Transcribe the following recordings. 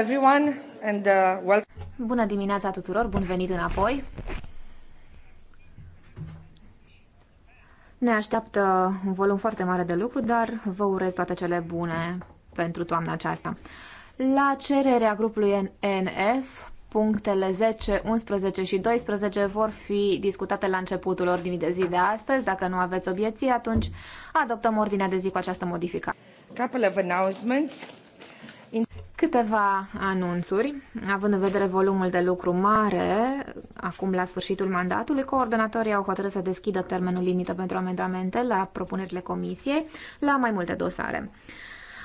Everyone and uh, welcome. Bună dimineața tuturor, bun venit înapoi. Ne așteaptă un volum foarte mare de lucru, dar vă urez toate cele bune pentru toamna aceasta. La cererea grupului NF, punctele 10, 11 și 12 vor fi discutate la începutul ordinii de zi de astăzi. Dacă nu aveți obiecții, atunci adoptăm ordinea de zi cu această modificare. Couple of announcements. Câteva anunțuri, având în vedere volumul de lucru mare, acum la sfârșitul mandatului, coordonatorii au hotărât să deschidă termenul limită pentru amendamente la propunerile comisiei la mai multe dosare.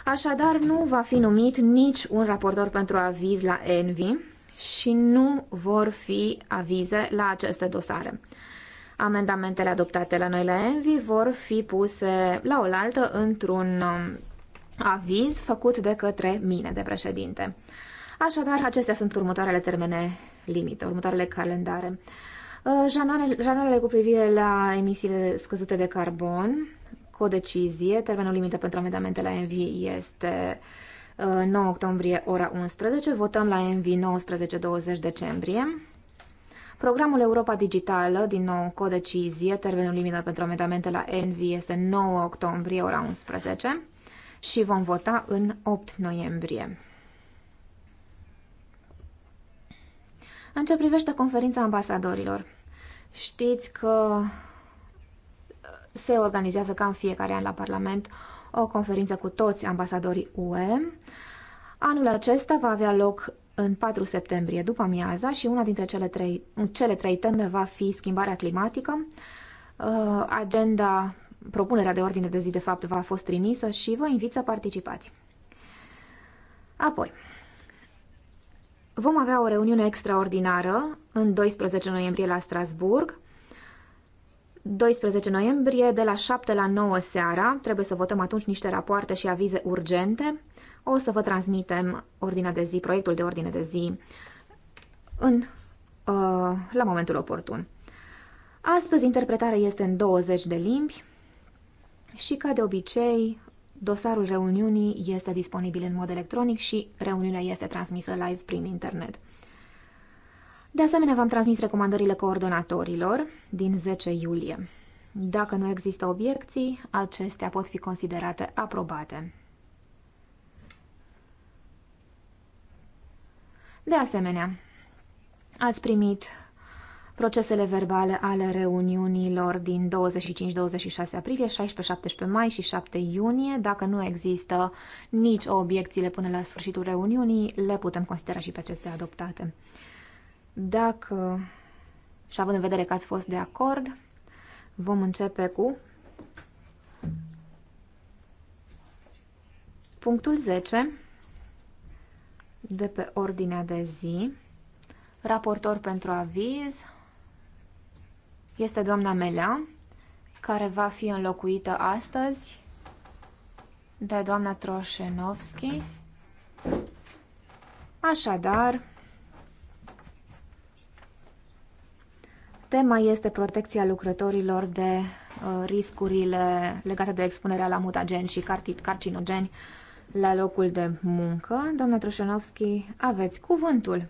Așadar, nu va fi numit nici un raportor pentru aviz la ENVI și nu vor fi avize la aceste dosare. Amendamentele adoptate la noi la ENVI vor fi puse la oaltă într-un um, aviz făcut de către mine, de președinte. Așadar, acestea sunt următoarele termene limite, următoarele calendare. Uh, Janoanele cu privire la emisiile scăzute de carbon, codecizie, termenul limită pentru amendamente la ENVI este 9 uh, octombrie, ora 11, votăm la ENVI 19-20 decembrie. Programul Europa Digitală, din nou codecizie, termenul limită pentru amendamente la ENVI este 9 octombrie, ora 11 și vom vota în 8 noiembrie. În ce privește conferința ambasadorilor, știți că uh, se organizează ca în fiecare an la Parlament o conferință cu toți ambasadorii UE. Anul acesta va avea loc în 4 septembrie după amiaza și una dintre cele trei, cele trei teme va fi schimbarea climatică, uh, agenda propunerea de ordine de zi, de fapt, va a fost trimisă și vă invit să participați. Apoi, vom avea o reuniune extraordinară în 12 noiembrie la Strasburg, 12 noiembrie, de la 7 la 9 seara, trebuie să votăm atunci niște rapoarte și avize urgente. O să vă transmitem ordinea de zi, proiectul de ordine de zi în, uh, la momentul oportun. Astăzi interpretarea este în 20 de limbi, și ca de obicei, dosarul reuniunii este disponibil în mod electronic și reuniunea este transmisă live prin internet. De asemenea, v-am transmis recomandările coordonatorilor din 10 iulie. Dacă nu există obiecții, acestea pot fi considerate aprobate. De asemenea, ați primit procesele verbale ale reuniunilor din 25-26 aprilie, 16-17 mai și 7 iunie. Dacă nu există nici obiecțiile până la sfârșitul reuniunii, le putem considera și pe acestea adoptate. Dacă, și având în vedere că ați fost de acord, vom începe cu punctul 10 de pe ordinea de zi, raportor pentru aviz, este doamna Melea, care va fi înlocuită astăzi de doamna Troșenovski. Așadar, tema este protecția lucrătorilor de uh, riscurile legate de expunerea la mutageni și carcinogeni la locul de muncă. Doamna Troșenovski, aveți cuvântul.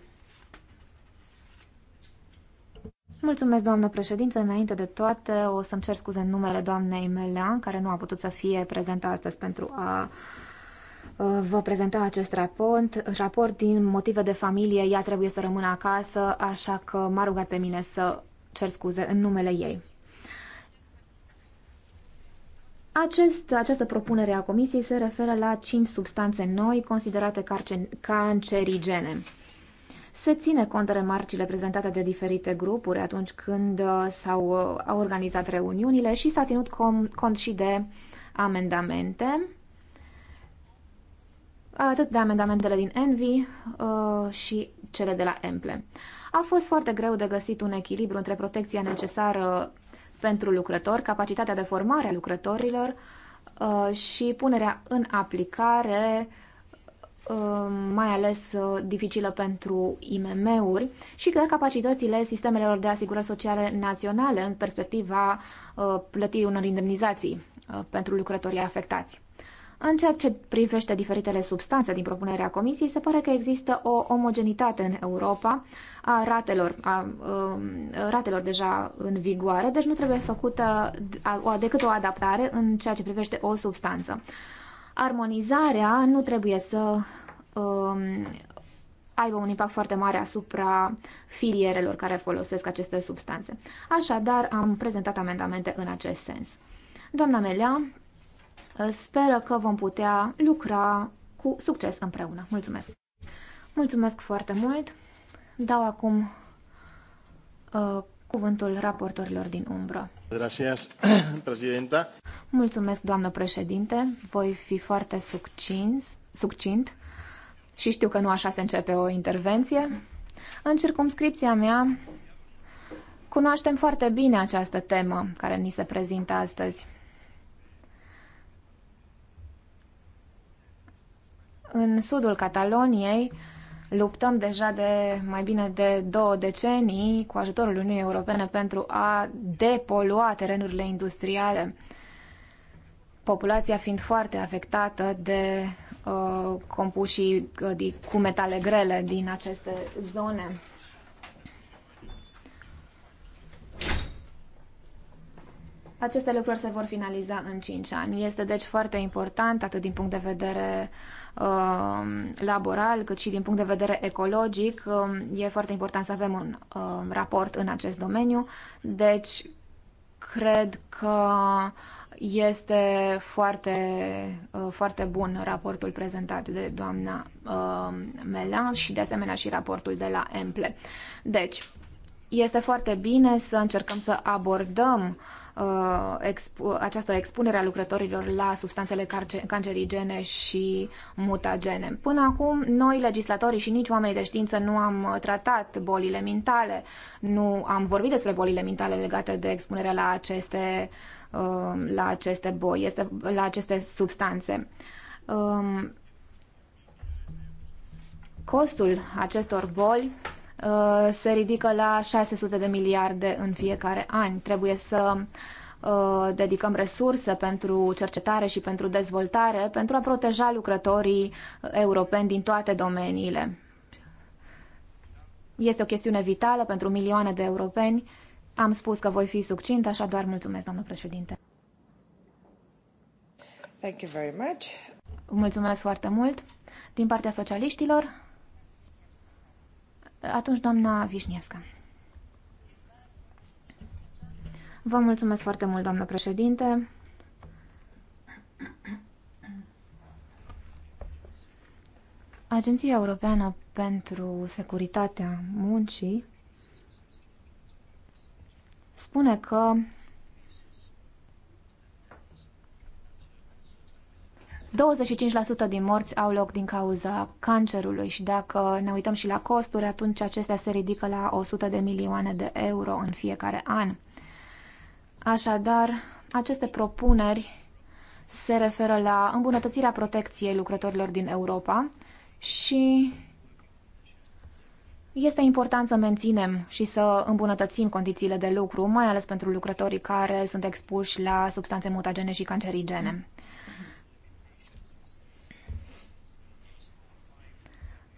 Mulțumesc, doamnă președinte. Înainte de toate, o să-mi cer scuze în numele doamnei Melean, care nu a putut să fie prezentă astăzi pentru a vă prezenta acest raport. Raport din motive de familie, ea trebuie să rămână acasă, așa că m-a rugat pe mine să cer scuze în numele ei. Acest, această propunere a Comisiei se referă la cinci substanțe noi considerate cancerigene se ține cont de remarcile prezentate de diferite grupuri atunci când uh, s-au uh, au organizat reuniunile și s-a ținut com, cont și de amendamente, atât de amendamentele din Envy uh, și cele de la Emple. A fost foarte greu de găsit un echilibru între protecția necesară pentru lucrători, capacitatea de formare a lucrătorilor și punerea în aplicare uh, Uh, mai ales uh, dificilă pentru IMM-uri și că capacitățile sistemelor de asigurări sociale naționale în perspectiva uh, plătirii unor indemnizații pentru lucrătorii afectați. În ceea ce privește diferitele substanțe din propunerea Comisiei, se pare că există o omogenitate în Europa a ratelor, a, a, um, ratelor deja în vigoare, deci nu trebuie făcută a, a, decât o adaptare în ceea ce privește o substanță. Armonizarea nu trebuie să um, aibă un impact foarte mare asupra filierelor care folosesc aceste substanțe. Așadar, am prezentat amendamente în acest sens. Doamna Melea speră că vom putea lucra cu succes împreună. Mulțumesc! Mulțumesc foarte mult! Dau acum uh, cuvântul raportorilor din umbră. Gracias, presidenta. Mulțumesc, doamnă președinte. Voi fi foarte succins, succint și știu că nu așa se începe o intervenție. În circumscripția mea cunoaștem foarte bine această temă care ni se prezintă astăzi. În sudul Cataloniei, Luptăm deja de mai bine de două decenii cu ajutorul Uniunii Europene pentru a depolua terenurile industriale, populația fiind foarte afectată de uh, compușii uh, cu metale grele din aceste zone. Aceste lucruri se vor finaliza în 5 ani. Este deci foarte important, atât din punct de vedere uh, Um, laboral, cât și din punct de vedere ecologic, um, e foarte important să avem un um, raport în acest domeniu. Deci, cred că este foarte, uh, foarte bun raportul prezentat de doamna Melan și de asemenea și raportul de la Emple. Deci, este foarte bine să încercăm să abordăm uh, exp- această expunere a lucrătorilor la substanțele cancerigene și mutagene. Până acum, noi, legislatorii și nici oamenii de știință, nu am uh, tratat bolile mintale, nu am vorbit despre bolile mintale legate de expunerea la aceste, uh, la aceste boi, este, la aceste substanțe. Um, costul acestor boli Uh, se ridică la 600 de miliarde în fiecare an. Trebuie să uh, dedicăm resurse pentru cercetare și pentru dezvoltare pentru a proteja lucrătorii europeni din toate domeniile. Este o chestiune vitală pentru milioane de europeni. Am spus că voi fi succint, așadar mulțumesc, doamnă președinte. Thank you very much. Mulțumesc foarte mult. Din partea socialiștilor, atunci, doamna Vișniescă. Vă mulțumesc foarte mult, doamnă președinte. Agenția Europeană pentru Securitatea Muncii spune că 25% din morți au loc din cauza cancerului și dacă ne uităm și la costuri, atunci acestea se ridică la 100 de milioane de euro în fiecare an. Așadar, aceste propuneri se referă la îmbunătățirea protecției lucrătorilor din Europa și este important să menținem și să îmbunătățim condițiile de lucru, mai ales pentru lucrătorii care sunt expuși la substanțe mutagene și cancerigene.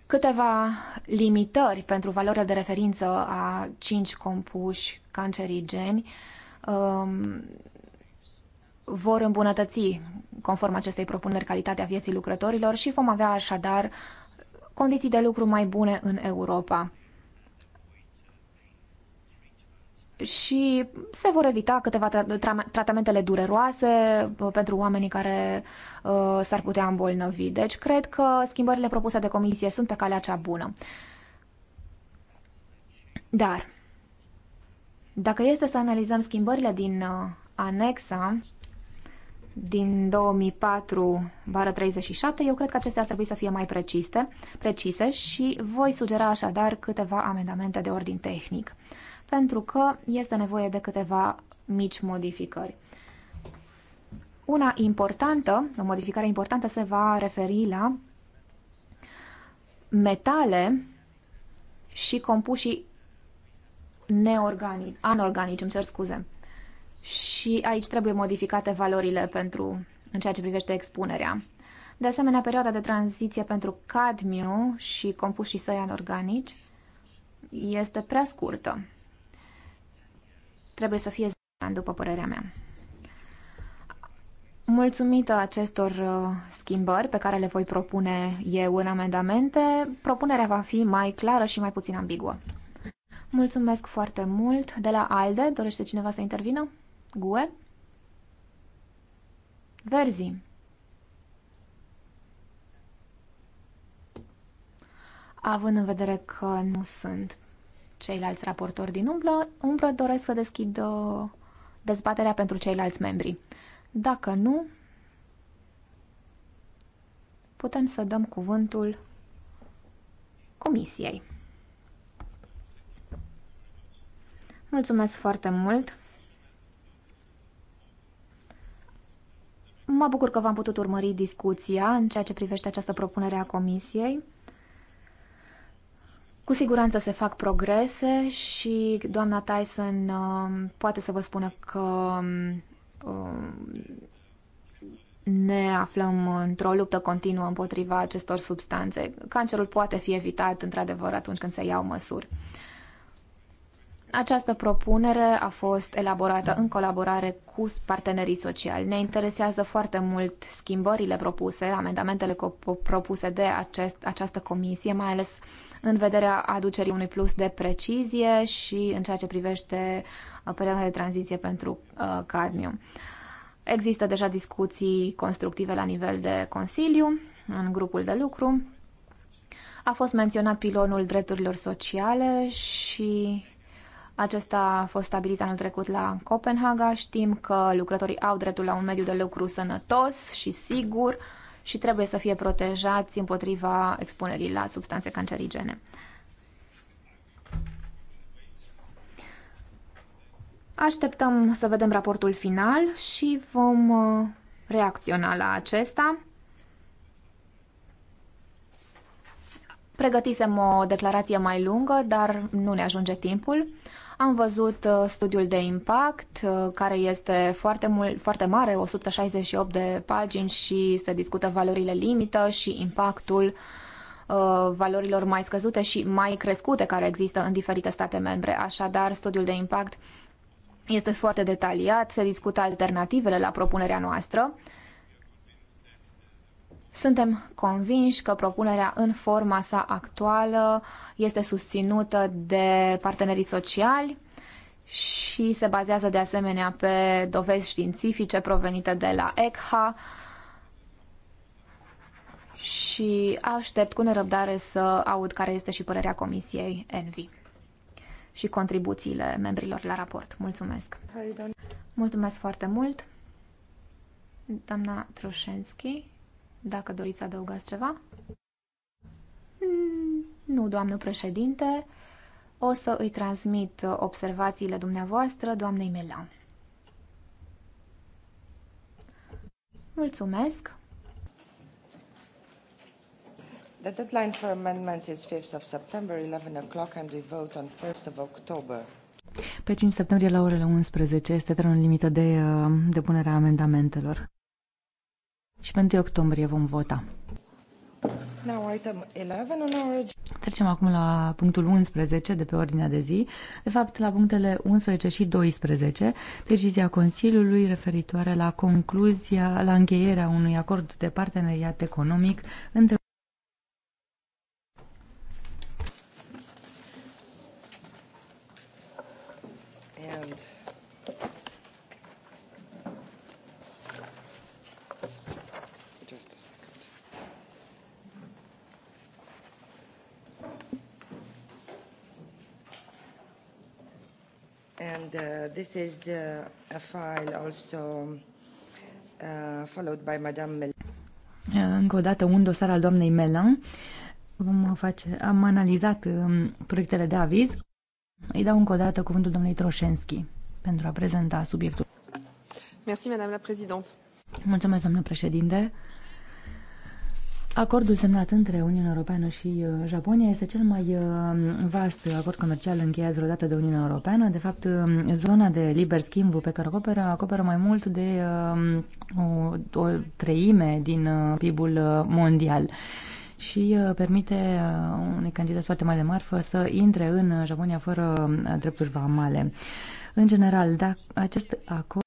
câteva limitări pentru valoarea de referință a cinci compuși cancerigeni um, vor îmbunătăți, conform acestei propuneri, calitatea vieții lucrătorilor și vom avea așadar condiții de lucru mai bune în Europa. și se vor evita câteva tra- tra- tratamentele dureroase uh, pentru oamenii care uh, s-ar putea îmbolnăvi. Deci cred că schimbările propuse de comisie sunt pe calea cea bună. Dar dacă este să analizăm schimbările din uh, anexa din 2004 bară 37, eu cred că acestea ar trebui să fie mai precise, precise și voi sugera așadar câteva amendamente de ordin tehnic. Uh, pentru că este nevoie de câteva mici modificări. Una importantă, o modificare importantă se va referi la metale și compuși neorganici, anorganici, îmi cer scuze. Și aici trebuie modificate valorile pentru în ceea ce privește expunerea. De asemenea, perioada de tranziție pentru cadmiu și compușii săi anorganici este prea scurtă trebuie să fie 10 ani, după părerea mea. Mulțumită acestor uh, schimbări pe care le voi propune eu în amendamente, propunerea va fi mai clară și mai puțin ambiguă. Mulțumesc foarte mult. De la ALDE, dorește cineva să intervină? GUE? Verzi. Având în vedere că nu sunt ceilalți raportori din umbră, umbră doresc să deschid uh, dezbaterea pentru ceilalți membri. Dacă nu, putem să dăm cuvântul comisiei. Mulțumesc foarte mult! Mă bucur că v-am putut urmări discuția în ceea ce privește această propunere a comisiei. Cu siguranță se fac progrese și doamna Tyson um, poate să vă spună că um, ne aflăm într-o luptă continuă împotriva acestor substanțe. Cancerul poate fi evitat, într-adevăr, atunci când se iau măsuri. Această propunere a fost elaborată în colaborare cu partenerii sociali. Ne interesează foarte mult schimbările propuse, amendamentele propuse de acest, această comisie, mai ales uh, în vederea aducerii unui plus de precizie și în ceea ce privește uh, perioada de tranziție pentru uh, cadmiu. Există deja discuții constructive la nivel de Consiliu, în grupul de lucru. A fost menționat pilonul drepturilor sociale și acesta a fost stabilit anul trecut la Copenhaga. Știm că lucrătorii au dreptul la un mediu de lucru sănătos și sigur și trebuie să fie protejați împotriva expunerii la substanțe cancerigene. Așteptăm să vedem raportul final și vom uh, reacționa la acesta. Pregătisem o declarație mai lungă, dar nu ne ajunge timpul. Am văzut uh, studiul de impact, uh, care este foarte, mult, foarte mare, 168 de pagini și se discută valorile limită și impactul uh, valorilor mai scăzute și mai crescute care există în diferite state membre. Așadar, studiul de impact este foarte detaliat, se discută alternativele la propunerea noastră suntem convinși că propunerea în forma sa actuală este susținută de partenerii sociali și se bazează de asemenea pe dovezi științifice provenite de la ECHA și aștept cu nerăbdare să aud care este și părerea Comisiei ENVI și contribuțiile membrilor la raport. Mulțumesc! Mulțumesc foarte mult! Doamna Trușenski dacă doriți să adăugați ceva. Mm, nu, doamnă președinte, o să îi transmit observațiile dumneavoastră doamnei Melan. Mulțumesc! The deadline for amendments is 5th of September, 11 o'clock, and we vote on 1st of October. Pe 5 septembrie la orele 11 este termenul limită de uh, depunerea amendamentelor. Și pe 1 octombrie vom vota. Now item 11 on our... Trecem acum la punctul 11 de pe ordinea de zi, de fapt la punctele 11 și 12, decizia Consiliului referitoare la concluzia, la încheierea unui acord de parteneriat economic între And uh, this is uh, a file also uh, followed by Madame Melan. Uh, încă o dată un dosar al doamnei Melan. Vom face, am analizat um, proiectele de aviz. Îi dau încă o dată cuvântul domnului Troșenski pentru a prezenta subiectul. Merci, Madame la Mulțumesc, doamnă președinte. Uh, Acordul semnat între Uniunea Europeană și uh, Japonia este cel mai uh, vast acord comercial încheiat vreodată de Uniunea Europeană. De fapt, um, zona de liber schimb pe care o acoperă, acoperă mai mult de um, o, o treime din uh, PIB-ul mondial și permite unei cantități foarte mari de marfă să intre în Japonia fără drepturi vamale. În general, dacă acest acord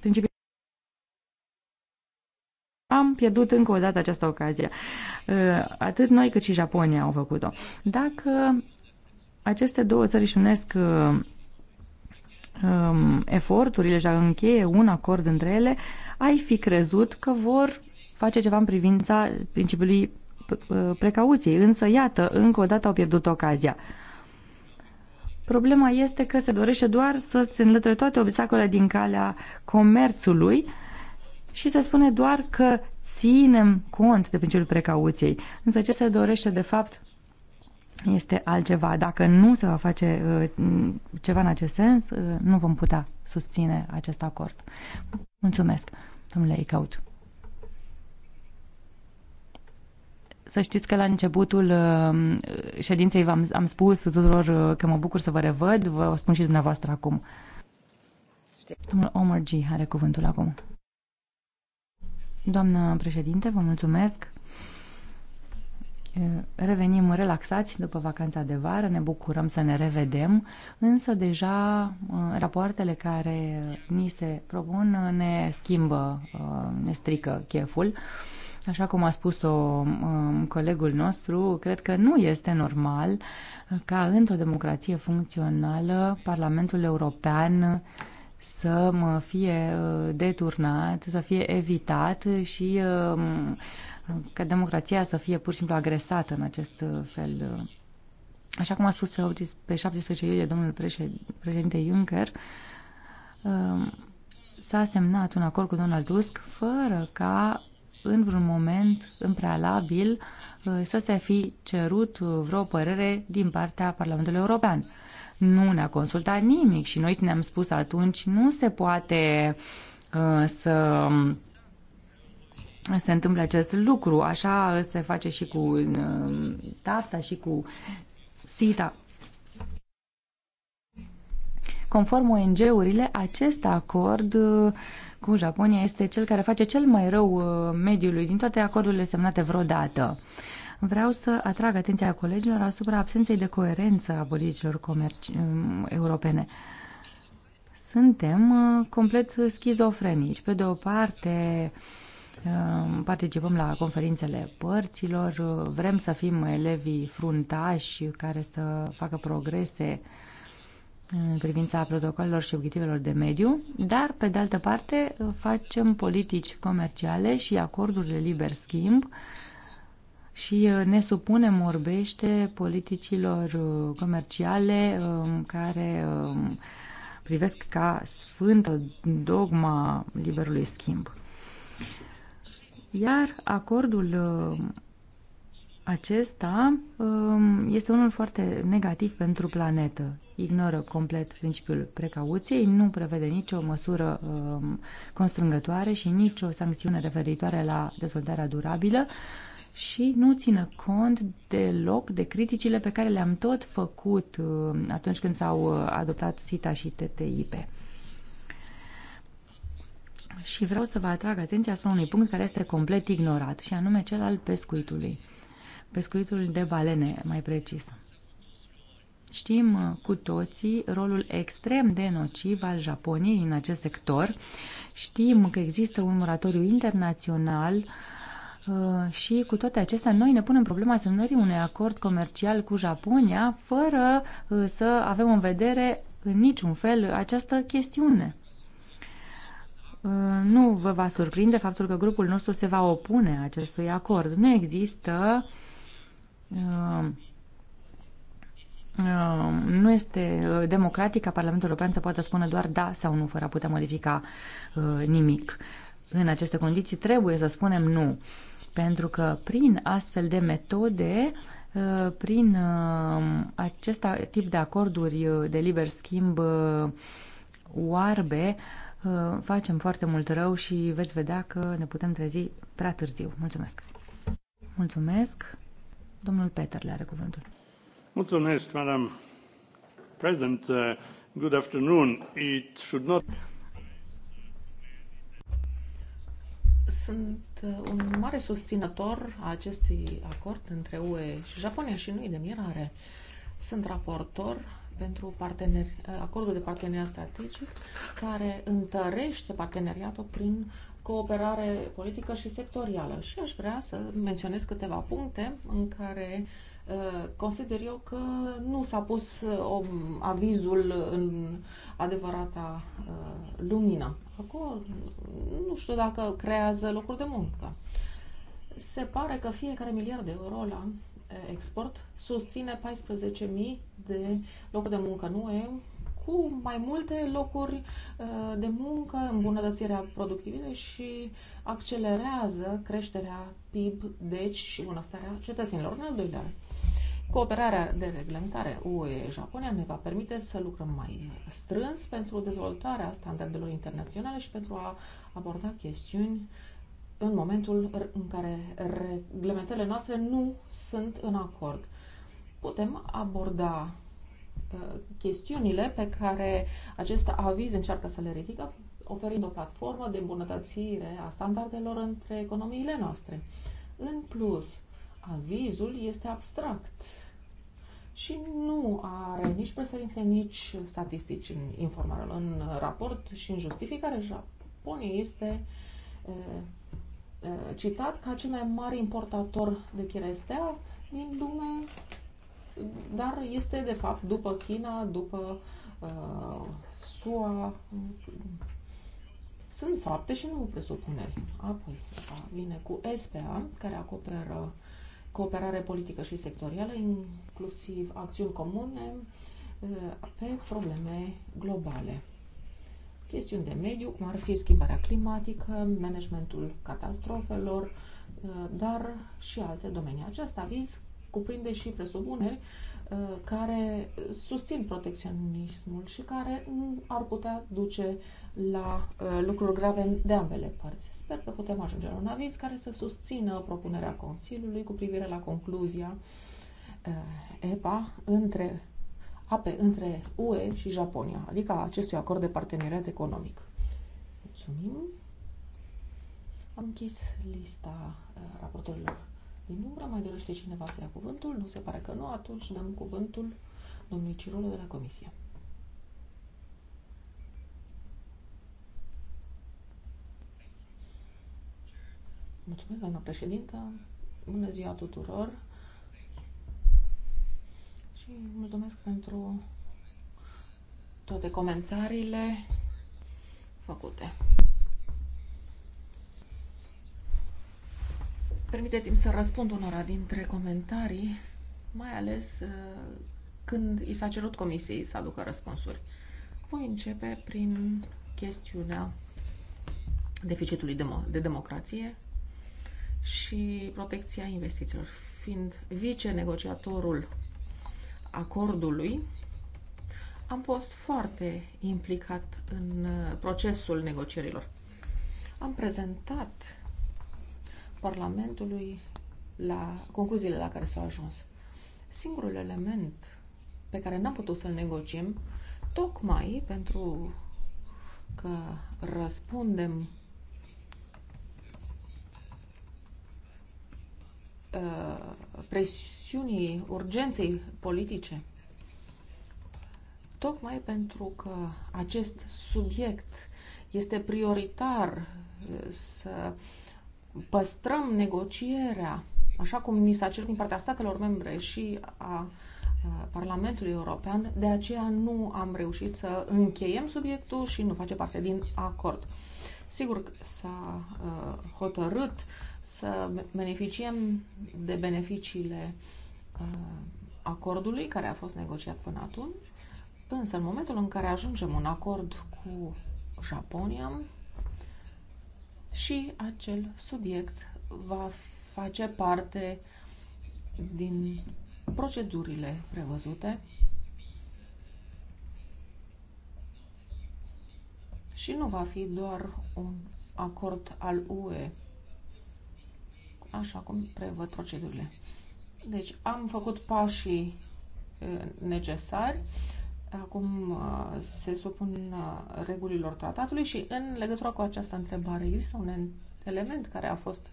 principiul am pierdut încă o dată această ocazie. Uh, atât noi cât și Japonia au făcut-o. Dacă aceste două țări își unesc uh, um, eforturile și încheie un acord între ele, ai fi crezut că vor face ceva în privința principiului uh, precauției. Însă, iată, încă o dată au pierdut ocazia. Problema este că se dorește doar să se înlăture toate obstacolele din calea comerțului și se spune doar că ținem cont de principiul precauției. Însă ce se dorește de fapt este altceva. Dacă nu se va face uh, ceva în acest sens, uh, nu vom putea susține acest acord. Mulțumesc, domnule Icaut. Să știți că la începutul um, ședinței am am spus tuturor uh, că mă bucur să vă revăd, vă spun și dumneavoastră acum. Domnul Omar G. are cuvântul acum. Doamnă președinte, vă mulțumesc. Uh, revenim relaxați după vacanța de vară, ne bucurăm să ne revedem, însă deja uh, rapoartele care ni se propun ne schimbă, ne strică cheful. Așa cum a spus-o um, colegul nostru, cred că nu este normal ca într-o democrație funcțională Parlamentul European să mă um, fie uh, deturnat, să fie evitat și um, ca democrația să fie pur și simplu agresată în acest uh, fel. Așa cum a spus pe, pe 17 iulie domnul președinte Juncker, um, s-a semnat un acord cu Donald Tusk fără ca în vreun moment, în prealabil, uh, să se fi cerut uh, vreo părere din partea Parlamentului European. Nu ne-a consultat nimic și noi ne-am spus atunci nu se poate uh, să um, se întâmple acest lucru. Așa se face și cu um, TAFTA și cu SITA. Conform ONG-urile, acest acord uh, cu Japonia este cel care face cel mai rău uh, mediului din toate acordurile semnate vreodată. Vreau să atrag atenția colegilor asupra absenței de coerență a politicilor mm, europene. Suntem uh, complet schizofrenici. Pe de o parte, uh, participăm la conferințele părților, vrem să fim elevii fruntași care să facă progrese în privința protocolelor și obiectivelor de mediu, dar, pe de altă parte, facem politici comerciale și acorduri de liber schimb și uh, ne supunem orbește politicilor uh, comerciale um, care um, privesc ca sfântă dogma liberului schimb. Iar acordul uh, acesta um, este unul foarte negativ pentru planetă. Ignoră complet principiul precauției, nu prevede nicio măsură um, constrângătoare și nicio sancțiune referitoare la dezvoltarea durabilă și nu țină cont deloc de criticile pe care le-am tot făcut um, atunci când s-au uh, adoptat SITA și TTIP. Și vreau să vă atrag atenția asupra unui punct care este complet ignorat, și anume cel al pescuitului pescuitul de balene, mai precis. Știm uh, cu toții rolul extrem de nociv al Japoniei în acest sector. Știm că există un moratoriu internațional uh, și cu toate acestea noi ne punem problema semnării unui acord comercial cu Japonia fără uh, să avem în vedere în niciun fel această chestiune. Nu vă va surprinde faptul că grupul nostru se va opune acestui acord. Nu există uh, Um, um, nu este uh, democratic ca Parlamentul European să poată spune doar da sau nu fără a putea modifica uh, nimic. În aceste condiții trebuie să spunem nu, pentru că prin astfel de metode uh, prin um, acest tip de acorduri de liber schimb oarbe, facem foarte mult rău și veți vedea că ne putem trezi prea târziu. Mulțumesc! Mulțumesc! Domnul Peter le are cuvântul. Mulțumesc, madam president. Uh, good afternoon. It should not... Sunt uh, un mare susținător a acestui acord între UE și Japonia și nu de mirare. Sunt raportor pentru parteneri, uh, acordul de parteneriat strategic care întărește parteneriatul prin cooperare politică și sectorială. Și aș vrea să menționez câteva puncte în care uh, consider eu că nu s-a pus uh, avizul în adevărata uh, lumină. Acolo nu știu dacă creează locuri de muncă. Se pare că fiecare miliard de euro la export susține 14.000 de locuri de muncă, nu e cu mai multe locuri uh, de muncă, îmbunătățirea productivității și accelerează creșterea PIB, deci și bunăstarea cetățenilor. În al doilea Cooperarea de reglementare UE-Japonia ne va permite să lucrăm mai strâns pentru dezvoltarea standardelor internaționale și pentru a aborda chestiuni în momentul în care reglementările noastre nu sunt în acord. Putem aborda Uh, chestiunile pe care acest aviz încearcă să le ridică, oferind o platformă de îmbunătățire a standardelor între economiile noastre. În plus, avizul este abstract și nu are nici preferințe, nici statistici în informare, în raport și în justificare. Japonia este uh, uh, citat ca cel mai mare importator de cherestea din lume dar este de fapt după China, după uh, SUA. Sunt fapte și nu presupuneri. Apoi da, vine cu SPA, care acoperă cooperare politică și sectorială, inclusiv acțiuni comune uh, pe probleme globale chestiuni de mediu, cum ar fi schimbarea climatică, managementul catastrofelor, uh, dar și alte domenii. Aceasta aviz cuprinde și presupuneri uh, care susțin protecționismul și care ar putea duce la uh, lucruri grave de ambele părți. Sper că putem ajunge la un aviz care să susțină propunerea Consiliului cu privire la concluzia uh, EPA între ape între UE și Japonia, adică acestui acord de parteneriat economic. Mulțumim! Am închis lista raportorilor din umbră. Mai dorește cineva să ia cuvântul? Nu se pare că nu. Atunci dăm cuvântul domnului Cirolo de la Comisie. Mulțumesc, doamna președintă. Bună ziua tuturor. Și mulțumesc pentru toate comentariile făcute. Permiteți-mi să răspund unora dintre comentarii, mai ales uh, când i s-a cerut comisiei să aducă răspunsuri. Voi începe prin chestiunea deficitului de democrație și protecția investițiilor. Fiind vice-negociatorul acordului, am fost foarte implicat în uh, procesul negocierilor. Am prezentat Parlamentului la concluziile la care s-au ajuns. Singurul element pe care n-am putut să-l negociem, tocmai pentru că răspundem uh, presiunii, urgenței politice. Tocmai pentru că acest subiect este prioritar uh, să uh, păstrăm negocierea, așa cum ni s-a cerut din partea statelor membre și a Parlamentului European, de aceea nu am reușit să încheiem subiectul și nu face parte din acord. Sigur că s-a hotărât să beneficiem de beneficiile acordului care a fost negociat până atunci, însă în momentul în care ajungem un acord cu Japonia, și acel subiect va face parte din procedurile prevăzute și nu va fi doar un acord al UE, așa cum prevăd procedurile. Deci am făcut pașii eh, necesari acum uh, se supun uh, regulilor tratatului și în legătură cu această întrebare există un element care a fost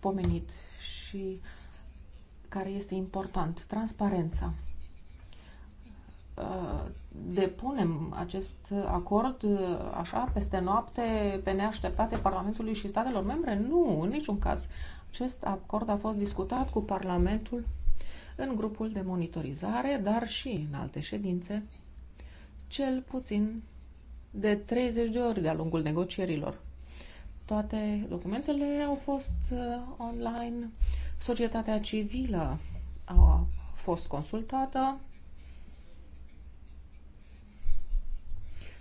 pomenit și care este important, transparența. Uh, depunem acest acord așa peste noapte pe neașteptate Parlamentului și statelor membre? Nu, în niciun caz. Acest acord a fost discutat cu Parlamentul în grupul de monitorizare, dar și în alte ședințe cel puțin de 30 de ori de-a lungul negocierilor. Toate documentele au fost uh, online, societatea civilă a fost consultată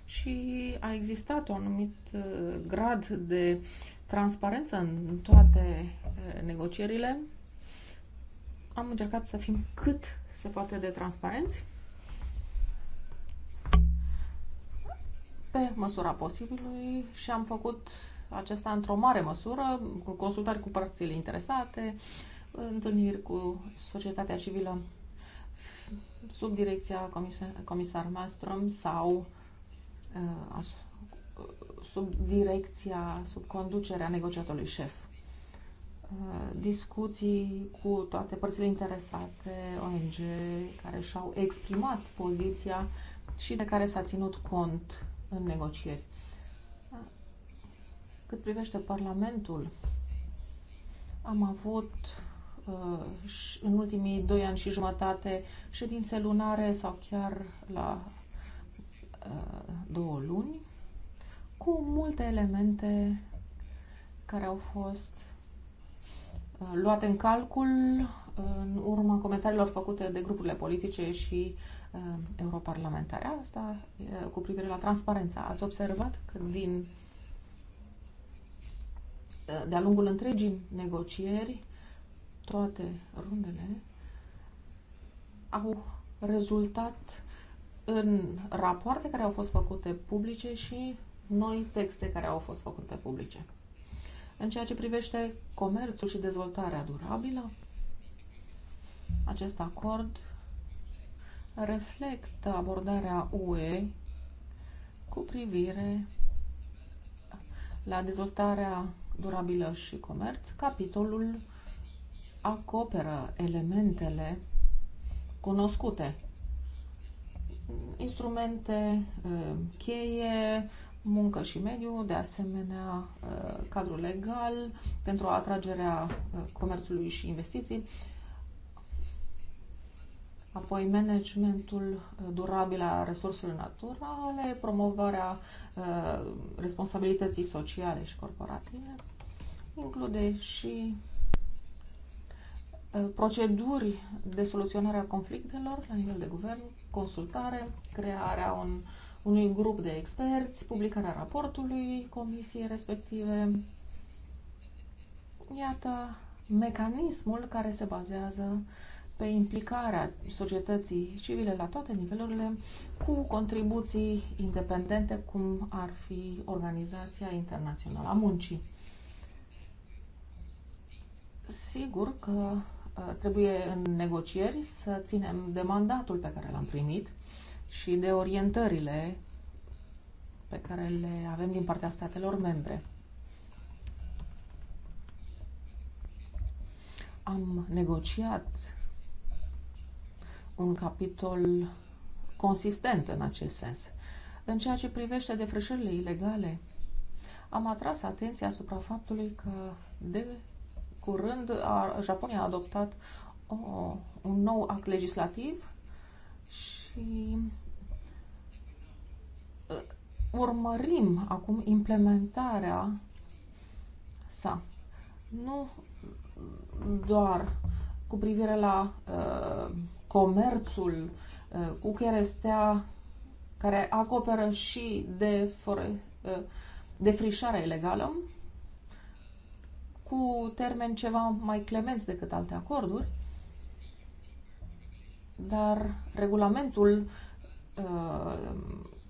și a existat un anumit uh, grad de transparență în toate uh, negocierile. Am încercat să fim cât se poate de transparenți pe măsura posibilului și am făcut acesta într-o mare măsură, cu consultări cu părțile interesate, întâlniri cu societatea civilă sub direcția comisar, comisar Malmström sau uh, sub direcția, sub conducerea negociatorului șef. Uh, discuții cu toate părțile interesate, ONG, care și-au exprimat poziția și de care s-a ținut cont în negocieri. Cât privește Parlamentul, am avut uh, în ultimii doi ani și jumătate ședințe lunare sau chiar la uh, două luni cu multe elemente care au fost uh, luate în calcul în urma comentariilor făcute de grupurile politice și Uh, europarlamentare. Asta uh, cu privire la transparența. Ați observat că din uh, de-a lungul întregii negocieri, toate rundele au rezultat în rapoarte care au fost făcute publice și noi texte care au fost făcute publice. În ceea ce privește comerțul și dezvoltarea durabilă, acest acord reflectă abordarea UE cu privire la dezvoltarea durabilă și comerț. Capitolul acoperă elementele cunoscute, instrumente uh, cheie, muncă și mediu, de asemenea uh, cadrul legal pentru atragerea uh, comerțului și investiții apoi managementul uh, durabil a resurselor naturale, promovarea uh, responsabilității sociale și corporative, include și uh, proceduri de soluționare a conflictelor la nivel de guvern, consultare, crearea un, unui grup de experți, publicarea raportului comisiei respective. Iată mecanismul care se bazează uh, pe implicarea societății civile la toate nivelurile cu contribuții independente, cum ar fi Organizația Internațională a Muncii. Sigur că uh, trebuie în negocieri să ținem de mandatul pe care l-am primit și de orientările pe care le avem din partea statelor membre. Am negociat un capitol consistent în acest sens. În ceea ce privește defrășările ilegale, am atras atenția asupra faptului că de curând a, Japonia a adoptat o, un nou act legislativ și urmărim acum implementarea sa. Nu doar cu privire la uh, comerțul uh, cu cherestea care acoperă și de de uh, defrișarea ilegală cu termeni ceva mai clemenți decât alte acorduri, dar regulamentul uh,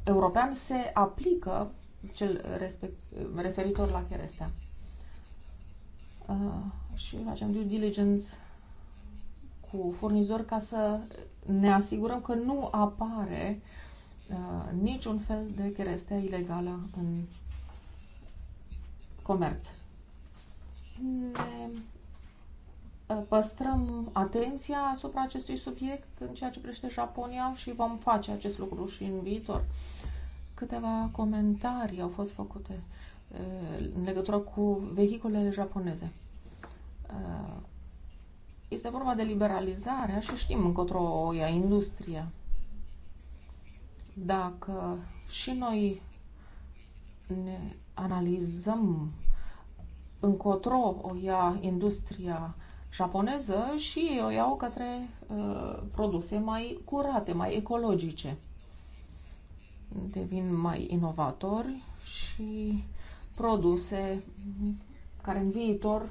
european se aplică cel respect, referitor la cherestea. Uh, și facem due diligence cu furnizori ca să ne asigurăm că nu apare uh, niciun fel de cherestea ilegală în comerț. Ne uh, păstrăm atenția asupra acestui subiect în ceea ce privește Japonia și vom face acest lucru și în viitor. Câteva comentarii au fost făcute uh, în legătură cu vehiculele japoneze. Uh, este vorba de liberalizare și știm încotro o ia industria. Dacă și noi ne analizăm încotro o ia industria japoneză și o iau către uh, produse mai curate, mai ecologice. Devin mai inovatori și produse care în viitor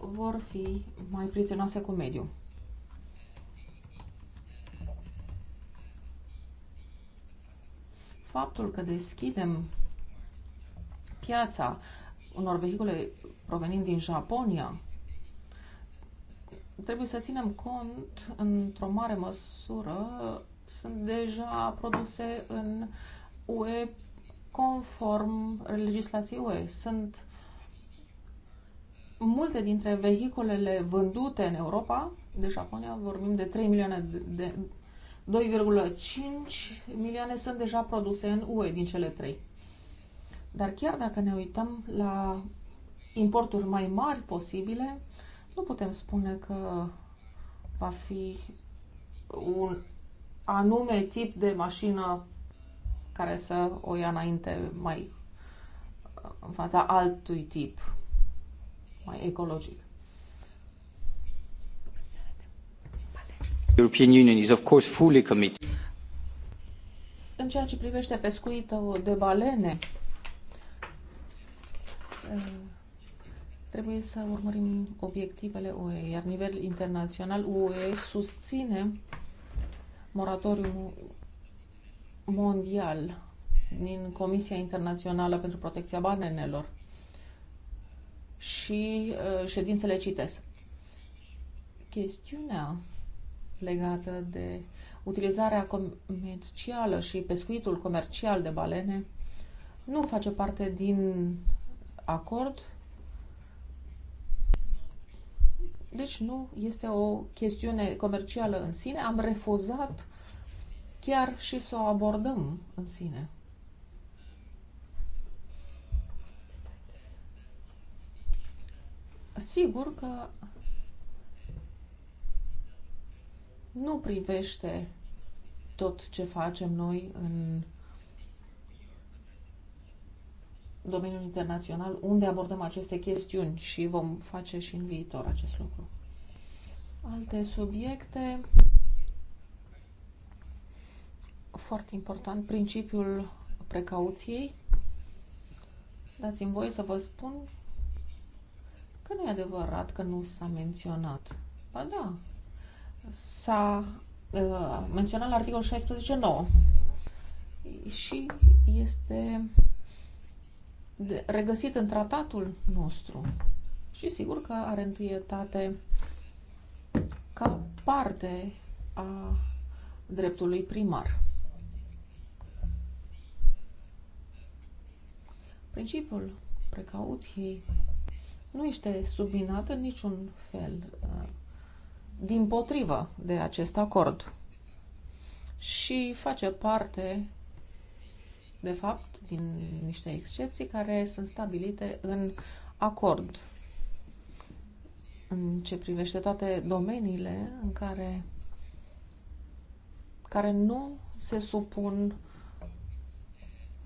vor fi mai prietenoase cu mediul. Faptul că deschidem piața unor vehicule provenind din Japonia trebuie să ținem cont într-o mare măsură sunt deja produse în UE conform legislației UE. Sunt multe dintre vehiculele vândute în Europa, de Japonia, vorbim de 3 milioane de, de 2,5 milioane sunt deja produse în UE din cele 3. Dar chiar dacă ne uităm la importuri mai mari posibile, nu putem spune că va fi un anume tip de mașină care să o ia înainte mai în fața altui tip mai ecologic. European Union is of course fully committed. În ceea ce privește pescuitul de balene, trebuie să urmărim obiectivele UE, iar nivel internațional UE susține moratoriul mondial din Comisia Internațională pentru Protecția Balenelor și uh, ședințele CITES. Chestiunea legată de utilizarea comercială și pescuitul comercial de balene nu face parte din acord, deci nu este o chestiune comercială în sine. Am refuzat chiar și să o abordăm în sine. sigur că nu privește tot ce facem noi în domeniul internațional, unde abordăm aceste chestiuni și vom face și în viitor acest lucru. Alte subiecte foarte important, principiul precauției. Dați-mi voie să vă spun că nu e adevărat că nu s-a menționat. Ba da, s-a uh, menționat la articol 16.9 și este regăsit în tratatul nostru și sigur că are întâietate ca parte a dreptului primar. Principiul precauției nu este subminată în niciun fel uh, din potrivă de acest acord și face parte, de fapt, din niște excepții care sunt stabilite în acord în ce privește toate domeniile în care, care nu se supun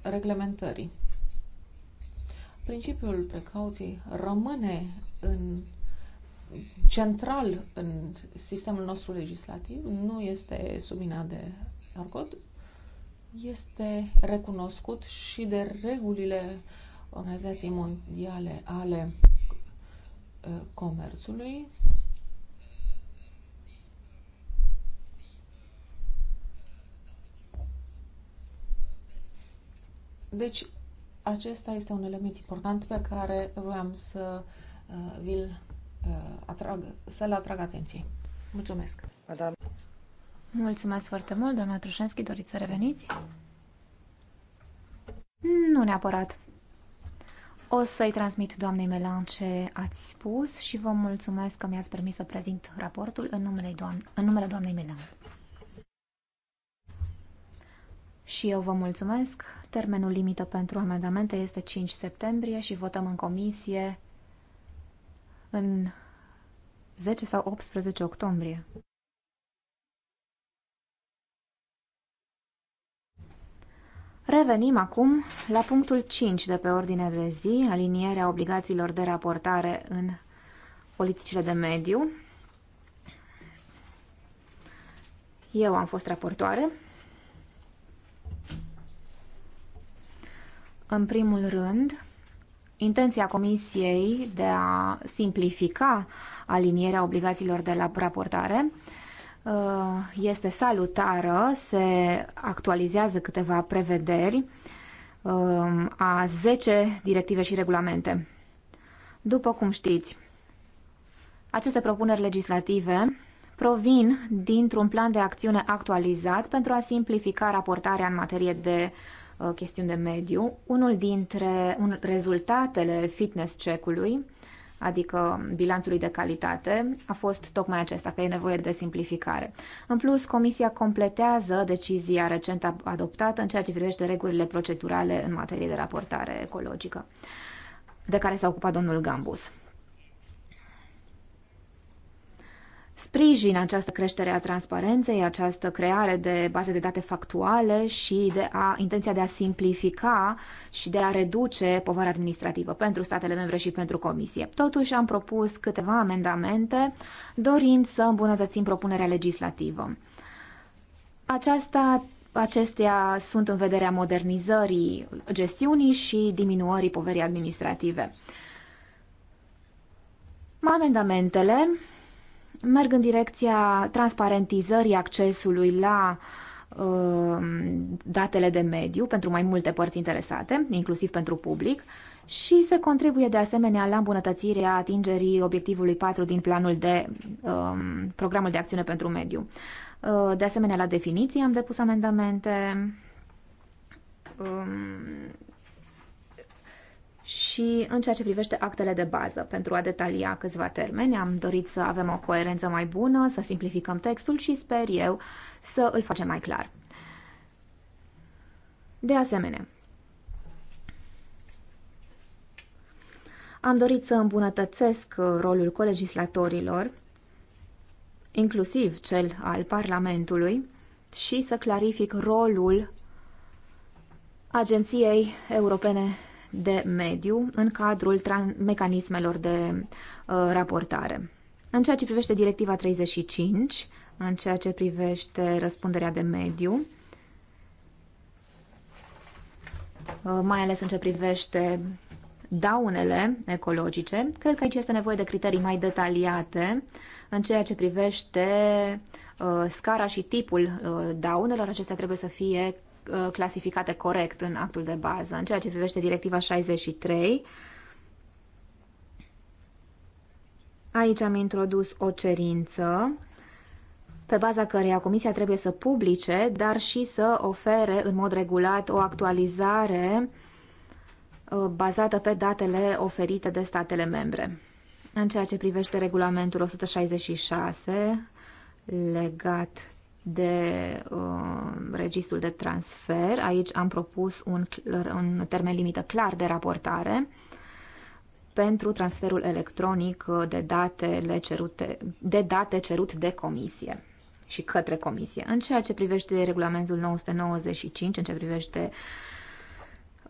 reglementării principiul precauției rămâne în central în sistemul nostru legislativ, nu este subminat de argot, este recunoscut și de regulile Organizației Mondiale ale uh, Comerțului. Deci, acesta este un element important pe care voiam să uh, vi-l uh, atrag, să-l atrag atenție. Mulțumesc! Madame. Mulțumesc foarte mult, doamna Trușanski. Doriți să reveniți? Nu neapărat. O să-i transmit doamnei Melan ce ați spus și vă mulțumesc că mi-ați permis să prezint raportul în numele, doam- în numele doamnei Melan. Și eu vă mulțumesc Termenul limită pentru amendamente este 5 septembrie și votăm în comisie în 10 sau 18 octombrie. Revenim acum la punctul 5 de pe ordine de zi, alinierea obligațiilor de raportare în politicile de mediu. Eu am fost raportoare În primul rând, intenția Comisiei de a simplifica alinierea obligațiilor de la raportare uh, este salutară, se actualizează câteva prevederi uh, a 10 directive și regulamente. După cum știți, aceste propuneri legislative provin dintr-un plan de acțiune actualizat pentru a simplifica raportarea în materie de Uh, chestiuni de mediu. Unul dintre un, rezultatele fitness check-ului, adică bilanțului de calitate, a fost tocmai acesta, că e nevoie de simplificare. În plus, Comisia completează decizia recent adoptată în ceea ce privește regulile procedurale în materie de raportare ecologică, de care s-a ocupat domnul Gambus. sprijin această creștere a transparenței, această creare de baze de date factuale și de a, intenția de a simplifica și de a reduce povara administrativă pentru statele membre și pentru comisie. Totuși am propus câteva amendamente dorind să îmbunătățim propunerea legislativă. Aceasta Acestea sunt în vederea modernizării gestiunii și diminuării poverii administrative. Amendamentele merg în direcția transparentizării accesului la um, datele de mediu pentru mai multe părți interesate, inclusiv pentru public, și se contribuie de asemenea la îmbunătățirea atingerii obiectivului 4 din planul de um, programul de acțiune pentru mediu. Uh, de asemenea, la definiții am depus amendamente. Um, și în ceea ce privește actele de bază. Pentru a detalia câțiva termeni, am dorit să avem o coerență mai bună, să simplificăm textul și sper eu să îl facem mai clar. De asemenea, am dorit să îmbunătățesc rolul colegislatorilor, inclusiv cel al Parlamentului, și să clarific rolul Agenției Europene de mediu în cadrul mecanismelor de uh, raportare. În ceea ce privește Directiva 35, în ceea ce privește răspunderea de mediu, uh, mai ales în ce privește daunele ecologice, cred că aici este nevoie de criterii mai detaliate în ceea ce privește uh, scara și tipul daunelor. Acestea trebuie să fie Uh, clasificate corect în actul de bază. În ceea ce privește directiva 63, aici am introdus o cerință pe baza căreia comisia trebuie să publice, dar și să ofere în mod regulat o actualizare uh, bazată pe datele oferite de statele membre. În ceea ce privește regulamentul 166 legat de uh, registrul de transfer. Aici am propus un, un termen limită clar de raportare pentru transferul electronic uh, de, le cerute, de date cerut de comisie și către comisie. În ceea ce privește regulamentul 995, în ce privește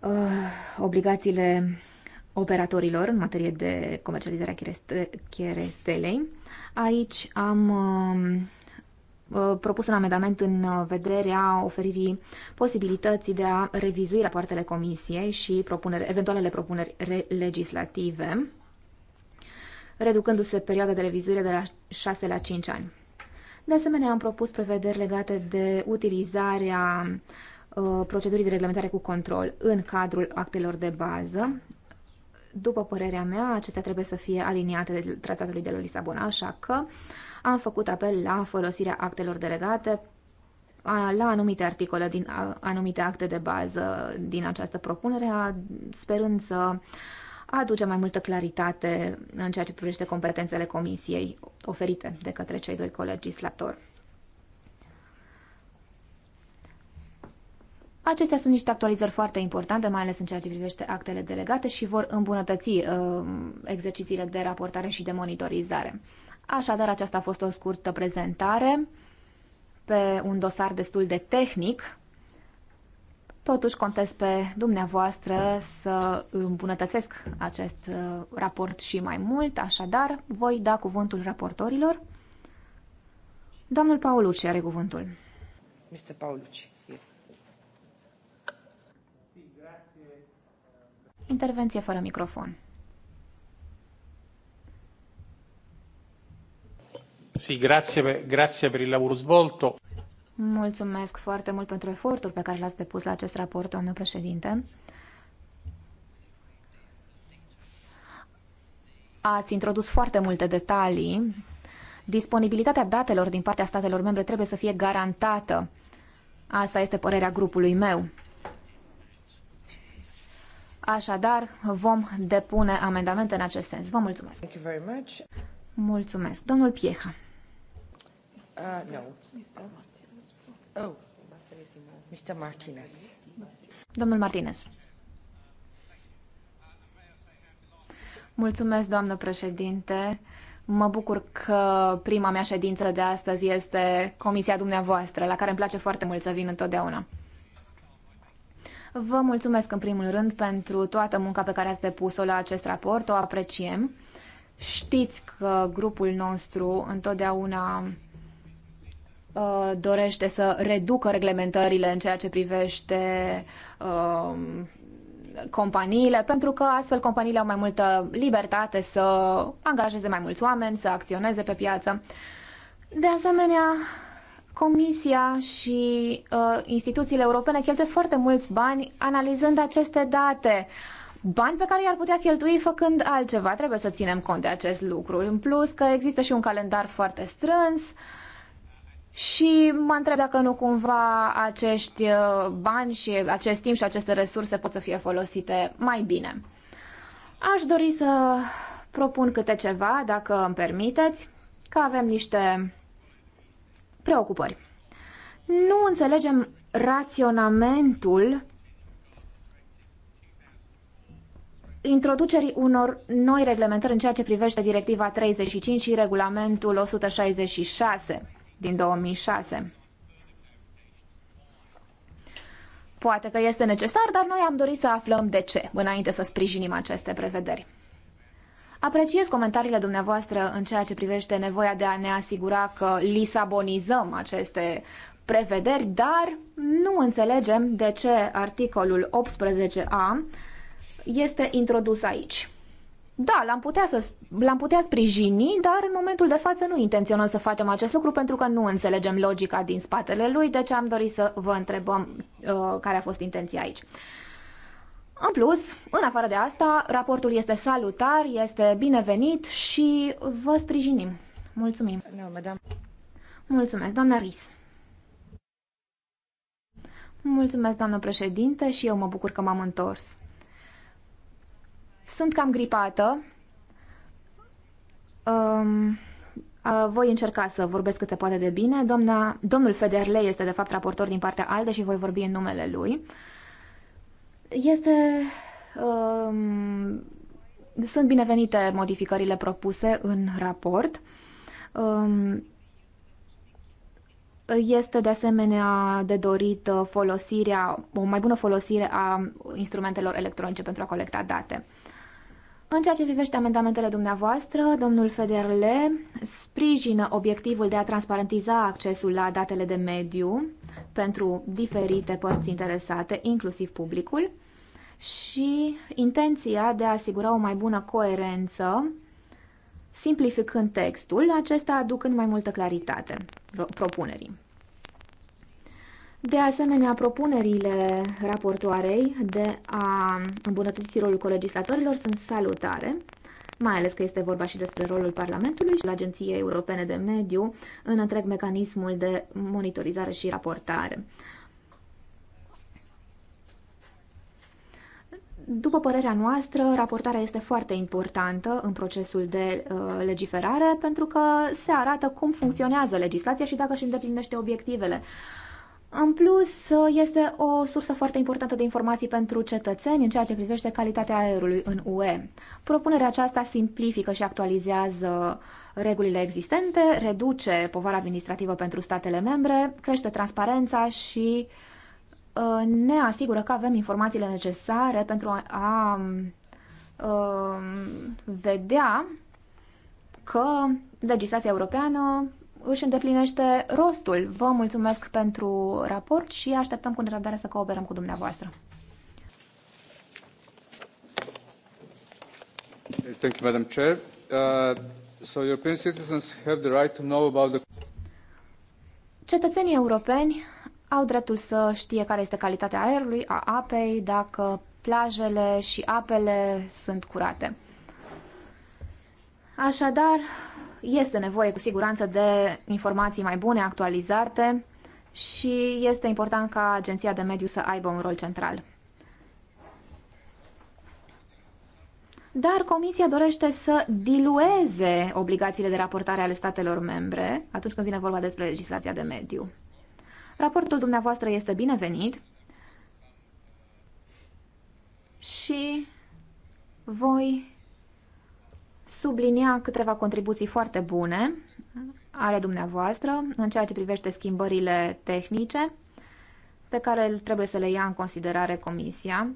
uh, obligațiile operatorilor în materie de comercializare a cherestelei, aici am uh, Uh, propus un amendament în uh, vederea oferirii posibilității de a revizui rapoartele comisiei și propuneri, eventualele propuneri legislative, reducându-se perioada de revizuire de la 6 la 5 ani. De asemenea, am propus prevederi legate de utilizarea uh, procedurii de reglementare cu control în cadrul actelor de bază. După părerea mea, acestea trebuie să fie aliniate de tratatului de la Lisabona, așa că uh, am făcut apel la folosirea actelor delegate la anumite articole din anumite acte de bază din această propunere, sperând să aduce mai multă claritate în ceea ce privește competențele comisiei oferite de către cei doi colegislatori. Acestea sunt niște actualizări foarte importante, mai ales în ceea ce privește actele delegate și vor îmbunătăți uh, exercițiile de raportare și de monitorizare. Așadar, aceasta a fost o scurtă prezentare pe un dosar destul de tehnic. Totuși, contez pe dumneavoastră să îmbunătățesc acest uh, raport și mai mult, așadar, voi da cuvântul raportorilor. Domnul Paulucci are cuvântul. Mr. Paulucci. Intervenție fără microfon. Sì, grazie, grazie per il lavoro svolto. Mulțumesc foarte mult pentru efortul pe care l-ați depus la acest raport, domnul președinte. Ați introdus foarte multe detalii. Disponibilitatea datelor din partea statelor membre trebuie să fie garantată. Asta este părerea grupului meu. Așadar, vom depune amendamente în acest sens. Vă mulțumesc. Mulțumesc. Domnul Pieha. Ah, no. Oh. Mr. Martinez. Domnul Martinez. Mulțumesc, doamnă președinte. Mă bucur că prima mea ședință de astăzi este comisia dumneavoastră, la care îmi place foarte mult să vin întotdeauna. Vă mulțumesc în primul rând pentru toată munca pe care ați depus-o la acest raport, o apreciem. Știți că grupul nostru întotdeauna Uh, dorește să reducă reglementările în ceea ce privește um, companiile, pentru că astfel companiile au mai multă libertate să angajeze mai mulți oameni, să acționeze pe piață. De asemenea, Comisia și uh, instituțiile europene cheltuiesc foarte mulți bani analizând aceste date. Bani pe care i-ar putea cheltui făcând altceva. Trebuie să ținem cont de acest lucru. În plus că există și un calendar foarte strâns. Uh, și mă întreb dacă nu cumva acești uh, bani și acest timp și aceste resurse pot să fie folosite mai bine. Aș dori să propun câte ceva, dacă îmi permiteți, că avem niște preocupări. Nu înțelegem raționamentul introducerii unor noi reglementări în ceea ce privește Directiva 35 și Regulamentul 166 din 2006. Poate că este necesar, dar noi am dorit să aflăm de ce, înainte să sprijinim aceste prevederi. Apreciez comentariile dumneavoastră în ceea ce privește nevoia de a ne asigura că lisabonizăm aceste prevederi, dar nu înțelegem de ce articolul 18a este introdus aici. Da, l-am putea, să, l-am putea sprijini, dar în momentul de față nu intenționăm să facem acest lucru pentru că nu înțelegem logica din spatele lui, deci am dorit să vă întrebăm uh, care a fost intenția aici. În plus, în afară de asta, raportul este salutar, este binevenit și vă sprijinim. Mulțumim. No, Mulțumesc, doamna Ris. Mulțumesc, doamnă președinte, și eu mă bucur că m-am întors. Sunt cam gripată. Um, voi încerca să vorbesc cât se poate de bine. Doamna, domnul Federle este de fapt raportor din partea ALDE și voi vorbi în numele lui. Este... Um, sunt binevenite modificările propuse în raport. Um, este de asemenea de dorit uh, folosirea, o mai bună folosire a instrumentelor electronice pentru a colecta date. În ceea ce privește amendamentele dumneavoastră, domnul Federle sprijină obiectivul de a transparentiza accesul la datele de mediu pentru diferite părți interesate, inclusiv publicul, și intenția de a asigura o mai bună coerență, simplificând textul, acesta aducând mai multă claritate propunerii. De asemenea, propunerile raportoarei de a îmbunătăți rolul colegislatorilor sunt salutare, mai ales că este vorba și despre rolul Parlamentului și Agenției Europene de Mediu în întreg mecanismul de monitorizare și raportare. După părerea noastră, raportarea este foarte importantă în procesul de uh, legiferare pentru că se arată cum funcționează legislația și dacă își îndeplinește obiectivele. Uh, în plus, este o sursă foarte importantă de informații pentru cetățeni în ceea ce privește calitatea aerului în UE. Propunerea aceasta simplifică și actualizează regulile existente, reduce povara administrativă pentru statele membre, crește transparența și uh, ne asigură că avem informațiile necesare pentru a, a, a um, vedea că legislația europeană își îndeplinește rostul. Vă mulțumesc pentru raport și așteptăm cu nerăbdare să cooperăm cu dumneavoastră. Thank you, Madam Chair. Uh, so European citizens have the right to know about the... Cetățenii europeni au dreptul să știe care este calitatea aerului, a apei, dacă plajele și apele sunt curate. Așadar, este nevoie cu siguranță de informații mai bune, actualizate și este important ca Agenția de Mediu să aibă un rol central. Dar Comisia dorește să dilueze obligațiile de raportare ale statelor membre atunci când vine vorba despre legislația de mediu. Raportul dumneavoastră este binevenit și voi sublinia câteva contribuții foarte bune ale dumneavoastră în ceea ce privește schimbările tehnice pe care trebuie să le ia în considerare Comisia.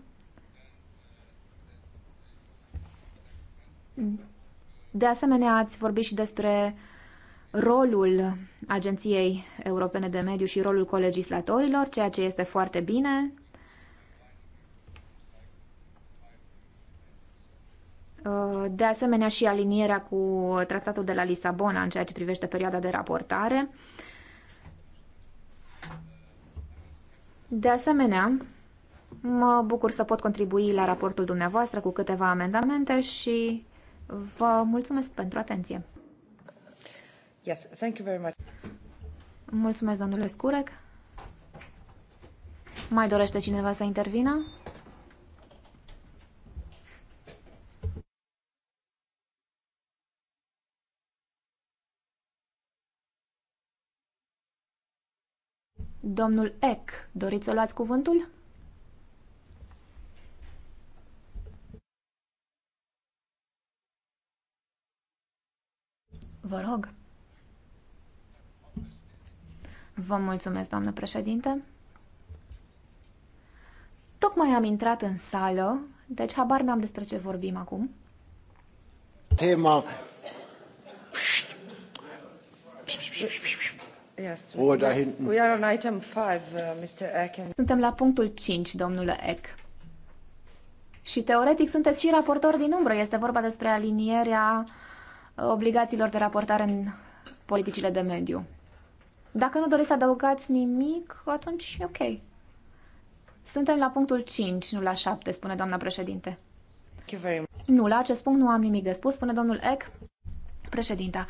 De asemenea, ați vorbit și despre rolul Agenției Europene de Mediu și rolul colegislatorilor, ceea ce este foarte bine. Uh, de asemenea și alinierea cu tratatul de la Lisabona în ceea ce privește perioada de raportare. De asemenea, mă bucur să pot contribui la raportul dumneavoastră cu câteva amendamente și vă mulțumesc pentru atenție. Yes, thank you very much. Mulțumesc, domnule Scurec. Mai dorește cineva să intervină? Domnul Eck, doriți să luați cuvântul? Vă rog. Vă mulțumesc, doamnă președinte. Tocmai am intrat în sală, deci habar n-am despre ce vorbim acum. Tema... Pșt. Pșt, pșt, pșt, pșt. Uh, Suntem la punctul 5, domnule Eck. Și teoretic sunteți și raportor din umbră. Este vorba despre alinierea uh, obligațiilor de raportare în politicile de mediu. Dacă nu doriți să adăugați nimic, atunci ok. Suntem la punctul 5, nu la 7, spune doamna președinte. Nu, la acest punct nu am nimic de spus, spune domnul Eck, președinta.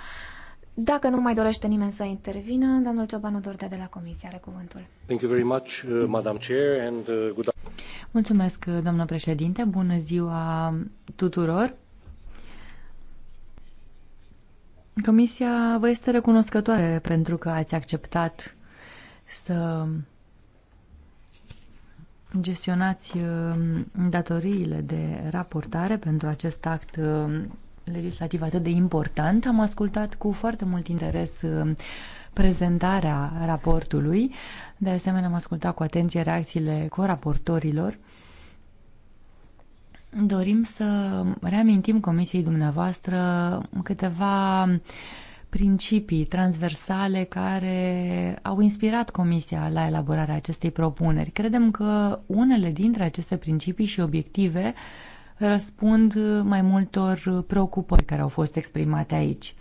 Dacă nu mai dorește nimeni să intervină, domnul Ciobanu Dordea de la Comisie are cuvântul. Thank you very much, uh, Madam Chair, and uh, good Mulțumesc, uh, doamnă președinte. Bună ziua tuturor. Comisia vă este recunoscătoare pentru că ați acceptat să gestionați datoriile de raportare pentru acest act legislativ atât de important. Am ascultat cu foarte mult interes uh, prezentarea raportului. De asemenea, am ascultat cu atenție reacțiile coraportorilor. Dorim să reamintim Comisiei dumneavoastră câteva principii transversale care au inspirat Comisia la elaborarea acestei propuneri. Credem că unele dintre aceste principii și obiective răspund mai multor preocupări care au fost exprimate aici.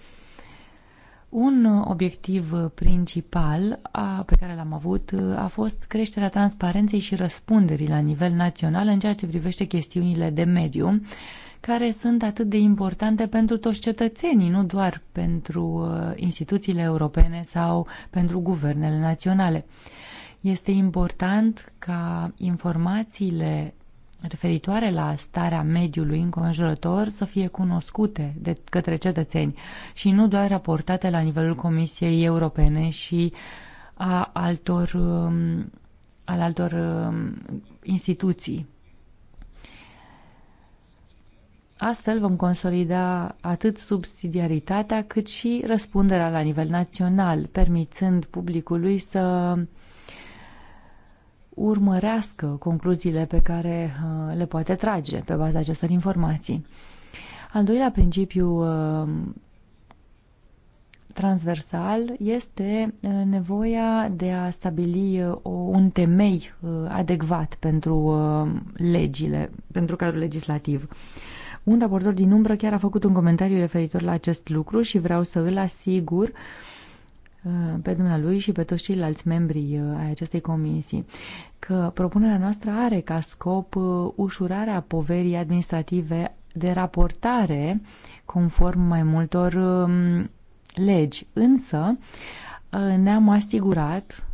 Un obiectiv principal a, pe care l-am avut a fost creșterea transparenței și răspunderii la nivel național în ceea ce privește chestiunile de mediu, care sunt atât de importante pentru toți cetățenii, nu doar pentru uh, instituțiile europene sau pentru guvernele naționale. Este important ca informațiile referitoare la starea mediului înconjurător să fie cunoscute de către cetățeni și nu doar raportate la nivelul Comisiei Europene și a altor, um, al altor um, instituții. Astfel vom consolida atât subsidiaritatea cât și răspunderea la nivel național, permițând publicului să urmărească concluziile pe care uh, le poate trage pe baza acestor informații. Al doilea principiu uh, transversal este uh, nevoia de a stabili un temei adecvat pentru legile, pentru cadrul legislativ. Un raportor din umbră chiar a făcut un comentariu referitor la acest lucru și vreau să îl asigur uh, Uh, pe dumnealui și pe toți ceilalți membri uh, ai acestei comisii că propunerea noastră are ca scop uh, ușurarea poverii administrative de raportare conform mai multor um, legi. Însă ne-am asigurat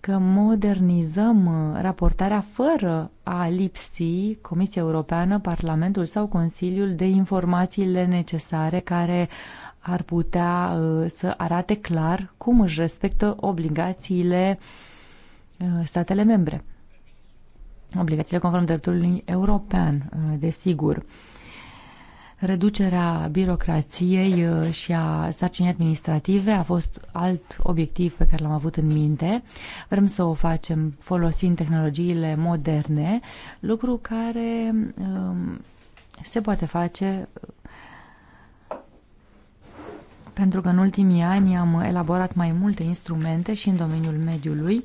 că modernizăm raportarea fără a lipsi Comisia Europeană, Parlamentul sau Consiliul de informațiile necesare care uh, ar putea uh, să arate clar cum își respectă obligațiile uh, statele membre. Obligațiile conform dreptului european, uh, desigur. Reducerea birocrației și a sarcinii administrative a fost alt obiectiv pe care l-am avut în minte. Vrem să o facem folosind tehnologiile moderne, lucru care um, se poate face pentru că în ultimii ani am elaborat mai multe instrumente și în domeniul mediului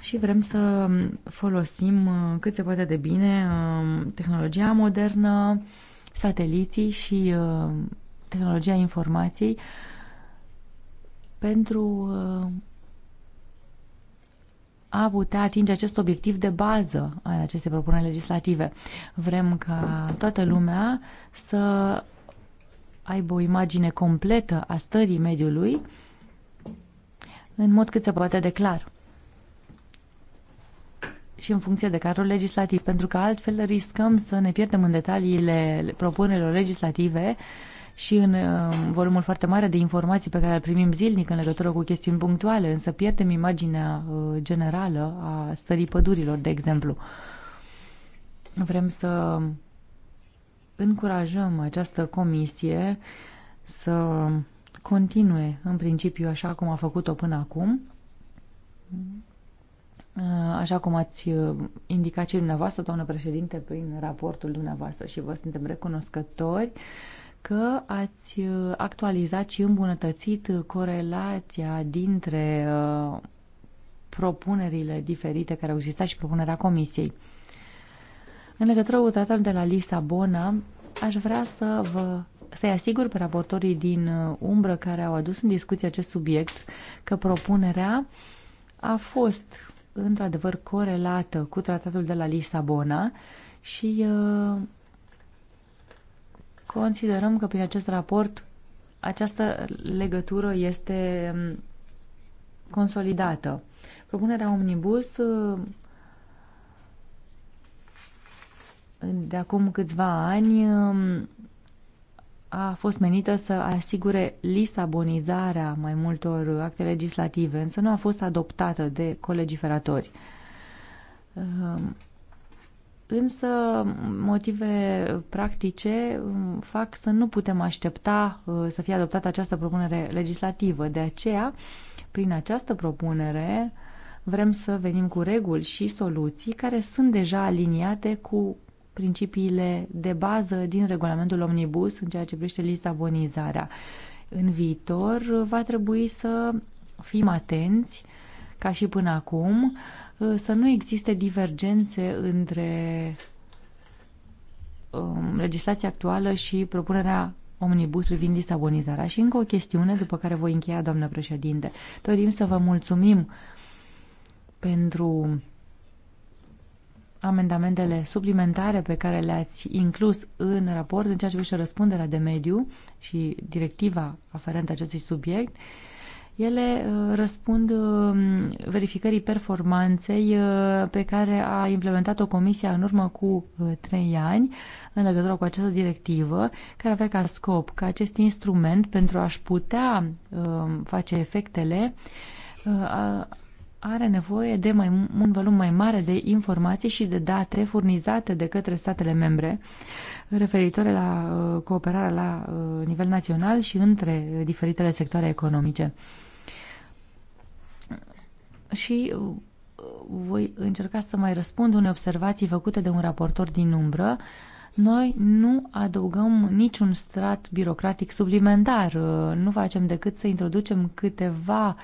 și vrem să folosim uh, cât se poate de bine uh, tehnologia modernă, sateliții și uh, tehnologia informației pentru a putea atinge acest obiectiv de bază al acestei propuneri legislative. Vrem ca toată lumea să aibă o imagine completă a stării mediului în mod cât se poate de clar și în funcție de carul legislativ, pentru că altfel riscăm să ne pierdem în detaliile propunerilor legislative și în uh, volumul foarte mare de informații pe care le primim zilnic în legătură cu chestiuni punctuale, însă pierdem imaginea uh, generală a stării pădurilor, de exemplu. Vrem să încurajăm această comisie să continue în principiu așa cum a făcut-o până acum, uh, așa cum ați uh, indicat și dumneavoastră, doamnă președinte, prin raportul dumneavoastră și vă suntem recunoscători că ați uh, actualizat și îmbunătățit corelația dintre propunerile diferite care au existat și propunerea comisiei. În legătură cu tratatul de la Lisabona, aș vrea să vă să-i asigur pe raportorii din uh, umbră care au adus în discuție acest subiect că propunerea a fost într-adevăr corelată cu tratatul de la Lisabona și uh, considerăm că prin acest raport această legătură este um, consolidată. Propunerea Omnibus uh, de acum câțiva ani um, a fost menită să asigure lisabonizarea mai multor acte legislative, însă nu a fost adoptată de colegiferatori. Um, însă motive practice um, fac să nu putem aștepta uh, să fie adoptată această propunere legislativă. De aceea, prin această propunere, vrem să venim cu reguli și soluții care sunt deja aliniate cu principiile de bază din regulamentul Omnibus în ceea ce privește lisabonizarea. În viitor va trebui să fim atenți, ca și până acum, să nu existe divergențe între um, legislația actuală și propunerea omnibus privind lisabonizarea. Și încă o chestiune, după care voi încheia, doamnă președinte. Dorim să vă mulțumim pentru amendamentele suplimentare pe care le-ați inclus în raport în ceea ce privește răspunderea de mediu și directiva aferentă acestui subiect, ele uh, răspund um, verificării performanței uh, pe care a implementat-o Comisia în urmă cu uh, trei ani în legătură cu această directivă, care avea ca scop ca acest instrument pentru a-și putea um, face efectele are nevoie de mai, un volum mai mare de informații și de date furnizate de către statele membre referitoare la uh, cooperarea la uh, nivel național și între diferitele sectoare economice. Și uh, voi încerca să mai răspund unei observații făcute de un raportor din umbră. Noi nu adăugăm niciun strat birocratic suplimentar, nu facem decât să introducem câteva uh,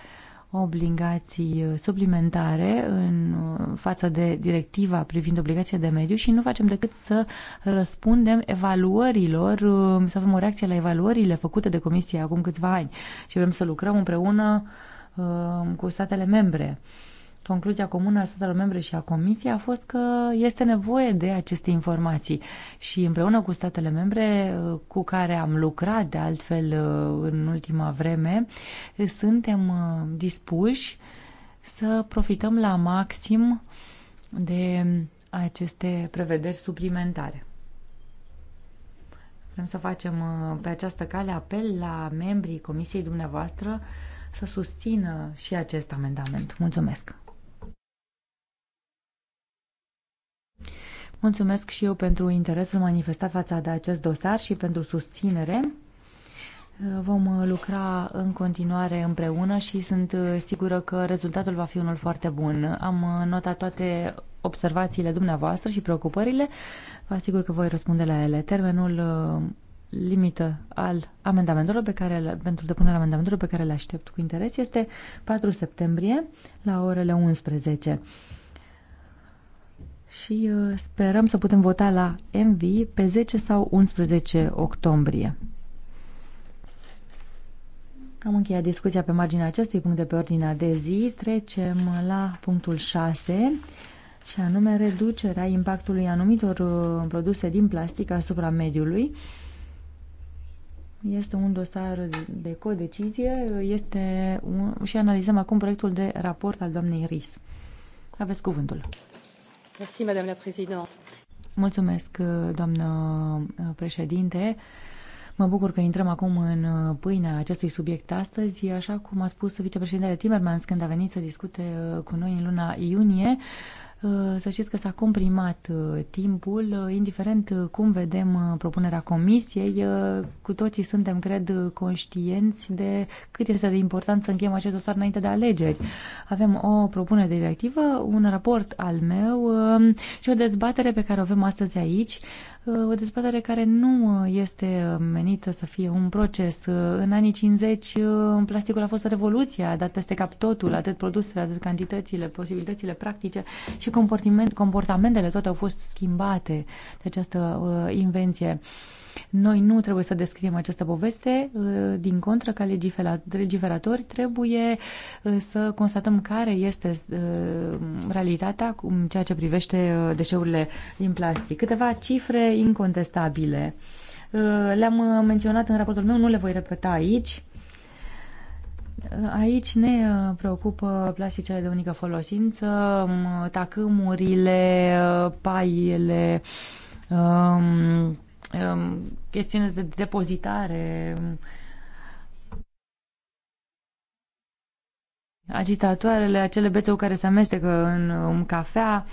obligații uh, suplimentare în uh, față de directiva privind obligația de mediu și nu facem decât să răspundem evaluărilor, uh, să avem o reacție la evaluările făcute de Comisie acum câțiva ani și vrem să lucrăm împreună cu statele membre concluzia comună a statelor membre și a Comisiei a fost că este nevoie de aceste informații și împreună cu statele membre uh, cu care am lucrat de altfel uh, în ultima vreme, uh, suntem dispuși să profităm la maxim de aceste prevederi suplimentare. Vrem să facem pe această cale apel la membrii Comisiei dumneavoastră să susțină și acest amendament. Mulțumesc! Mulțumesc și eu pentru interesul manifestat față de acest dosar și pentru susținere. Vom lucra în continuare împreună și sunt sigură că rezultatul va fi unul foarte bun. Am notat toate observațiile dumneavoastră și preocupările. Vă asigur că voi răspunde la ele. Termenul uh, limită al amendamentelor pe care, pentru depunerea amendamentelor pe care le aștept cu interes este 4 septembrie la orele 11 și uh, sperăm să putem vota la MV pe 10 sau 11 octombrie. Am încheiat discuția pe marginea acestui punct de pe ordinea de zi. Trecem la punctul 6 și anume reducerea impactului anumitor uh, produse din plastic asupra mediului. Este un dosar de codecizie este un, și analizăm acum proiectul de raport al doamnei RIS. Aveți cuvântul. Mulțumesc, doamnă uh, președinte. Mă bucur că intrăm acum în uh, pâinea acestui subiect astăzi, așa cum a spus vicepreședintele Timmermans când a venit să discute uh, cu noi în luna iunie. Uh, să știți că s-a comprimat uh, timpul, uh, indiferent cum vedem propunerea comisiei, cu toții suntem, cred, conștienți de cât este de important să încheiem acest dosar înainte de alegeri. Avem o propunere de directivă, un raport al meu și o dezbatere pe care o avem astăzi aici. Uh, o dezbatere care nu uh, este uh, menită să fie un proces. În anii 50, plasticul a fost o revoluție, a dat peste cap totul, atât produsele, atât cantitățile, posibilitățile practice și comportamentele toate au fost schimbate de această invenție. Noi nu trebuie să descriem această poveste, uh, din contră, ca legiferatori, trebuie uh, să constatăm care este uh, realitatea în ceea ce privește deșeurile din plastic. Câteva cifre incontestabile. Le-am menționat în raportul meu, nu le voi repeta aici. Aici ne preocupă plasticele de unică folosință, um, tacâmurile, paiele, um, Um, chestiune de depozitare agitatoarele, acele bețeu care se amestecă în, în cafea.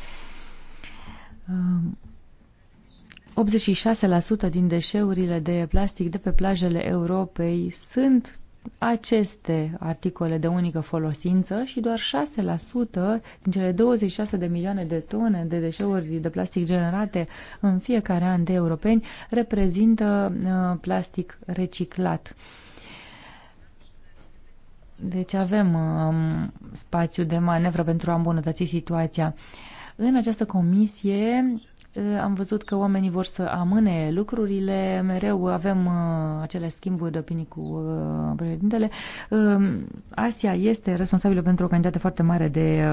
86% um, din deșeurile de plastic de pe plajele Europei sunt aceste articole de unică folosință și doar 6% din cele 26 de milioane de tone de deșeuri de plastic generate în fiecare an de europeni reprezintă uh, plastic reciclat. Deci avem um, spațiu de manevră pentru a îmbunătăți situația. În această comisie am văzut că oamenii vor să amâne lucrurile, mereu avem aceleași schimburi de opinii cu președintele. Asia este responsabilă pentru o cantitate foarte mare de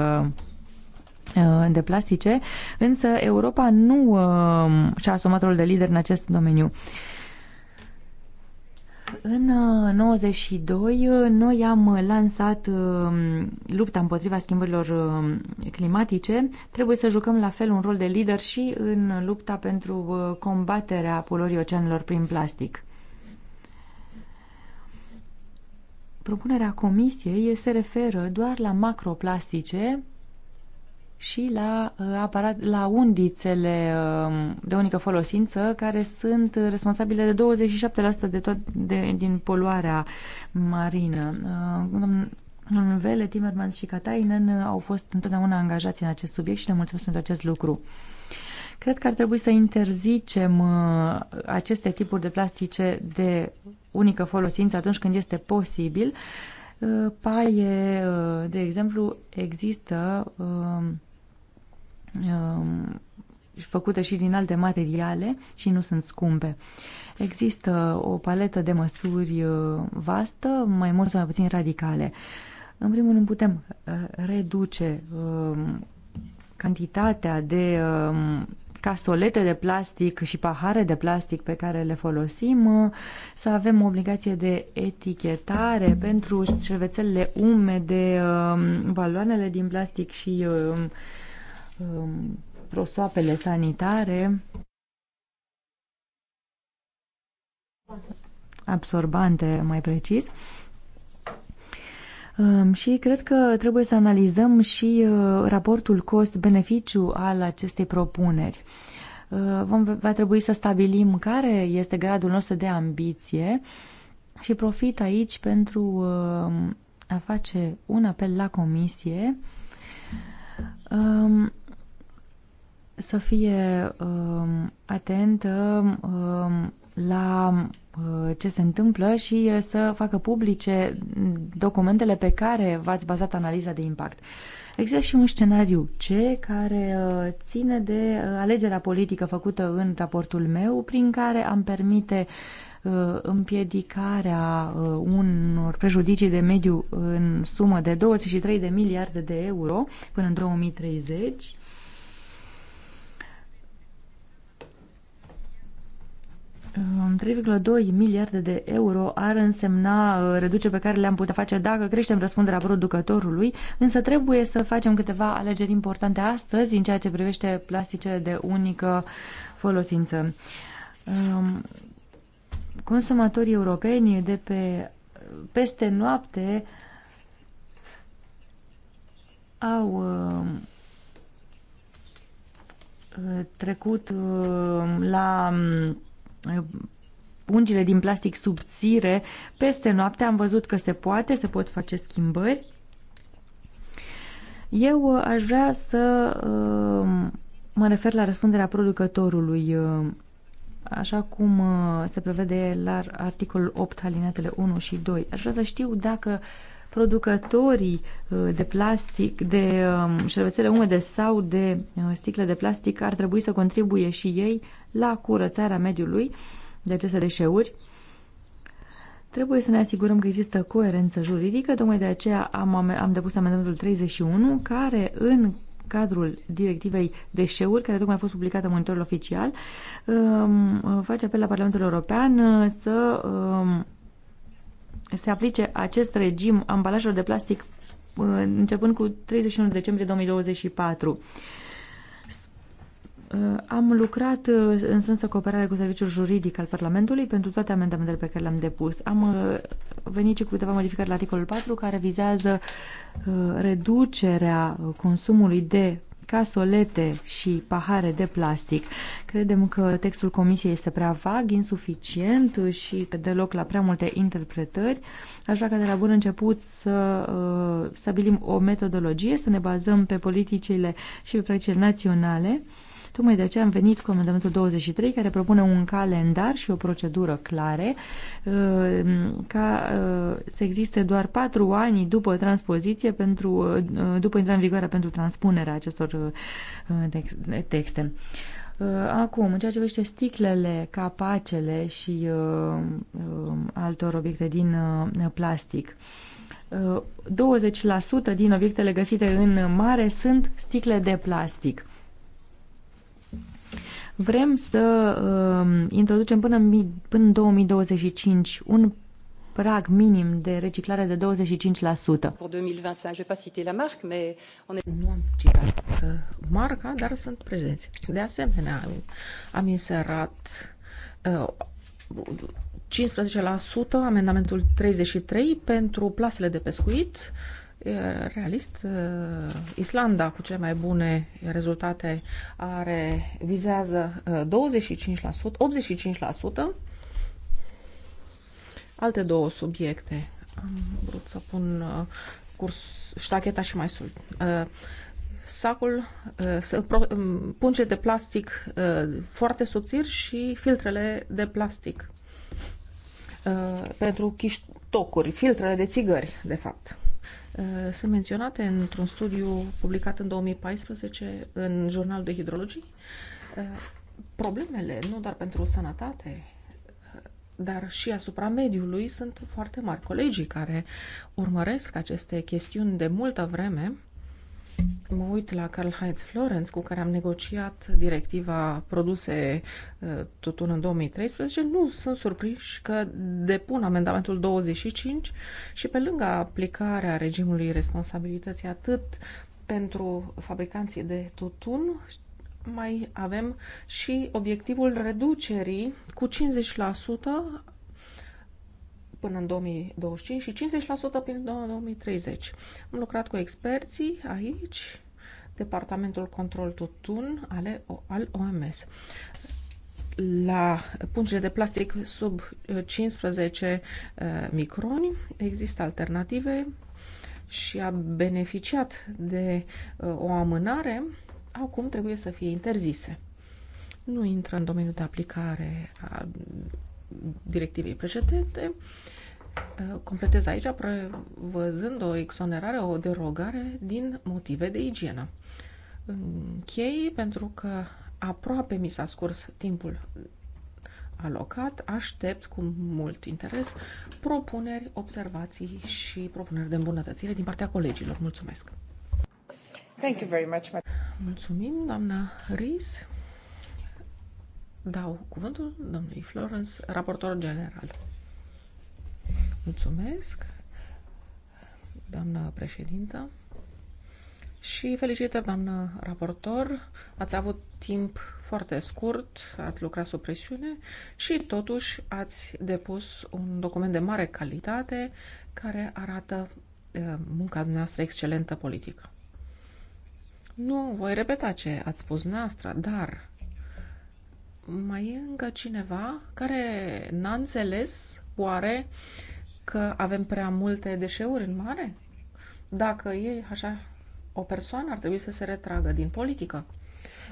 de plastice, însă Europa nu uh, și-a asumat rolul de lider în acest domeniu. Uh, în 92 uh, uh, noi am uh, lansat lupta împotriva schimbărilor climatice. Trebuie să jucăm la fel un rol de lider și în lupta pentru combaterea polorii oceanelor prin plastic. Propunerea comisiei se referă doar la macroplastice și la, uh, aparat, la undițele um, de unică folosință, care sunt responsabile de 27% de tot, de, din poluarea marină. Uh, domnul Vele, Timmermans și Katainen au fost întotdeauna angajați în acest subiect și le mulțumesc pentru acest lucru. Cred că ar trebui să interzicem uh, aceste tipuri de plastice de unică folosință atunci când este posibil, paie, de exemplu, există um, Um, făcute și din alte materiale și nu sunt scumpe. Există o paletă de măsuri uh, vastă, mai mult sau mai puțin radicale. În primul rând putem uh, reduce um, cantitatea de um, casolete de plastic și pahare de plastic pe care le folosim, uh, să avem obligație de etichetare pentru șervețelele umede, valoanele din plastic și Um, prosoapele sanitare absorbante, mai precis. Um, și cred că trebuie să analizăm și uh, raportul cost-beneficiu al acestei propuneri. Uh, vom, va trebui să stabilim care este gradul nostru de ambiție și profit aici pentru um, a face un apel la comisie să fie um, um, uh, atentă uh, la ce se întâmplă și uh, să facă publice documentele pe care v-ați bazat analiza de impact. Există și un scenariu C care uh, ține de uh, alegerea politică făcută în raportul meu, prin care am permite împiedicarea unor prejudicii de mediu în sumă de 23 de miliarde de euro până în 2030 3,2 miliarde de euro ar însemna uh, reduce pe care le-am putea face dacă creștem răspunderea producătorului, însă trebuie să facem câteva alegeri importante astăzi în ceea ce privește plasticele de unică folosință. Um, consumatorii europeni de pe peste noapte au um, trecut um, la Uh, ungile din plastic subțire peste noapte. Am văzut că se poate, se pot face schimbări. Eu uh, aș vrea să uh, mă refer la răspunderea producătorului așa cum se prevede la articolul 8, alinatele 1 și 2. Aș vrea să știu dacă producătorii uh, de plastic, de um, șervețele umede sau de uh, sticle de plastic ar trebui să contribuie și ei la curățarea mediului de aceste deșeuri. Trebuie să ne asigurăm că există coerență juridică, tocmai de aceea am, am depus amendamentul 31, care în cadrul directivei deșeuri, care tocmai a fost publicată în monitorul oficial, um, face apel la Parlamentul European uh, să um, se aplice acest regim ambalajelor de plastic uh, începând cu 31 decembrie 2024. Uh, am lucrat uh, în sensă cooperare cu serviciul juridic al Parlamentului pentru toate amendamentele pe care le-am depus. Am venit și cu câteva modificări la articolul 4 care vizează reducerea consumului de casolete și pahare de plastic. Credem că textul comisiei este prea vag, insuficient și deloc la prea multe interpretări. Aș vrea ca de la bun început să uh, stabilim o metodologie, să ne bazăm pe politicile și pe practicile naționale Tocmai de aceea am venit cu amendamentul 23 care propune un calendar și o procedură clare uh, ca uh, să existe doar patru ani după transpoziție pentru, uh, după intrarea în vigoare pentru transpunerea acestor texte. Acum, în ceea ce vește sticlele, capacele și uh, um, altor obiecte din uh, plastic, uh, 20% din obiectele găsite în mare sunt sticle de plastic. Vrem să uh, introducem până, până în 2025 un prag minim de reciclare de 25%. Pour 2025, je vais pas citer la marque, mais on est... Nu am citat uh, marca, dar sunt prezenți. De asemenea, am, am inserat uh, 15% amendamentul 33 pentru plasele de pescuit, realist, Islanda cu cele mai bune rezultate are, vizează 25%, 85%. Alte două subiecte. Am vrut să pun curs, ștacheta și mai sul. Sacul, punce de plastic foarte subțiri și filtrele de plastic pentru chiștocuri, filtrele de țigări, de fapt. Eh, sunt menționate într-un studiu publicat în 2014 în Jurnalul de Hidrologie. Eh, problemele, nu doar pentru sănătate, eh, dar și asupra mediului sunt foarte mari. Colegii care urmăresc aceste chestiuni de multă vreme Mă uit la Carl Heinz Florenz, cu care am negociat directiva produse uh, tutun în 2013. Nu sunt surprinși că depun amendamentul 25 și pe lângă aplicarea regimului responsabilității atât pentru fabricanții de tutun, mai avem și obiectivul reducerii cu 50% până în 2025 și 50% până în 2030. Am lucrat cu experții aici, Departamentul Control Tutun ale, al OMS. La pungile de plastic sub 15 uh, uh, microni există alternative și a beneficiat de uh, o amânare, acum trebuie să fie interzise. Nu intră în domeniul de aplicare a directivei precedente, uh, completez aici prevăzând o exonerare, o derogare din motive de igienă. Închei pentru că aproape mi s-a scurs timpul alocat, aștept cu mult interes propuneri, observații și propuneri de îmbunătățire din partea colegilor. Mulțumesc! Thank you very much. Mulțumim, doamna Ries dau cuvântul domnului Florence, raportor general. Mulțumesc, doamnă președintă, și felicitări, doamnă raportor. Ați avut timp foarte scurt, ați lucrat sub presiune și totuși ați depus un document de mare calitate care arată eh, munca noastră excelentă politică. Nu voi repeta ce ați spus noastră, dar mai e încă cineva care n-a înțeles oare că avem prea multe deșeuri în mare? Dacă e așa, o persoană ar trebui să se retragă din politică.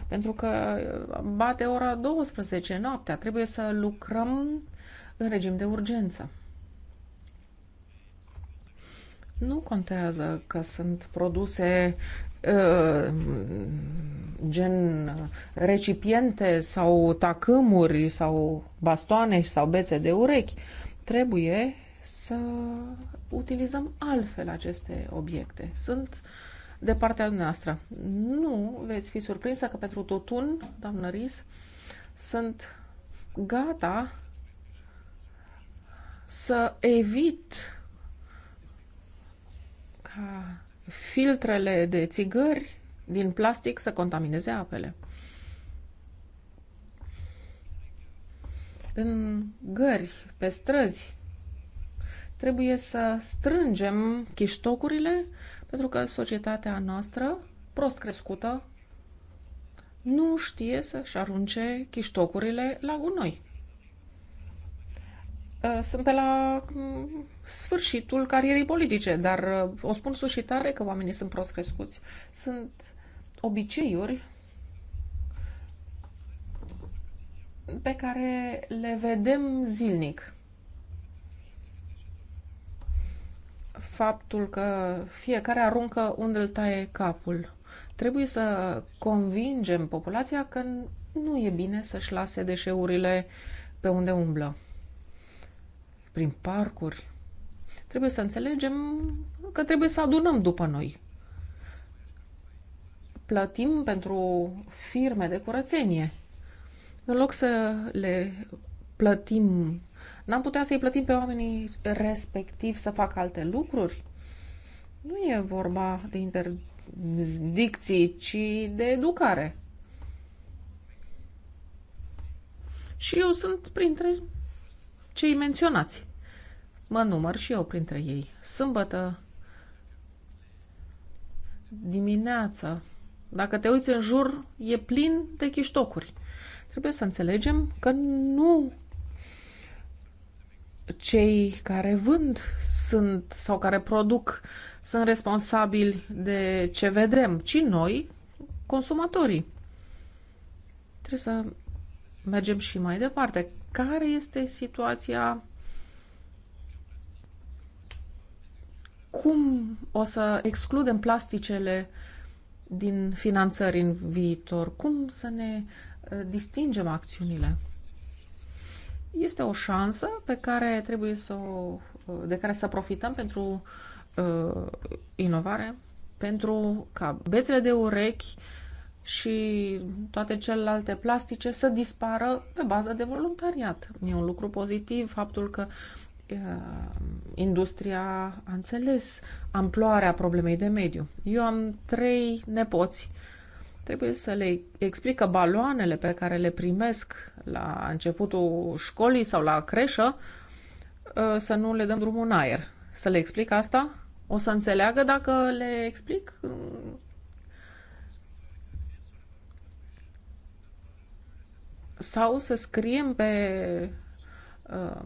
Pentru că uh, bate ora 12 noaptea, trebuie să lucrăm în regim de urgență. Nu contează că sunt produse Uh, gen recipiente sau tacâmuri sau bastoane sau bețe de urechi. Trebuie să utilizăm altfel aceste obiecte. Sunt de partea noastră. Nu veți fi surprinsă că pentru totun doamnă Ris, sunt gata să evit ca filtrele de țigări din plastic să contamineze apele. În gări, pe străzi, trebuie să strângem chiștocurile pentru că societatea noastră, prost crescută, nu știe să-și arunce chiștocurile la gunoi. Uh, sunt pe la mm, sfârșitul carierei politice, dar uh, o spun sus și tare că oamenii sunt prost crescuți. Sunt obiceiuri pe care le vedem zilnic. Faptul că fiecare aruncă unde îl taie capul. Trebuie să convingem populația că nu e bine să-și lase deșeurile pe unde umblă prin parcuri. Trebuie să înțelegem că trebuie să adunăm după noi. Plătim pentru firme de curățenie. În loc să le plătim, n-am putea să-i plătim pe oamenii respectiv să facă alte lucruri? Nu e vorba de interdicții, ci de educare. Și eu sunt printre cei menționați. Mă număr și eu printre ei. Sâmbătă, dimineața, dacă te uiți în jur, e plin de chiștocuri. Trebuie să înțelegem că nu cei care vând sunt sau care produc sunt responsabili de ce vedem, ci noi, consumatorii. Trebuie să mergem și mai departe care este situația, cum o să excludem plasticele din finanțări în viitor, cum să ne eh, distingem acțiunile. Este o șansă pe care trebuie să o, eh, de care să profităm pentru uh, inovare, pentru ca bețele de urechi uh, și toate celelalte plastice să dispară pe bază de voluntariat. E un lucru pozitiv faptul că uh, industria a înțeles amploarea problemei de mediu. Eu am trei nepoți. Trebuie să le explic baloanele pe care le primesc la începutul școlii sau la creșă uh, să nu le dăm drumul în aer. Să le explic asta? O să înțeleagă dacă le explic? sau să scriem pe uh,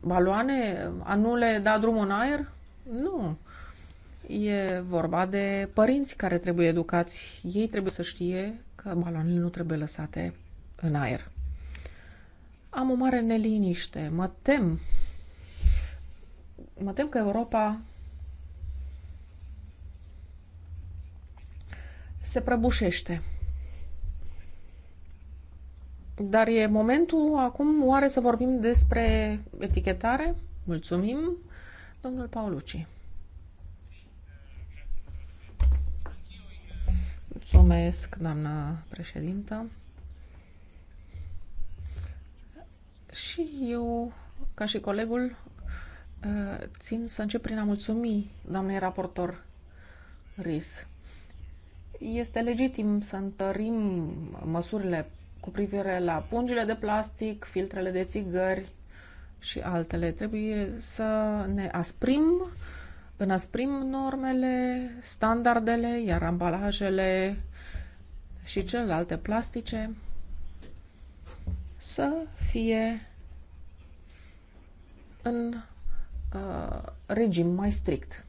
baloane a nu le da drumul în aer? Nu. E vorba de părinți care trebuie educați. Ei trebuie să știe că baloanele nu trebuie lăsate în aer. Am o mare neliniște. Mă tem. Mă tem că Europa se prăbușește. Dar e momentul acum oare să vorbim despre etichetare? Mulțumim, domnul Paulucci. Mulțumesc, doamna președintă. Și eu, ca și colegul, ă, țin să încep prin a mulțumi doamnei raportor RIS. Este legitim să întărim măsurile cu privire la pungile de plastic, filtrele de țigări și altele. Trebuie să ne asprim, în asprim normele, standardele, iar ambalajele și celelalte plastice să fie în uh, regim mai strict.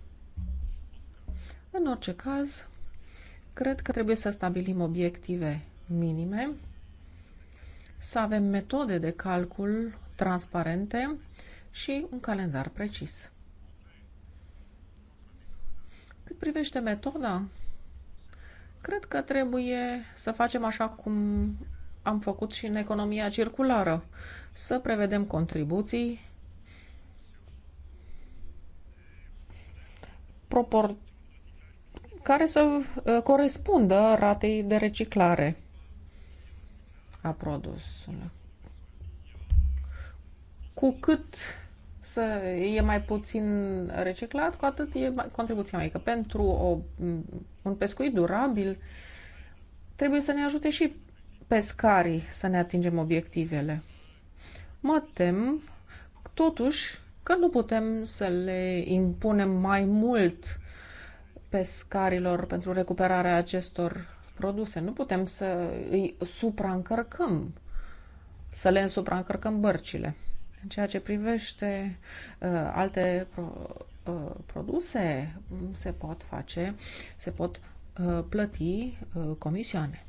În orice caz, cred că trebuie să stabilim obiective minime să avem metode de calcul transparente și un calendar precis. Cât privește metoda, cred că trebuie să facem așa cum am făcut și în economia circulară, să prevedem contribuții care să uh, corespundă ratei de reciclare a produsului. Cu cât să e mai puțin reciclat, cu atât e contribuția mai mică. Pentru o, un pescuit durabil, trebuie să ne ajute și pescarii să ne atingem obiectivele. Mă tem, totuși, că nu putem să le impunem mai mult pescarilor pentru recuperarea acestor produse. Nu putem să îi supraîncărcăm, să le supraîncărcăm bărcile. În ceea ce privește uh, alte pro, uh, produse, se pot face, se pot uh, plăti uh, comisioane.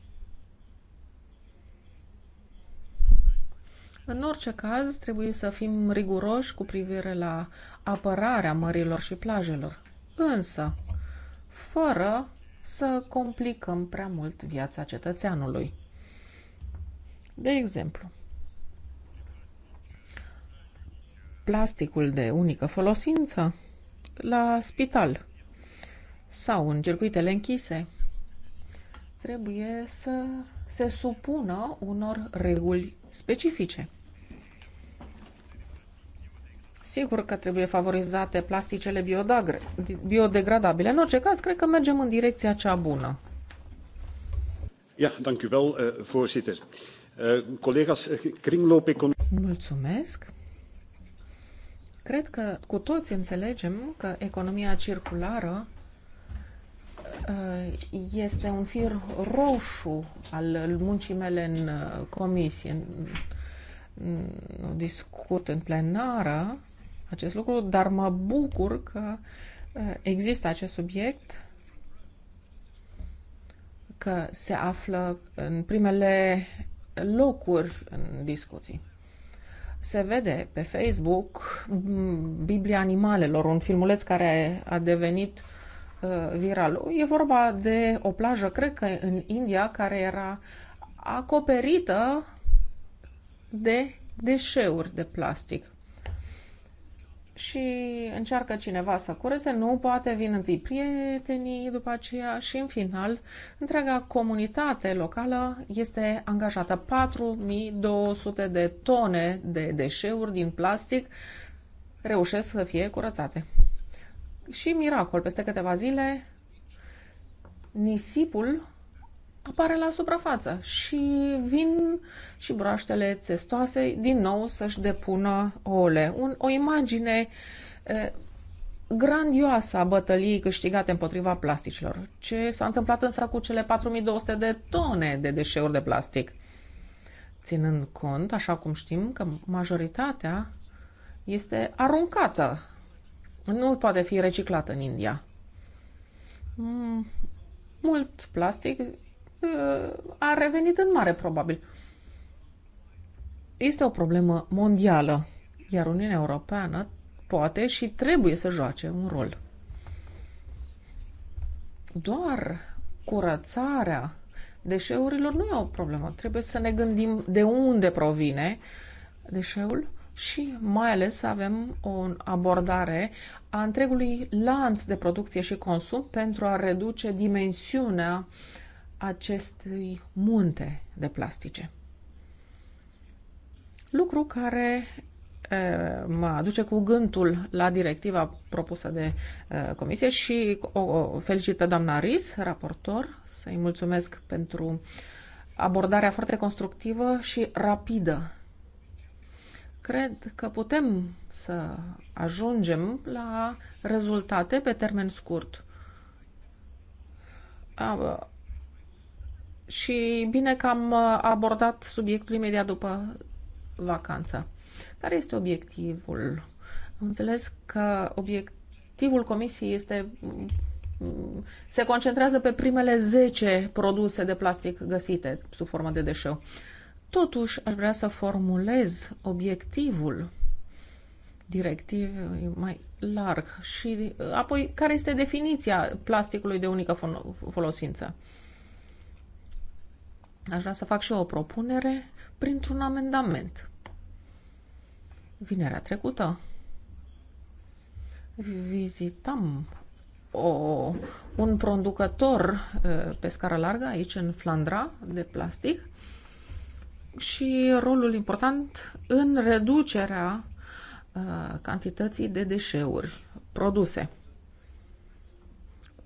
În orice caz, trebuie să fim riguroși cu privire la apărarea mărilor și plajelor, însă fără să complicăm prea mult viața cetățeanului. De exemplu, plasticul de unică folosință la spital sau în circuitele închise trebuie să se supună unor reguli specifice. Sigur că trebuie favorizate plasticele biodegradabile. În orice caz, cred că mergem în direcția cea bună. Ja, dank u wel, eh, voorzitter. Eh, collega's, eh, Mulțumesc. Cred că cu toți înțelegem că economia circulară este un fir roșu al muncii mele în comisie. În discut în plenară acest lucru, dar mă bucur că uh, există acest subiect, că se află în primele locuri în discuții. Se vede pe Facebook mm, Biblia animalelor, un filmuleț care a devenit uh, viral. E vorba de o plajă, cred că în India, care era acoperită de deșeuri de plastic și încearcă cineva să curețe, nu poate, vin întâi prietenii, după aceea și în final întreaga comunitate locală este angajată. 4200 de tone de deșeuri din plastic reușesc să fie curățate. Și miracol, peste câteva zile nisipul apare la suprafață și vin și broaștele țestoase din nou să-și depună ole. Un, o imagine e, grandioasă a bătăliei câștigate împotriva plasticilor. Ce s-a întâmplat însă cu cele 4200 de tone de deșeuri de plastic? Ținând cont, așa cum știm, că majoritatea este aruncată. Nu poate fi reciclată în India. Mm, mult plastic Uh, a revenit în mare, probabil. Este o problemă mondială, iar Uniunea Europeană poate și trebuie să joace un rol. Doar curățarea deșeurilor nu e o problemă. Trebuie să ne gândim de unde provine deșeul și mai ales să avem o abordare a întregului lanț de producție și consum pentru a reduce dimensiunea uh, acestui munte de plastice. Lucru care mă aduce cu gândul la directiva propusă de comisie și o felicit pe doamna Riz, raportor, să-i mulțumesc pentru abordarea foarte constructivă și rapidă. Cred că putem să ajungem la rezultate pe termen scurt și bine că am uh, abordat subiectul imediat după vacanță. Care este obiectivul? Am înțeles că obiectivul comisiei este mm, se concentrează pe primele 10 produse de plastic găsite sub formă de deșeu. Totuși, aș vrea să formulez obiectivul directiv mai larg și uh, apoi care este definiția plasticului de unică folosință. Aș vrea să fac și eu o propunere printr-un amendament. Vinerea trecută vizitam o, un producător pe scară largă aici în Flandra de plastic și rolul important în reducerea cantității de deșeuri produse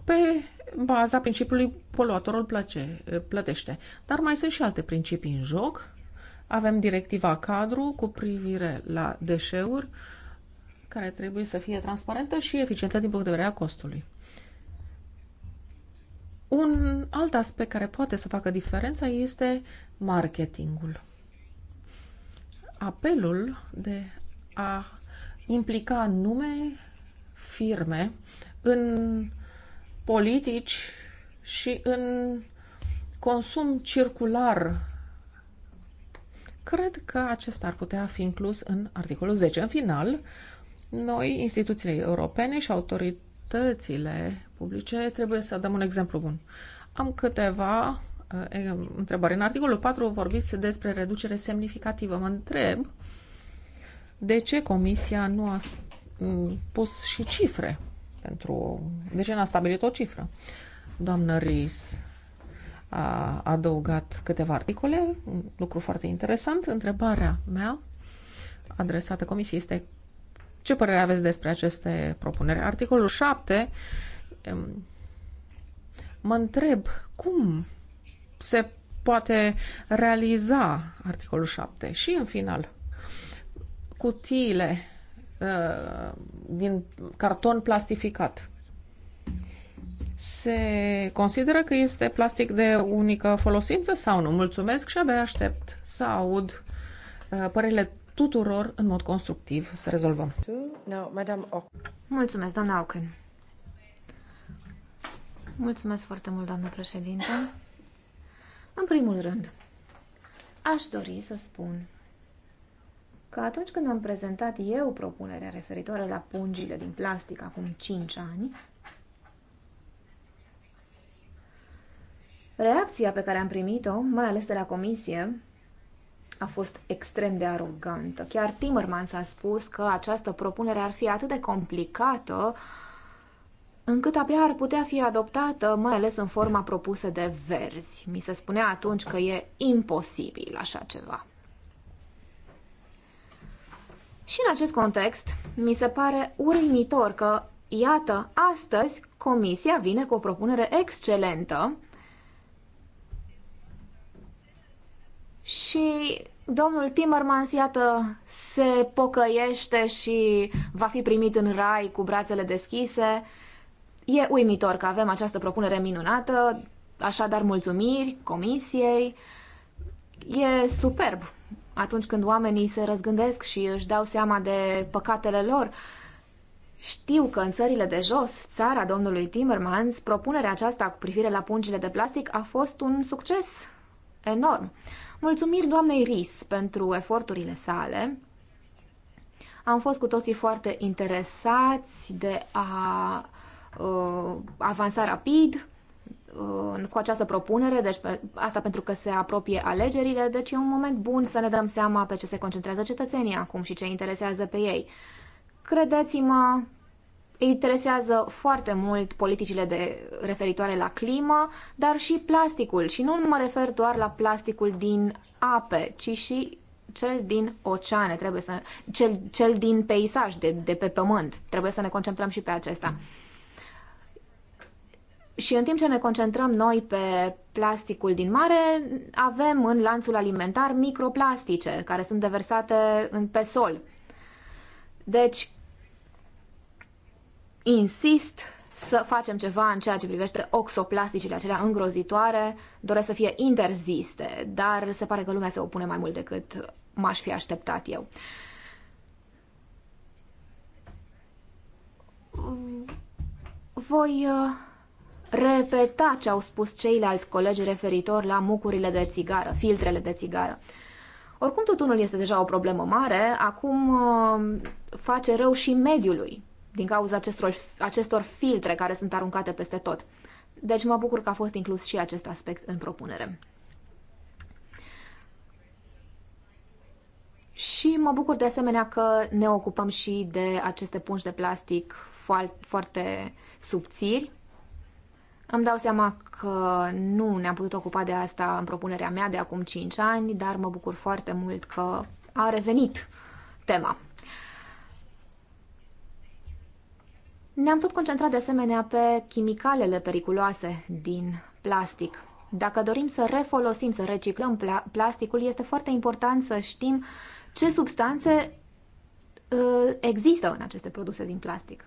pe baza principiului poluatorul plăce, plătește. Dar mai sunt și alte principii în joc. Avem directiva cadru cu privire la deșeuri, care trebuie să fie transparentă și eficientă din punct de vedere a costului. Un alt aspect care poate să facă diferența este marketingul. Apelul de a implica nume, firme în politici și în consum circular. Cred că acesta ar putea fi inclus în articolul 10. În final, noi, instituțiile europene și autoritățile publice, trebuie să dăm un exemplu bun. Am câteva eh, întrebări. În articolul 4 vorbiți despre reducere semnificativă. Mă întreb de ce Comisia nu a pus și cifre pentru... ce deci n-a stabilit o cifră. Doamna Ries a adăugat câteva articole, un lucru foarte interesant. Întrebarea mea adresată comisiei este ce părere aveți despre aceste propuneri? Articolul 7 mă întreb cum se poate realiza articolul 7 și în final cutiile Uh, din carton plastificat. Se consideră că este plastic de unică folosință sau nu? Mulțumesc și abia aștept să aud uh, părerile tuturor în mod constructiv să rezolvăm. Mulțumesc, doamna Auken. Mulțumesc foarte mult, doamnă președinte. În primul rând, aș dori să spun că atunci când am prezentat eu propunerea referitoare la pungile din plastic acum 5 ani, reacția pe care am primit-o, mai ales de la comisie, a fost extrem de arogantă. Chiar Timmermans a spus că această propunere ar fi atât de complicată încât abia ar putea fi adoptată, mai ales în forma propusă de verzi. Mi se spunea atunci că e imposibil așa ceva. Și în acest context, mi se pare uimitor că, iată, astăzi Comisia vine cu o propunere excelentă și domnul Timmermans, iată, se pocăiește și va fi primit în rai cu brațele deschise. E uimitor că avem această propunere minunată, așadar mulțumiri Comisiei. E superb atunci când oamenii se răzgândesc și își dau seama de păcatele lor. Știu că în țările de jos, țara domnului Timmermans, propunerea aceasta cu privire la pungile de plastic a fost un succes enorm. Mulțumiri doamnei Ris pentru eforturile sale. Am fost cu toții foarte interesați de a uh, avansa rapid cu această propunere, deci pe, asta pentru că se apropie alegerile, deci e un moment bun să ne dăm seama pe ce se concentrează cetățenii acum și ce interesează pe ei. Credeți-mă, îi interesează foarte mult politicile de referitoare la climă, dar și plasticul. Și nu mă refer doar la plasticul din ape, ci și cel din oceane, trebuie să, cel, cel din peisaj, de, de pe pământ. Trebuie să ne concentrăm și pe acesta. Mm. Și în timp ce ne concentrăm noi pe plasticul din mare, avem în lanțul alimentar microplastice care sunt deversate în pe sol. Deci, insist să facem ceva în ceea ce privește oxoplasticile acelea îngrozitoare, doresc să fie interziste, dar se pare că lumea se opune mai mult decât m-aș fi așteptat eu. Voi uh, repeta ce au spus ceilalți colegi referitor la mucurile de țigară, filtrele de țigară. Oricum, tutunul este deja o problemă mare, acum uh, face rău și mediului din cauza acestor, acestor filtre care sunt aruncate peste tot. Deci mă bucur că a fost inclus și acest aspect în propunere. Și mă bucur de asemenea că ne ocupăm și de aceste pungi de plastic foarte, foarte subțiri, îmi dau seama că nu ne-am putut ocupa de asta în propunerea mea de acum 5 ani, dar mă bucur foarte mult că a revenit tema. Ne-am putut concentra de asemenea pe chimicalele periculoase din plastic. Dacă dorim să refolosim, să reciclăm pla plasticul, este foarte important să știm ce substanțe uh, există în aceste produse din plastic.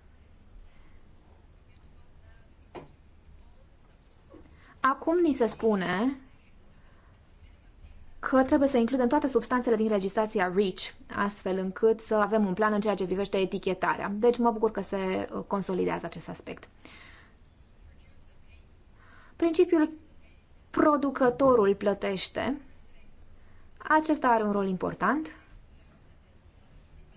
Acum ni se spune că trebuie să includem toate substanțele din legislația REACH, astfel încât să avem un plan în ceea ce privește etichetarea. Deci mă bucur că se uh, consolidează acest aspect. Principiul producătorul plătește. Acesta are un rol important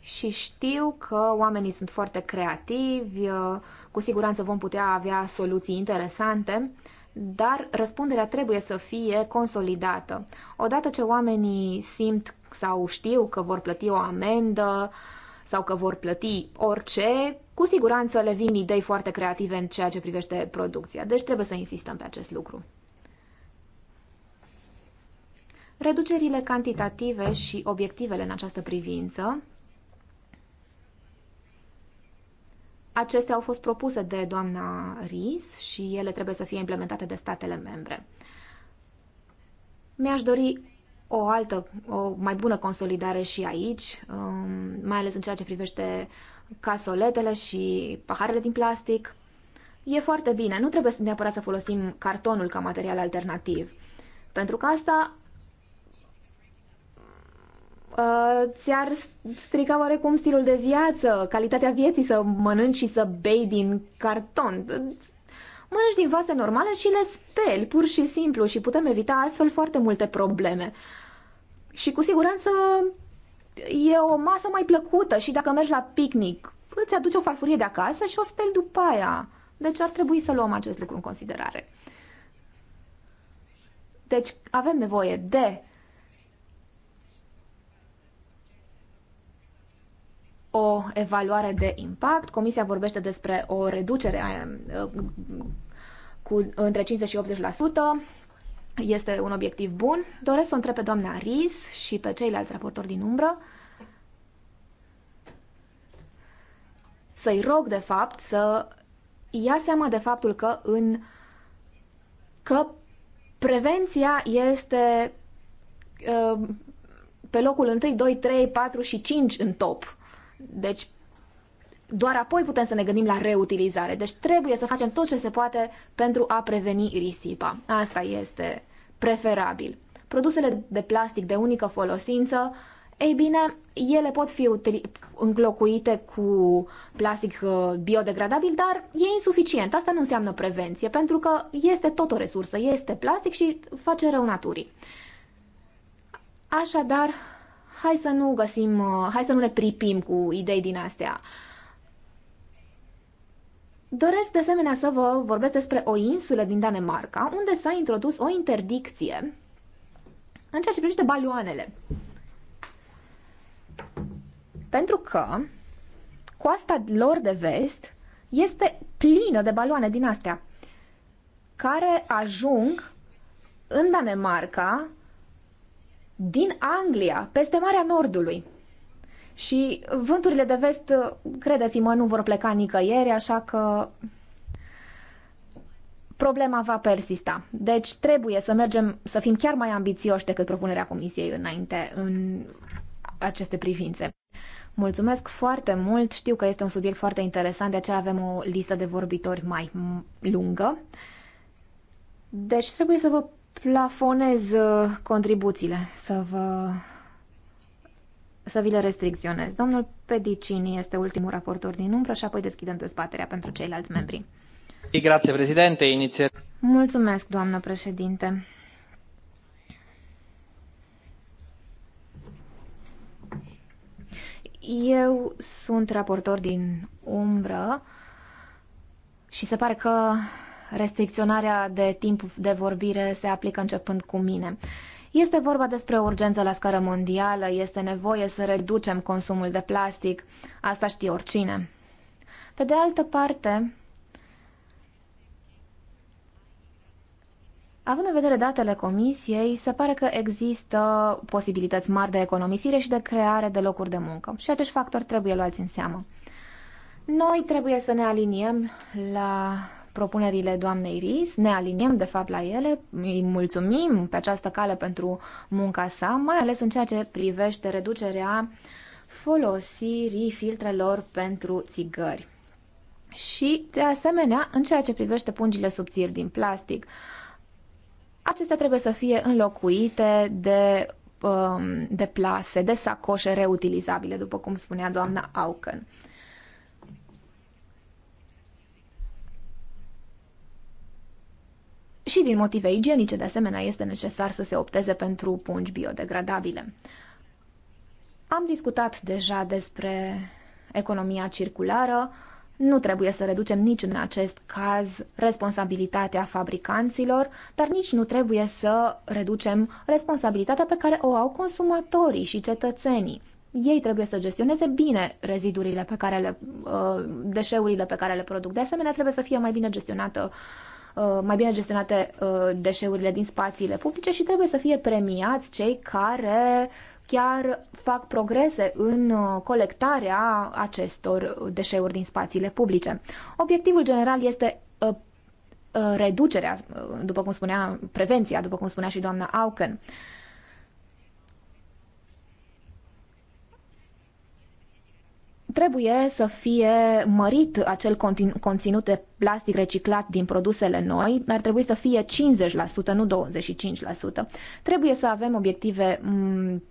și știu că oamenii sunt foarte creativi, uh, cu siguranță vom putea avea soluții interesante dar răspunderea trebuie să fie consolidată. Odată ce oamenii simt sau știu că vor plăti o amendă sau că vor plăti orice, cu siguranță le vin idei foarte creative în ceea ce privește producția. Deci trebuie să insistăm pe acest lucru. Reducerile cantitative și obiectivele în această privință Acestea au fost propuse de doamna Riz și ele trebuie să fie implementate de statele membre. Mi-aș dori o altă, o mai bună consolidare și aici, um, mai ales în ceea ce privește casoletele și paharele din plastic. E foarte bine, nu trebuie neapărat să folosim cartonul ca material alternativ, pentru că asta Uh, ți-ar strica oarecum stilul de viață, calitatea vieții să mănânci și să bei din carton. Mănânci din vase normale și le speli, pur și simplu, și putem evita astfel foarte multe probleme. Și cu siguranță e o masă mai plăcută și dacă mergi la picnic, îți aduci o farfurie de acasă și o speli după aia. Deci ar trebui să luăm acest lucru în considerare. Deci avem nevoie de o evaluare de impact. Comisia vorbește despre o reducere cu între 50 și 80%. Este un obiectiv bun. Doresc să o întreb pe doamna Riz și pe ceilalți raportori din umbră să-i rog, de fapt, să ia seama de faptul că în că prevenția este uh, pe locul 1, 2, 3, 4 și 5 în top. Deci, doar apoi putem să ne gândim la reutilizare. Deci trebuie să facem tot ce se poate pentru a preveni risipa. Asta este preferabil. Produsele de plastic de unică folosință, ei bine, ele pot fi înlocuite cu plastic uh, biodegradabil, dar e insuficient. Asta nu înseamnă prevenție, pentru că este tot o resursă, este plastic și face rău naturii. Așadar, hai să nu găsim, uh, hai să nu ne pripim cu idei din astea. Doresc de asemenea să vă vorbesc despre o insulă din Danemarca, unde s-a introdus o interdicție în ceea ce privește balioanele. Pentru că coasta lor de vest este plină de baloane din astea, care ajung în Danemarca din Anglia, peste Marea Nordului. Și vânturile de vest, credeți-mă, nu vor pleca nicăieri, așa că problema va persista. Deci trebuie să mergem, să fim chiar mai ambițioși decât propunerea Comisiei înainte în aceste privințe. Mulțumesc foarte mult, știu că este un subiect foarte interesant, de aceea avem o listă de vorbitori mai lungă. Deci trebuie să vă plafonez uh, contribuțiile, să vă să vi le restricționez. Domnul Pedicini este ultimul raportor din umbră și apoi deschidem dezbaterea pentru ceilalți membri. grație, președinte. Iniție... Mulțumesc, doamnă președinte. Eu sunt raportor din umbră și se pare că restricționarea de timp de vorbire se aplică începând cu mine. Este vorba despre o urgență la scară mondială, este nevoie să reducem consumul de plastic, asta știe oricine. Pe de altă parte, Având în vedere datele comisiei, se pare că există posibilități mari de economisire și de creare de locuri de muncă și acești factori trebuie luați în seamă. Noi trebuie să ne aliniem la propunerile doamnei Ris, ne aliniem de fapt la ele, îi mulțumim pe această cale pentru munca sa, mai ales în ceea ce privește reducerea folosirii filtrelor pentru țigări. Și, de asemenea, în ceea ce privește pungile subțiri din plastic, acestea trebuie să fie înlocuite de, um, de plase, de sacoșe reutilizabile, după cum spunea doamna Auken. Și din motive igienice, de asemenea, este necesar să se opteze pentru pungi biodegradabile. Am discutat deja despre economia circulară. Nu trebuie să reducem nici în acest caz responsabilitatea fabricanților, dar nici nu trebuie să reducem responsabilitatea pe care o au consumatorii și cetățenii. Ei trebuie să gestioneze bine rezidurile pe care le, uh, deșeurile pe care le produc. De asemenea, trebuie să fie mai bine gestionată uh, Uh, mai bine gestionate uh, deșeurile din spațiile publice și trebuie să fie premiați cei care chiar fac progrese în uh, colectarea acestor deșeuri din spațiile publice. Obiectivul general este reducerea, după cum spunea, prevenția, după cum spunea și doamna Auken. trebuie să fie mărit acel conținut de plastic reciclat din produsele noi, ar trebui să fie 50%, nu 25%. Trebuie să avem obiective mm,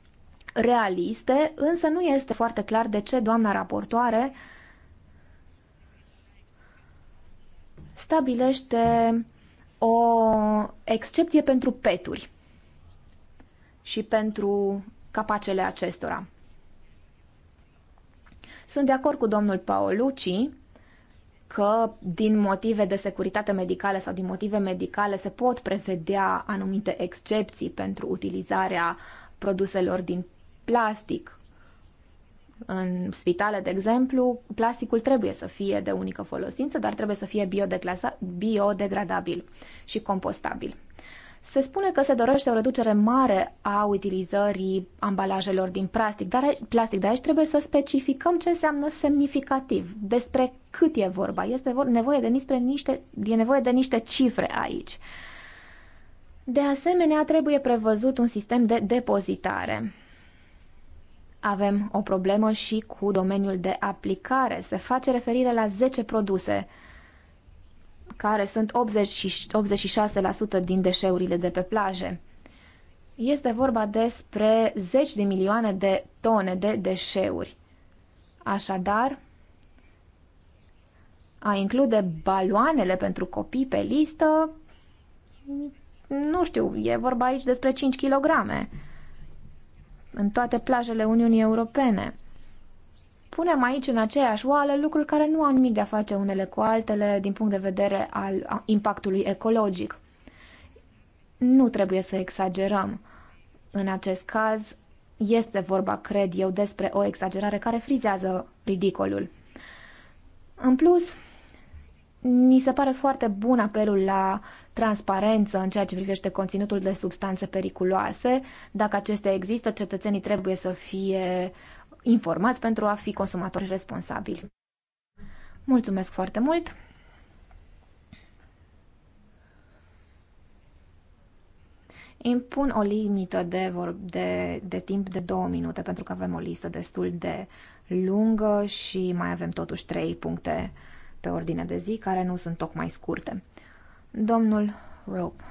realiste, însă nu este foarte clar de ce doamna raportoare stabilește o excepție pentru peturi și pentru capacele acestora. Sunt de acord cu domnul Paolucci că din motive de securitate medicală sau din motive medicale se pot prevedea anumite excepții pentru utilizarea produselor din plastic. În spitale, de exemplu, plasticul trebuie să fie de unică folosință, dar trebuie să fie biodegradabil și compostabil. Se spune că se dorește o reducere mare a utilizării ambalajelor din plastic, dar, plastic, dar aici trebuie să specificăm ce înseamnă semnificativ, despre cât e vorba. Este nevoie de niște, niște, e nevoie de niște cifre aici. De asemenea, trebuie prevăzut un sistem de depozitare. Avem o problemă și cu domeniul de aplicare. Se face referire la 10 produse care sunt 86% din deșeurile de pe plaje. Este vorba despre 10 de milioane de tone de deșeuri. Așadar, a include baloanele pentru copii pe listă, nu știu, e vorba aici despre 5 kg în toate plajele Uniunii Europene punem aici în aceeași oală lucruri care nu au nimic de a face unele cu altele din punct de vedere al impactului ecologic. Nu trebuie să exagerăm. În acest caz, este vorba, cred eu, despre o exagerare care frizează ridicolul. În plus, ni se pare foarte bun apelul la transparență în ceea ce privește conținutul de substanțe periculoase. Dacă acestea există, cetățenii trebuie să fie informați pentru a fi consumatori responsabili. Mulțumesc foarte mult! Impun o limită de, vorb de, de timp de două minute, pentru că avem o listă destul de lungă și mai avem totuși trei puncte pe ordine de zi, care nu sunt tocmai scurte. Domnul Rope,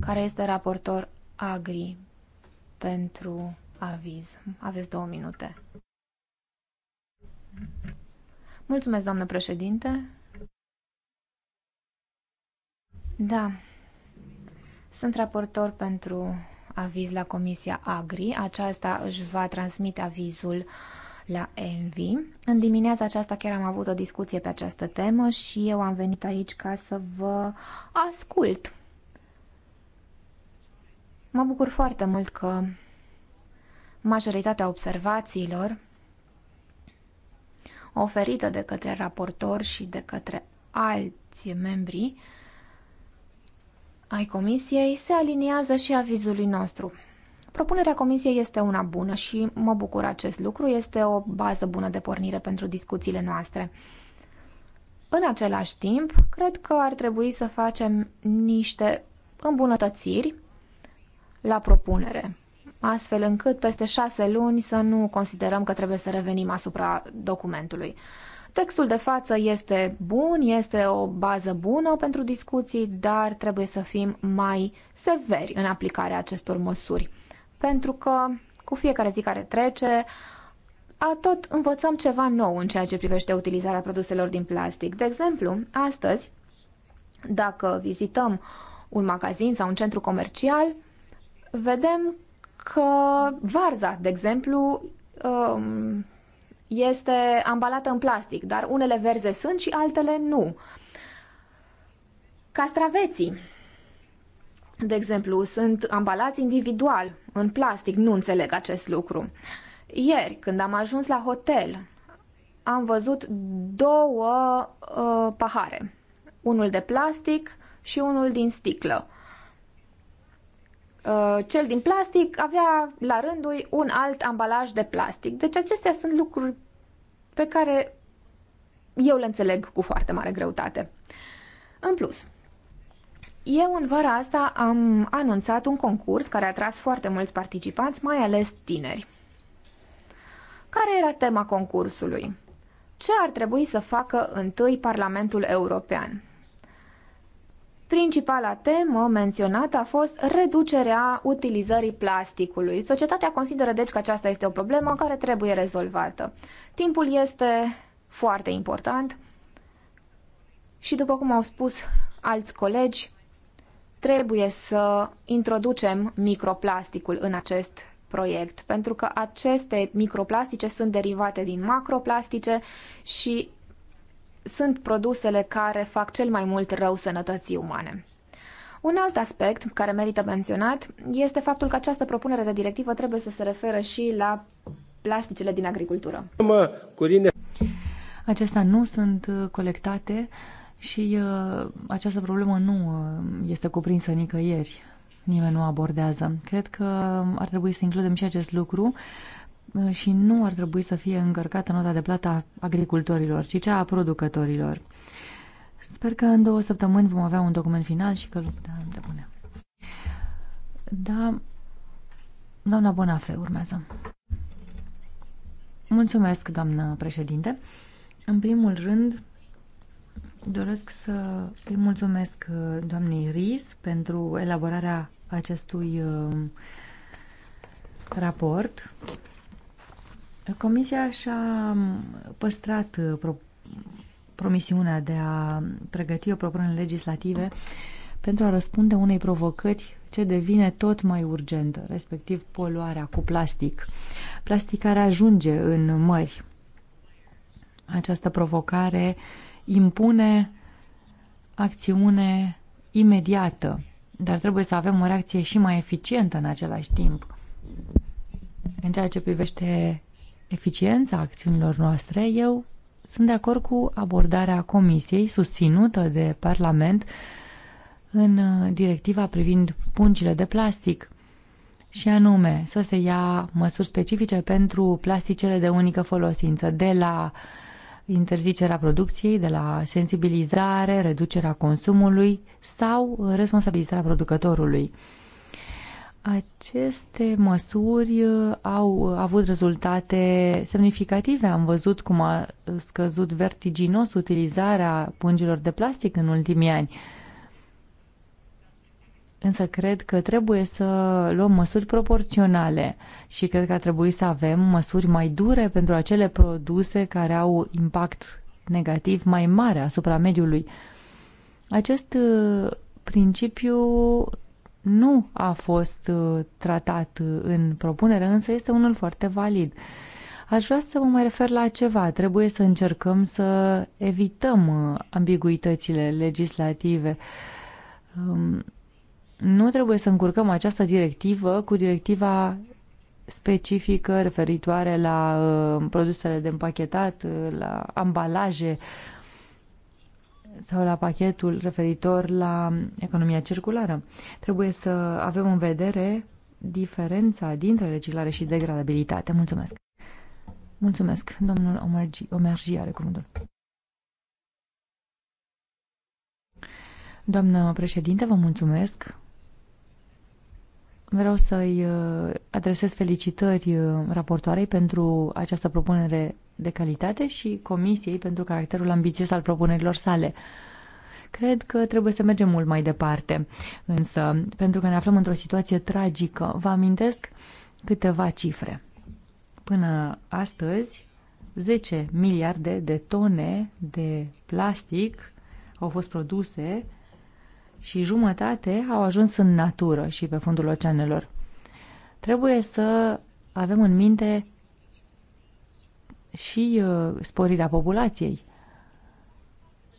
care este raportor agri pentru aviz. Aveți două minute. Mulțumesc, doamnă președinte. Da, sunt raportor pentru aviz la Comisia Agri. Aceasta își va transmite avizul la Envi. În dimineața aceasta chiar am avut o discuție pe această temă și eu am venit aici ca să vă ascult. Mă bucur foarte mult că Majoritatea observațiilor oferită de către raportor și de către alți membri ai comisiei se aliniază și avizului nostru. Propunerea comisiei este una bună și mă bucur acest lucru, este o bază bună de pornire pentru discuțiile noastre. În același timp, cred că ar trebui să facem niște îmbunătățiri la propunere astfel încât peste șase luni să nu considerăm că trebuie să revenim asupra documentului. Textul de față este bun, este o bază bună pentru discuții, dar trebuie să fim mai severi în aplicarea acestor măsuri. Pentru că cu fiecare zi care trece, a tot învățăm ceva nou în ceea ce privește utilizarea produselor din plastic. De exemplu, astăzi, dacă vizităm un magazin sau un centru comercial, vedem că varza, de exemplu, um, este ambalată în plastic, dar unele verze sunt și altele nu. Castraveții, de exemplu, sunt ambalați individual în plastic, nu înțeleg acest lucru. Ieri, când am ajuns la hotel, am văzut două uh, pahare, unul de plastic și unul din sticlă. Uh, Uh, cel din plastic avea la rândul un alt ambalaj de plastic. Deci acestea sunt lucruri pe care eu le înțeleg cu foarte mare greutate. În plus, eu în vara asta am anunțat un concurs care a atras foarte mulți participanți, mai ales tineri. Care era tema concursului? Ce ar trebui să facă întâi Parlamentul European? Principala temă menționată a fost reducerea utilizării plasticului. Societatea consideră deci că aceasta este o problemă care trebuie rezolvată. Timpul este foarte important și după cum au spus alți colegi, trebuie să introducem microplasticul în acest proiect, pentru că aceste microplastice sunt derivate din macroplastice și sunt produsele care fac cel mai mult rău sănătății umane. Un alt aspect care merită menționat este faptul că această propunere de directivă trebuie să se referă și la plasticele din agricultură. Acestea nu sunt uh, colectate și uh, această problemă nu uh, este cuprinsă nicăieri. Nimeni nu abordează. Cred că um, ar trebui să includem și acest lucru Uh, și nu ar trebui să fie încărcată nota de plată a agricultorilor, ci cea a producătorilor. Sper că în două săptămâni vom avea un document final și că putem depune. Da, doamna Bonafe urmează. Mulțumesc, doamnă președinte. În primul rând, doresc să îi mulțumesc uh, doamnei Ris pentru elaborarea acestui uh, raport Comisia și-a păstrat uh, pro promisiunea de a pregăti o propunere legislative pentru a răspunde unei provocări ce devine tot mai urgentă, respectiv poluarea cu plastic. Plastic care ajunge în mări. Această provocare impune acțiune imediată, dar trebuie să avem o reacție și mai eficientă în același timp. În ceea ce privește eficiența acțiunilor noastre, eu sunt de acord cu abordarea Comisiei susținută de Parlament în uh, directiva privind pungile de plastic și anume să se ia măsuri specifice pentru plasticele de unică folosință, de la interzicerea producției, de la sensibilizare, reducerea consumului sau responsabilizarea producătorului. Aceste măsuri uh, au uh, avut rezultate semnificative. Am văzut cum a uh, scăzut vertiginos utilizarea pungilor de plastic în ultimii ani. Însă cred că trebuie să luăm măsuri proporționale și cred că ar trebui să avem măsuri mai dure pentru acele produse care au impact negativ mai mare asupra mediului. Acest principiu nu a fost uh, tratat uh, în propunere, însă este unul foarte valid. Aș vrea să mă mai refer la ceva. Trebuie să încercăm să evităm uh, ambiguitățile legislative. Um, nu trebuie să încurcăm această directivă cu directiva specifică referitoare la produsele de împachetat, la ambalaje, sau la pachetul referitor la economia circulară. Trebuie să avem în vedere diferența dintre reciclare și degradabilitate. Mulțumesc! Mulțumesc! Domnul Omergi, Omergi are cuvântul. Doamnă președinte, vă mulțumesc! Vreau să-i uh, adresez felicitări uh, raportoarei pentru această propunere de calitate și Comisiei pentru caracterul ambițios al propunerilor sale. Cred că trebuie să mergem mult mai departe, însă, pentru că ne aflăm într-o situație tragică, vă amintesc câteva cifre. Până astăzi, 10 miliarde de tone de plastic au fost produse și jumătate au ajuns în natură și pe fundul oceanelor. Trebuie să avem în minte și uh, sporirea populației.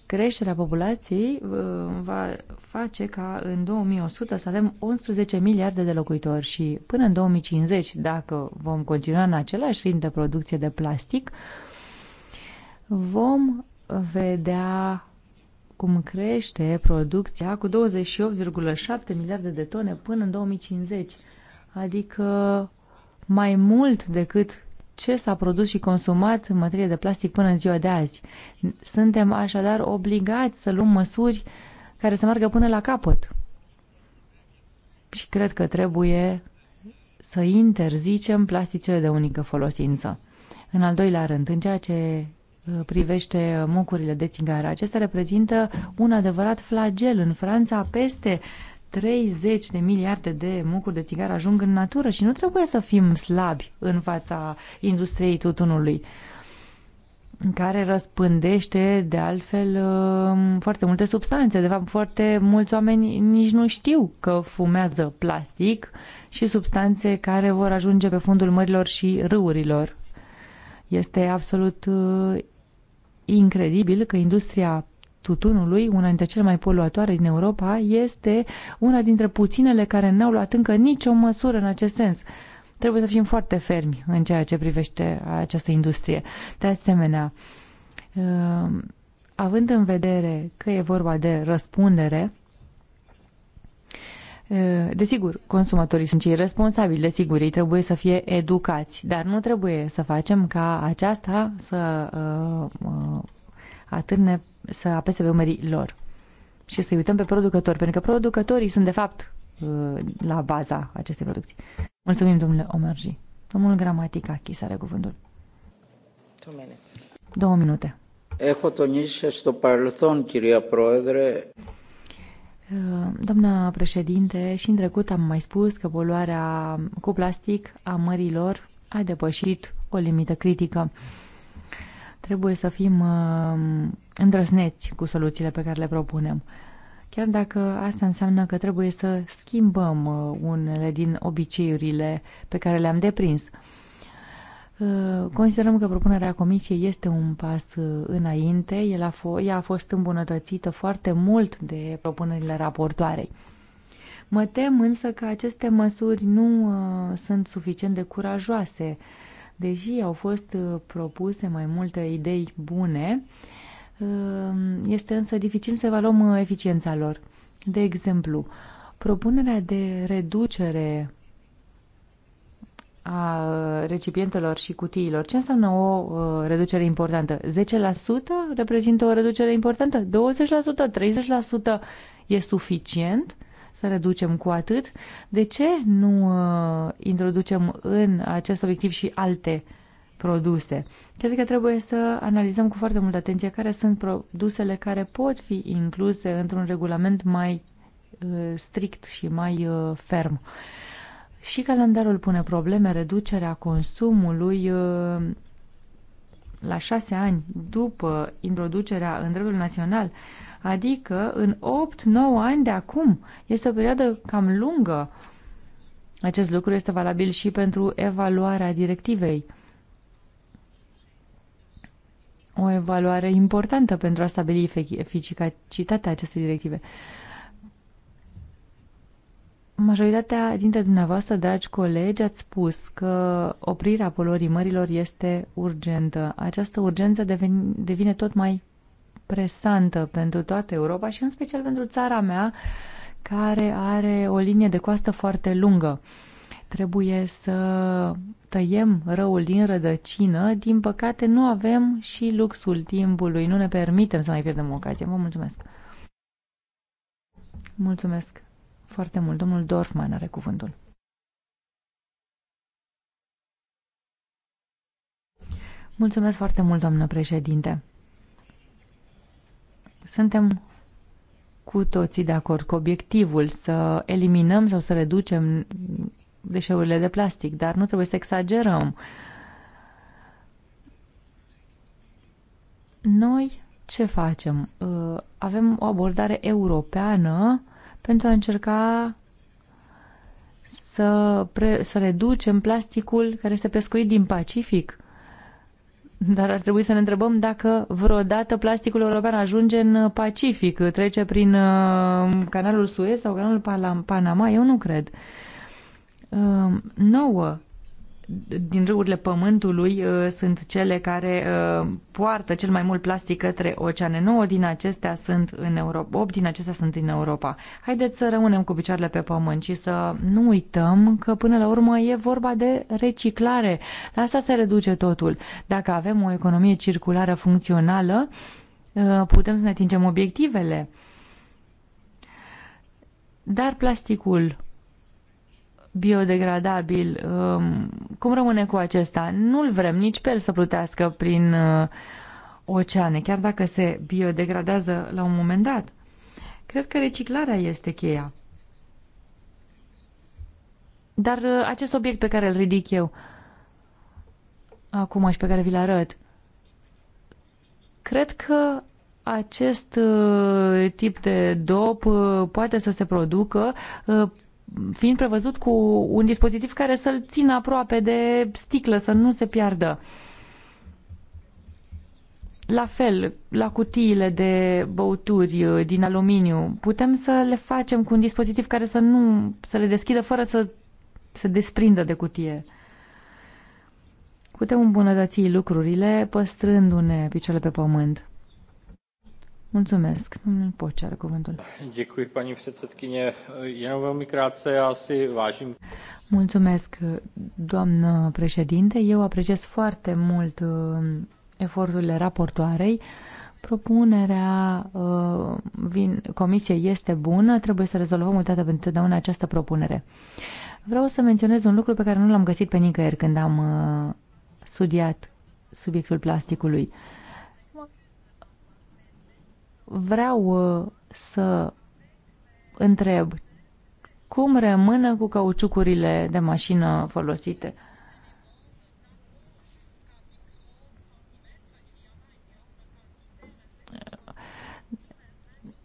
Creșterea populației uh, va face ca în 2100 să avem 11 miliarde de locuitori și până în 2050, dacă vom continua în același ritm de producție de plastic, vom vedea cum crește producția cu 28,7 miliarde de tone până în 2050, adică mai mult decât ce s-a produs și consumat în materie de plastic până în ziua de azi. Suntem așadar obligați să luăm măsuri care să meargă până la capăt. Și cred că trebuie să interzicem plasticele de unică folosință. În al doilea rând, în ceea ce uh, privește mucurile de țigară. Acestea reprezintă un adevărat flagel. În Franța, peste 30 de miliarde de mucuri de țigară ajung în natură și nu trebuie să fim slabi în fața industriei tutunului care răspândește de altfel um, foarte multe substanțe. De fapt, foarte mulți oameni nici nu știu că fumează plastic și substanțe care vor ajunge pe fundul mărilor și râurilor. Este absolut uh, incredibil că industria tutunului, una dintre cele mai poluatoare din Europa, este una dintre puținele care n-au luat încă nicio măsură în acest sens. Trebuie să fim foarte fermi în ceea ce privește această industrie. De asemenea, uh, având în vedere că e vorba de răspundere, uh, Desigur, consumatorii sunt cei responsabili, desigur, ei trebuie să fie educați, dar nu trebuie să facem ca aceasta să uh, uh atârne să apese pe umerii lor și să uităm pe producători, pentru că producătorii sunt de fapt uh, la baza acestei producții. Mulțumim, domnule Omerji. Domnul Gramatica chis are cuvântul. Două minute. Eho tonișe sto παρελθόν, chiria proedre. Uh, doamna președinte, și în trecut am mai spus că poluarea cu plastic a mărilor a depășit o limită critică trebuie să fim uh, îndrăzneți cu soluțiile pe care le propunem. Chiar dacă asta înseamnă că trebuie să schimbăm uh, unele din obiceiurile pe care le-am deprins. Uh, considerăm că propunerea Comisiei este un pas înainte, El a ea a fost îmbunătățită foarte mult de propunerile raportoarei. Mă tem însă că aceste măsuri nu uh, sunt suficient de curajoase uh, Deși au fost uh, propuse mai multe idei bune, uh, este însă dificil să evaluăm uh, eficiența lor. De exemplu, propunerea de reducere a recipientelor și cutiilor. Ce înseamnă o reducere importantă? 10% reprezintă o reducere importantă? 20%? 30% e suficient? Uh, să reducem cu atât. De ce nu uh, introducem în acest obiectiv și alte produse? Cred că trebuie să analizăm cu foarte multă atenție care sunt produsele care pot fi incluse într-un regulament mai uh, strict și mai uh, ferm. Și calendarul pune probleme, reducerea consumului la șase ani după introducerea în dreptul național Adică în 8-9 ani de acum. Este o perioadă cam lungă. Acest lucru este valabil și pentru evaluarea directivei. O evaluare importantă pentru a stabili eficacitatea acestei directive. Majoritatea dintre dumneavoastră, dragi colegi, ați spus că oprirea poluării mărilor este urgentă. Această urgență devine tot mai presantă pentru toată Europa și în special pentru țara mea, care are o linie de coastă foarte lungă. Trebuie să tăiem răul din rădăcină, din păcate nu avem și luxul timpului, nu ne permitem să mai pierdem ocazie. Vă mulțumesc! Mulțumesc foarte mult. Domnul Dorfman are cuvântul. Mulțumesc foarte mult, doamnă președinte. Suntem cu toții de acord cu obiectivul să eliminăm sau să reducem deșeurile de plastic, dar nu trebuie să exagerăm. Noi ce facem? Uh, avem o abordare europeană pentru a încerca să, pre- să reducem plasticul care este pescuit din Pacific dar ar trebui să ne întrebăm dacă vreodată plasticul european ajunge în Pacific, trece prin uh, canalul Suez sau canalul Panama. Eu nu cred. Uh, nouă din râurile pământului uh, sunt cele care uh, poartă cel mai mult plastic către oceane. 9 din acestea sunt în Europa, 8 din acestea sunt în Europa. Haideți să rămânem cu picioarele pe pământ și să nu uităm că până la urmă e vorba de reciclare. La asta se reduce totul. Dacă avem o economie circulară funcțională, uh, putem să ne atingem obiectivele. Dar plasticul biodegradabil, um, cum rămâne cu acesta? Nu-l vrem nici pe el să plutească prin uh, oceane, chiar dacă se biodegradează la un moment dat. Cred că reciclarea este cheia. Dar uh, acest obiect pe care îl ridic eu acum și pe care vi-l arăt, cred că acest uh, tip de dop poate să se producă fiind prevăzut cu un dispozitiv care să-l țină aproape de sticlă, să nu se piardă. La fel, la cutiile de băuturi uh, din aluminiu, putem să le facem cu un dispozitiv care să nu să le deschidă fără să se desprindă de cutie. Putem îmbunătăți lucrurile păstrându-ne picioarele pe pământ. Mulțumesc. Domnul Poce are cuvântul. Děkuji, paní předsedkyně. Jenom velmi krátce, já si vážím. Mulțumesc, doamnă președinte. Eu apreciez foarte mult uh, eforturile raportoarei. Propunerea uh, vin, comisiei este bună, trebuie să rezolvăm o dată pentru totdeauna această propunere. Vreau să menționez un lucru pe care nu l-am găsit pe nicăieri când am uh, studiat subiectul plasticului. Uh, vreau uh, să întreb cum rămână cu cauciucurile de mașină folosite.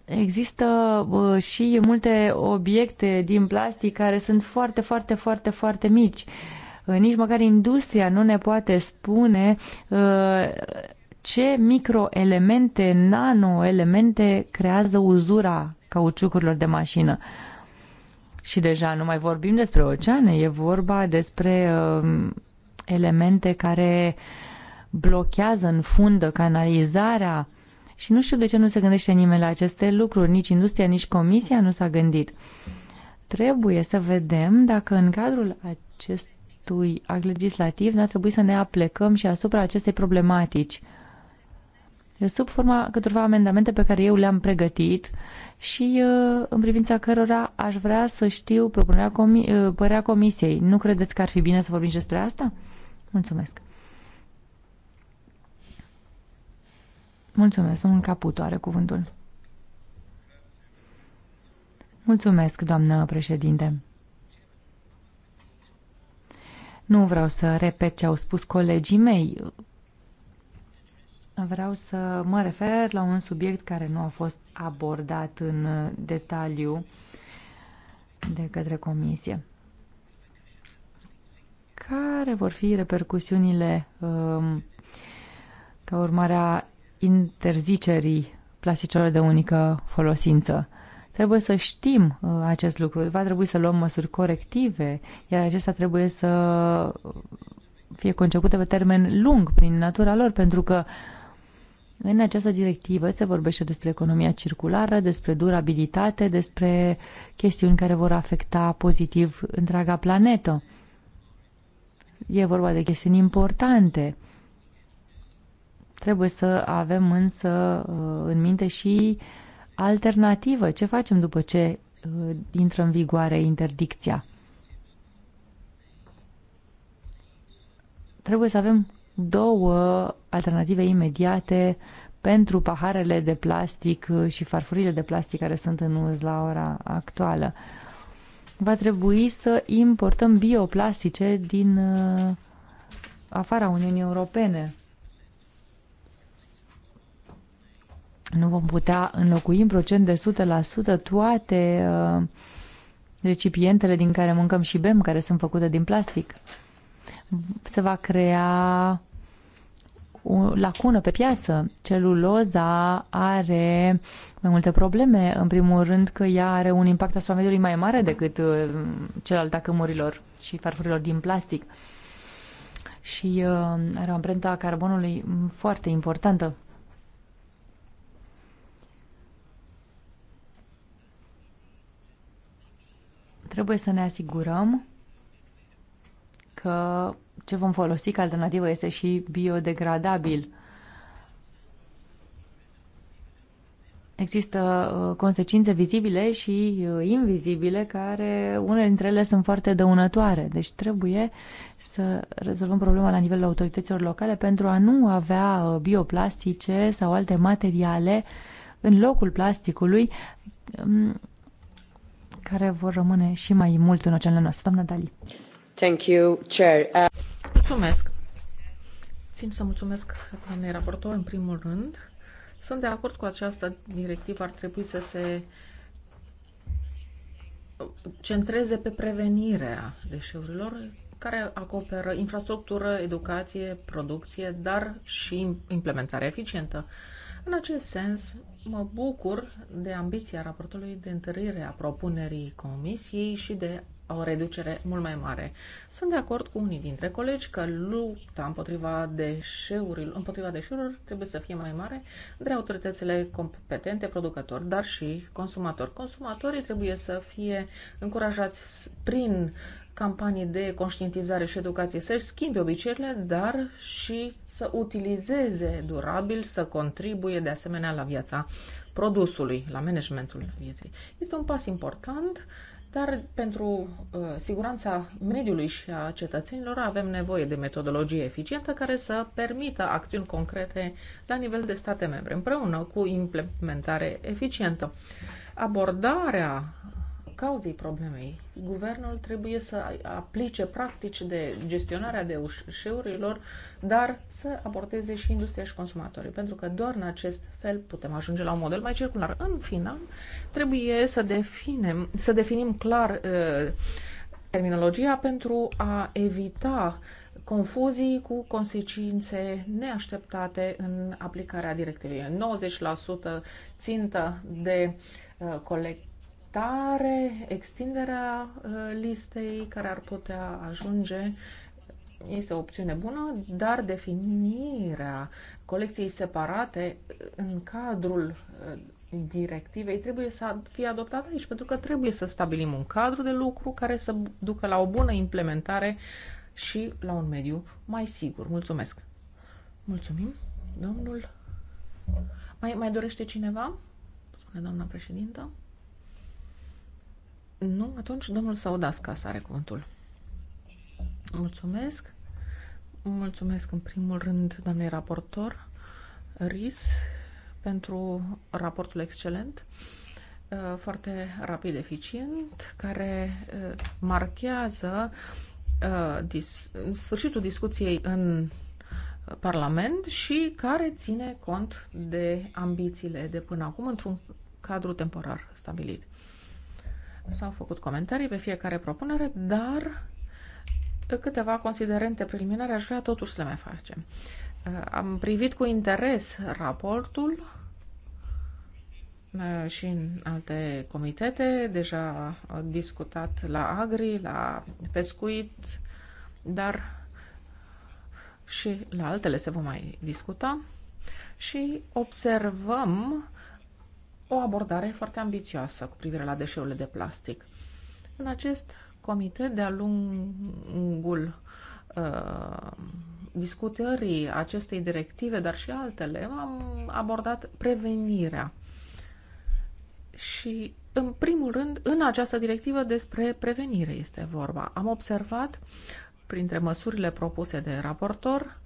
Există uh, și multe obiecte din plastic care sunt foarte, foarte, foarte, foarte mici. Uh, nici măcar industria nu ne poate spune ce microelemente, nanoelemente creează uzura cauciucurilor de mașină. Și deja nu mai vorbim despre oceane, e vorba despre uh, elemente care blochează în fundă canalizarea și nu știu de ce nu se gândește nimeni la aceste lucruri, nici industria, nici comisia nu s-a gândit. Trebuie să vedem dacă în cadrul acestui act legislativ ne-ar trebui să ne aplecăm și asupra acestei problematici sub forma câtorva amendamente pe care eu le-am pregătit și uh, în privința cărora aș vrea să știu propunerea comi- uh, părea comisiei. Nu credeți că ar fi bine să vorbim și despre asta? Mulțumesc. Mulțumesc, un caput are cuvântul. Mulțumesc, doamnă președinte. Nu vreau să repet ce au spus colegii mei. Vreau să mă refer la un subiect care nu a fost abordat în detaliu de către comisie. Care vor fi repercusiunile um, ca urmare a interzicerii plasticelor de unică folosință? Trebuie să știm uh, acest lucru. Va trebui să luăm măsuri corective, iar acestea trebuie să fie concepute pe termen lung, prin natura lor, pentru că uh, în această directivă se vorbește despre economia circulară, despre durabilitate, despre chestiuni care vor afecta pozitiv întreaga planetă. E vorba de chestiuni importante. Trebuie să avem însă uh, în minte și alternativă. Ce facem după ce uh, intră în vigoare interdicția? Trebuie să avem două alternative imediate pentru paharele de plastic și farfurile de plastic care sunt în uz la ora actuală. Va trebui să importăm bioplastice din uh, afara Uniunii Europene. Nu vom putea înlocui în procent de 100% toate uh, recipientele din care mâncăm și bem, care sunt făcute din plastic. Se va crea o lacună pe piață. Celuloza are mai multe probleme. În primul rând că ea are un impact asupra mediului mai mare decât uh, cel al tacămurilor și farfurilor din plastic. Și uh, are o amprentă a carbonului foarte importantă. Trebuie să ne asigurăm că ce vom folosi ca alternativă este și biodegradabil. Există uh, consecințe vizibile și uh, invizibile care unele dintre ele sunt foarte dăunătoare. Deci trebuie să rezolvăm problema la nivelul autorităților locale pentru a nu avea uh, bioplastice sau alte materiale în locul plasticului um, care vor rămâne și mai mult în oceanele noastre. Doamna Dali. Thank you, Chair. Uh... Mulțumesc! Țin să mulțumesc doamnei raportor în primul rând. Sunt de acord cu această directivă, ar trebui să se centreze pe prevenirea deșeurilor care acoperă infrastructură, educație, producție, dar și implementarea eficientă. În acest sens, mă bucur de ambiția raportului de întărire a propunerii Comisiei și de o reducere mult mai mare. Sunt de acord cu unii dintre colegi că lupta împotriva deșeurilor, împotriva deșeurilor trebuie să fie mai mare între autoritățile competente, producători, dar și consumatori. Consumatorii trebuie să fie încurajați prin campanii de conștientizare și educație, să-și schimbe obiceiurile, dar și să utilizeze durabil, să contribuie de asemenea la viața produsului, la managementul vieții. Este un pas important dar pentru uh, siguranța mediului și a cetățenilor avem nevoie de metodologie eficientă care să permită acțiuni concrete la nivel de state membre, împreună cu implementare eficientă. Abordarea cauzei problemei. Guvernul trebuie să aplice practici de gestionare a deșeurilor, dar să aborteze și industria și consumatorii, pentru că doar în acest fel putem ajunge la un model mai circular. În final, trebuie să definim, să definim clar uh, terminologia pentru a evita confuzii cu consecințe neașteptate în aplicarea directivei. 90% țintă de uh, colect adaptare, extinderea uh, listei care ar putea ajunge este o opțiune bună, dar definirea colecției separate în cadrul uh, directivei trebuie să fie adoptată aici, pentru că trebuie să stabilim un cadru de lucru care să ducă la o bună implementare și la un mediu mai sigur. Mulțumesc! Mulțumim, domnul. Mai, mai dorește cineva? Spune doamna președintă. Nu, atunci domnul Saudasca să are cuvântul. Mulțumesc. Mulțumesc în primul rând doamnei raportor RIS pentru raportul excelent, uh, foarte rapid, eficient, care uh, marchează uh, dis sfârșitul discuției în Parlament și care ține cont de ambițiile de până acum într-un cadru temporar stabilit. S-au făcut comentarii pe fiecare propunere, dar câteva considerente preliminare aș vrea totuși să le mai facem. Uh, am privit cu interes raportul uh, și în alte comitete, deja discutat la agri, la pescuit, dar și la altele se va mai discuta și observăm o abordare foarte ambițioasă cu privire la deșeurile de plastic. În acest comitet, de-a lungul uh, discutării acestei directive, dar și altele, am abordat prevenirea. Și, în primul rând, în această directivă despre prevenire este vorba. Am observat, printre măsurile propuse de raportor,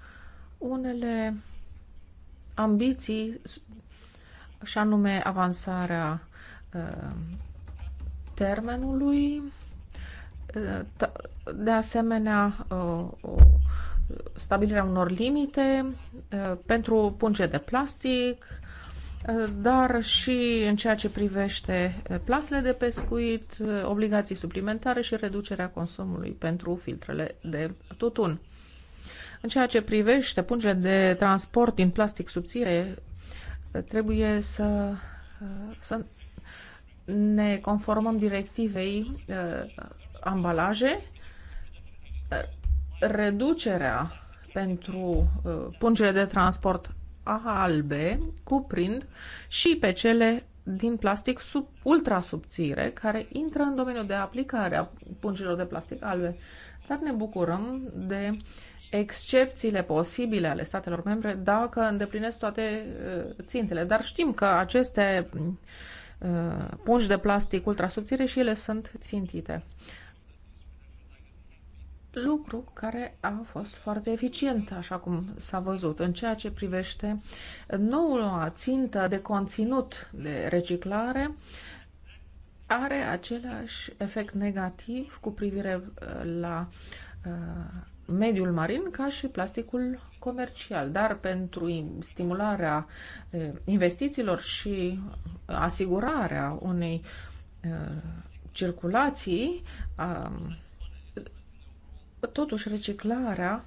unele ambiții și anume avansarea uh, termenului, uh, de asemenea uh, stabilirea unor limite pentru punge de plastic, dar și în ceea ce privește plasele de pescuit, obligații suplimentare și reducerea consumului pentru filtrele de tutun. În ceea ce privește pungele de transport din plastic subțire trebuie să, să ne conformăm directivei uh, ambalaje, uh, reducerea pentru uh, pungile de transport albe cuprind și pe cele din plastic sub, ultra subțire care intră în domeniul de aplicare a pungilor de plastic albe. Dar ne bucurăm de uh, excepțiile posibile ale statelor membre dacă îndeplinesc toate uh, țintele. Dar știm că aceste uh, pungi de plastic ultra subțire și ele sunt țintite. Lucru care a fost foarte eficient, așa cum s-a văzut, în ceea ce privește noua țintă de conținut de reciclare are același efect negativ cu privire uh, la mediul marin ca și plasticul comercial, dar pentru stimularea eh, investițiilor și asigurarea unei eh, circulații, totuși reciclarea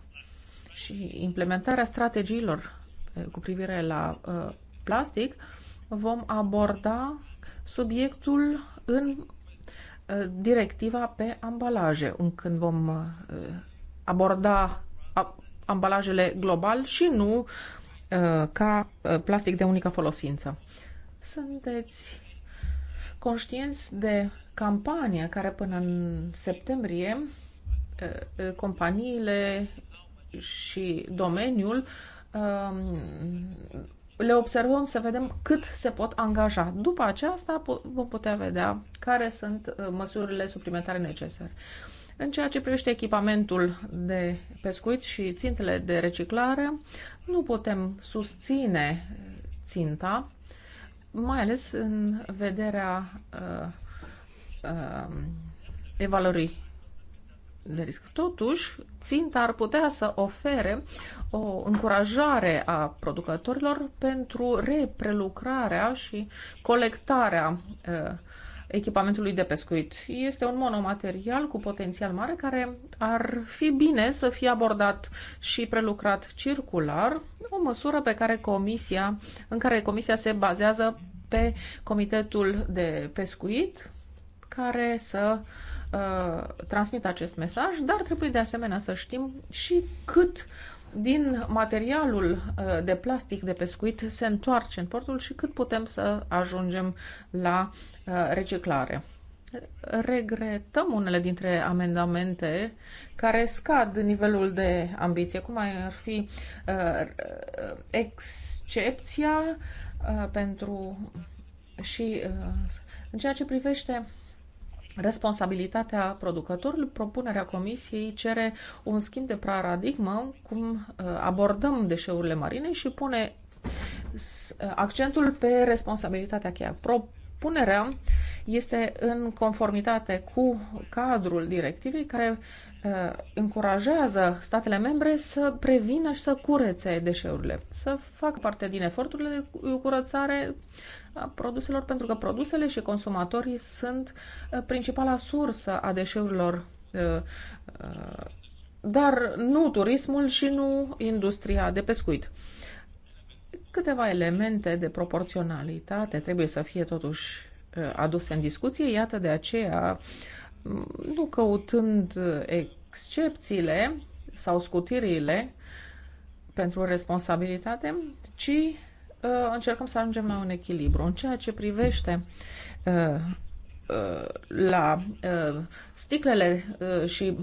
și implementarea strategiilor eh, cu privire la plastic, vom aborda subiectul în directiva pe ambalaje, când vom aborda ambalajele global și nu uh, ca uh, plastic de unică folosință. Sunteți conștienți de campania care până în septembrie uh, companiile și domeniul um, le observăm să vedem cât se pot angaja. După aceasta vom putea vedea care sunt măsurile suplimentare necesare. În ceea ce privește echipamentul de pescuit și țintele de reciclare, nu putem susține ținta, mai ales în vederea uh, uh, evaluării de risc. Totuși, ținta ar putea să ofere o încurajare a producătorilor pentru reprelucrarea și colectarea uh, echipamentului de pescuit. Este un monomaterial cu potențial mare care ar fi bine să fie abordat și prelucrat circular, o măsură pe care comisia, în care comisia se bazează pe comitetul de pescuit care să uh, transmită acest mesaj, dar trebuie de asemenea să știm și cât din materialul uh, de plastic de pescuit se întoarce în portul și cât putem să ajungem la Uh, reciclare. Regretăm unele dintre amendamente care scad nivelul de ambiție, cum ar fi uh, uh, excepția pentru și în ceea ce privește responsabilitatea producătorului, propunerea comisiei cere un schimb de paradigmă cum abordăm deșeurile marine și pune accentul pe responsabilitatea cheia. Pro Propunerea este în conformitate cu cadrul directivei care uh, încurajează statele membre să prevină și să curețe deșeurile, să facă parte din eforturile de curățare a produselor, pentru că produsele și consumatorii sunt uh, principala sursă a deșeurilor, uh, dar nu turismul și nu industria de pescuit. Câteva elemente de proporționalitate trebuie să fie totuși uh, aduse în discuție, iată de aceea, mm, nu căutând excepțiile sau scutirile pentru responsabilitate, ci uh, încercăm să ajungem la un echilibru. În ceea ce privește uh, la sticlele și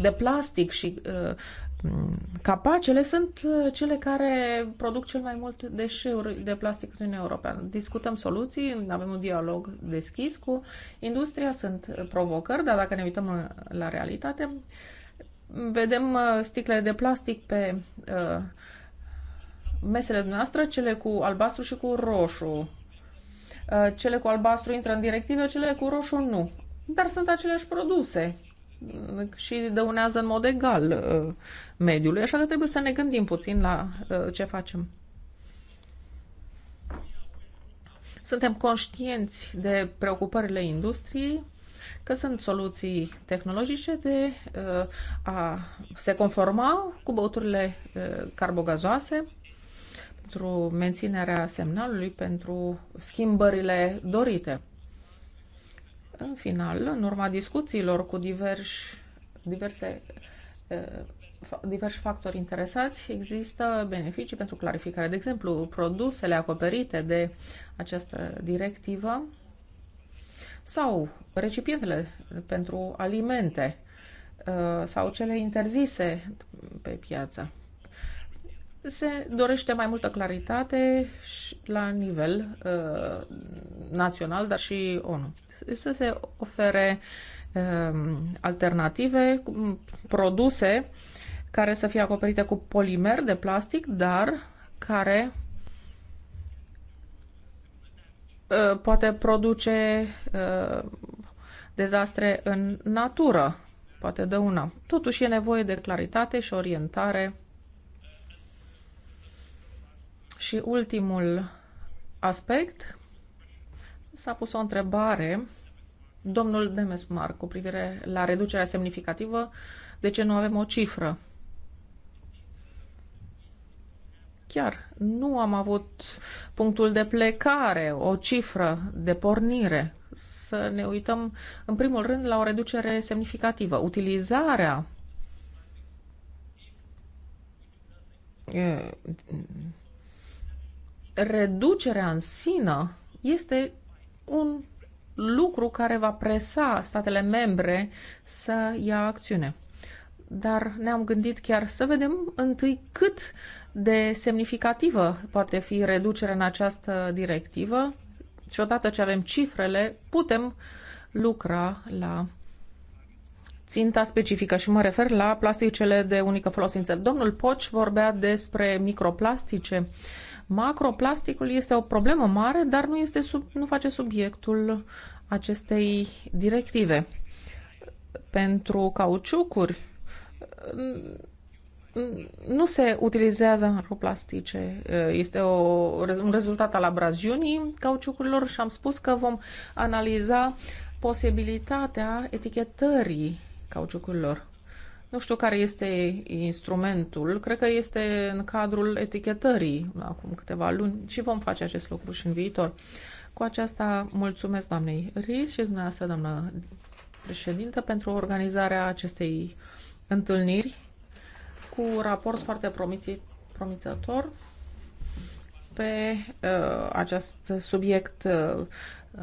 de plastic și Capacele sunt uh, cele care produc cel mai mult deșeuri de plastic în Europa. Discutăm soluții, avem un dialog deschis cu industria, sunt provocări, dar dacă ne uităm uh, la realitate, vedem uh, sticlele de plastic pe mesele noastre, cele cu albastru și cu roșu. cele cu albastru intră în directive, cele cu roșu nu. Dar sunt aceleași produse și dăunează în mod egal uh, mediului, așa că trebuie să ne gândim puțin la uh, ce facem. Suntem conștienți de preocupările industriei, că sunt soluții tehnologice de uh, a se conforma cu băuturile carbogazoase pentru menținerea semnalului, pentru schimbările dorite. În final, în urma discuțiilor cu diversi, diverse, diversi factori interesați, există beneficii pentru clarificare. De exemplu, produsele acoperite de această directivă sau recipientele pentru alimente sau cele interzise pe piață se dorește mai multă claritate și la nivel uh, național, dar și ONU. Să se ofere uh, alternative, produse care să fie acoperite cu polimer de plastic, dar care uh, poate produce uh, dezastre în natură, poate dăuna. Totuși e nevoie de claritate și orientare și ultimul aspect, s-a pus o întrebare domnul Demesmar cu privire la reducerea semnificativă, de ce nu avem o cifră? Chiar nu am avut punctul de plecare, o cifră de pornire. Să ne uităm, în primul rând, la o reducere semnificativă. Utilizarea reducerea în sine este un lucru care va presa statele membre să ia acțiune. Dar ne-am gândit chiar să vedem întâi cât de semnificativă poate fi reducerea în această directivă și odată ce avem cifrele, putem lucra la ținta specifică și mă refer la plasticele de unică folosință. Domnul Poci vorbea despre microplastice Macroplasticul este o problemă mare, dar nu, este sub, nu face subiectul acestei directive. Pentru cauciucuri nu se utilizează macroplastice. Este o, un rezultat al abraziunii cauciucurilor și am spus că vom analiza posibilitatea etichetării cauciucurilor. Nu știu care este instrumentul, cred că este în cadrul etichetării acum câteva luni și vom face acest lucru și în viitor. Cu aceasta mulțumesc doamnei Riz și dumneavoastră, doamnă președintă, pentru organizarea acestei întâlniri cu un raport foarte promițător pe uh, acest subiect uh, uh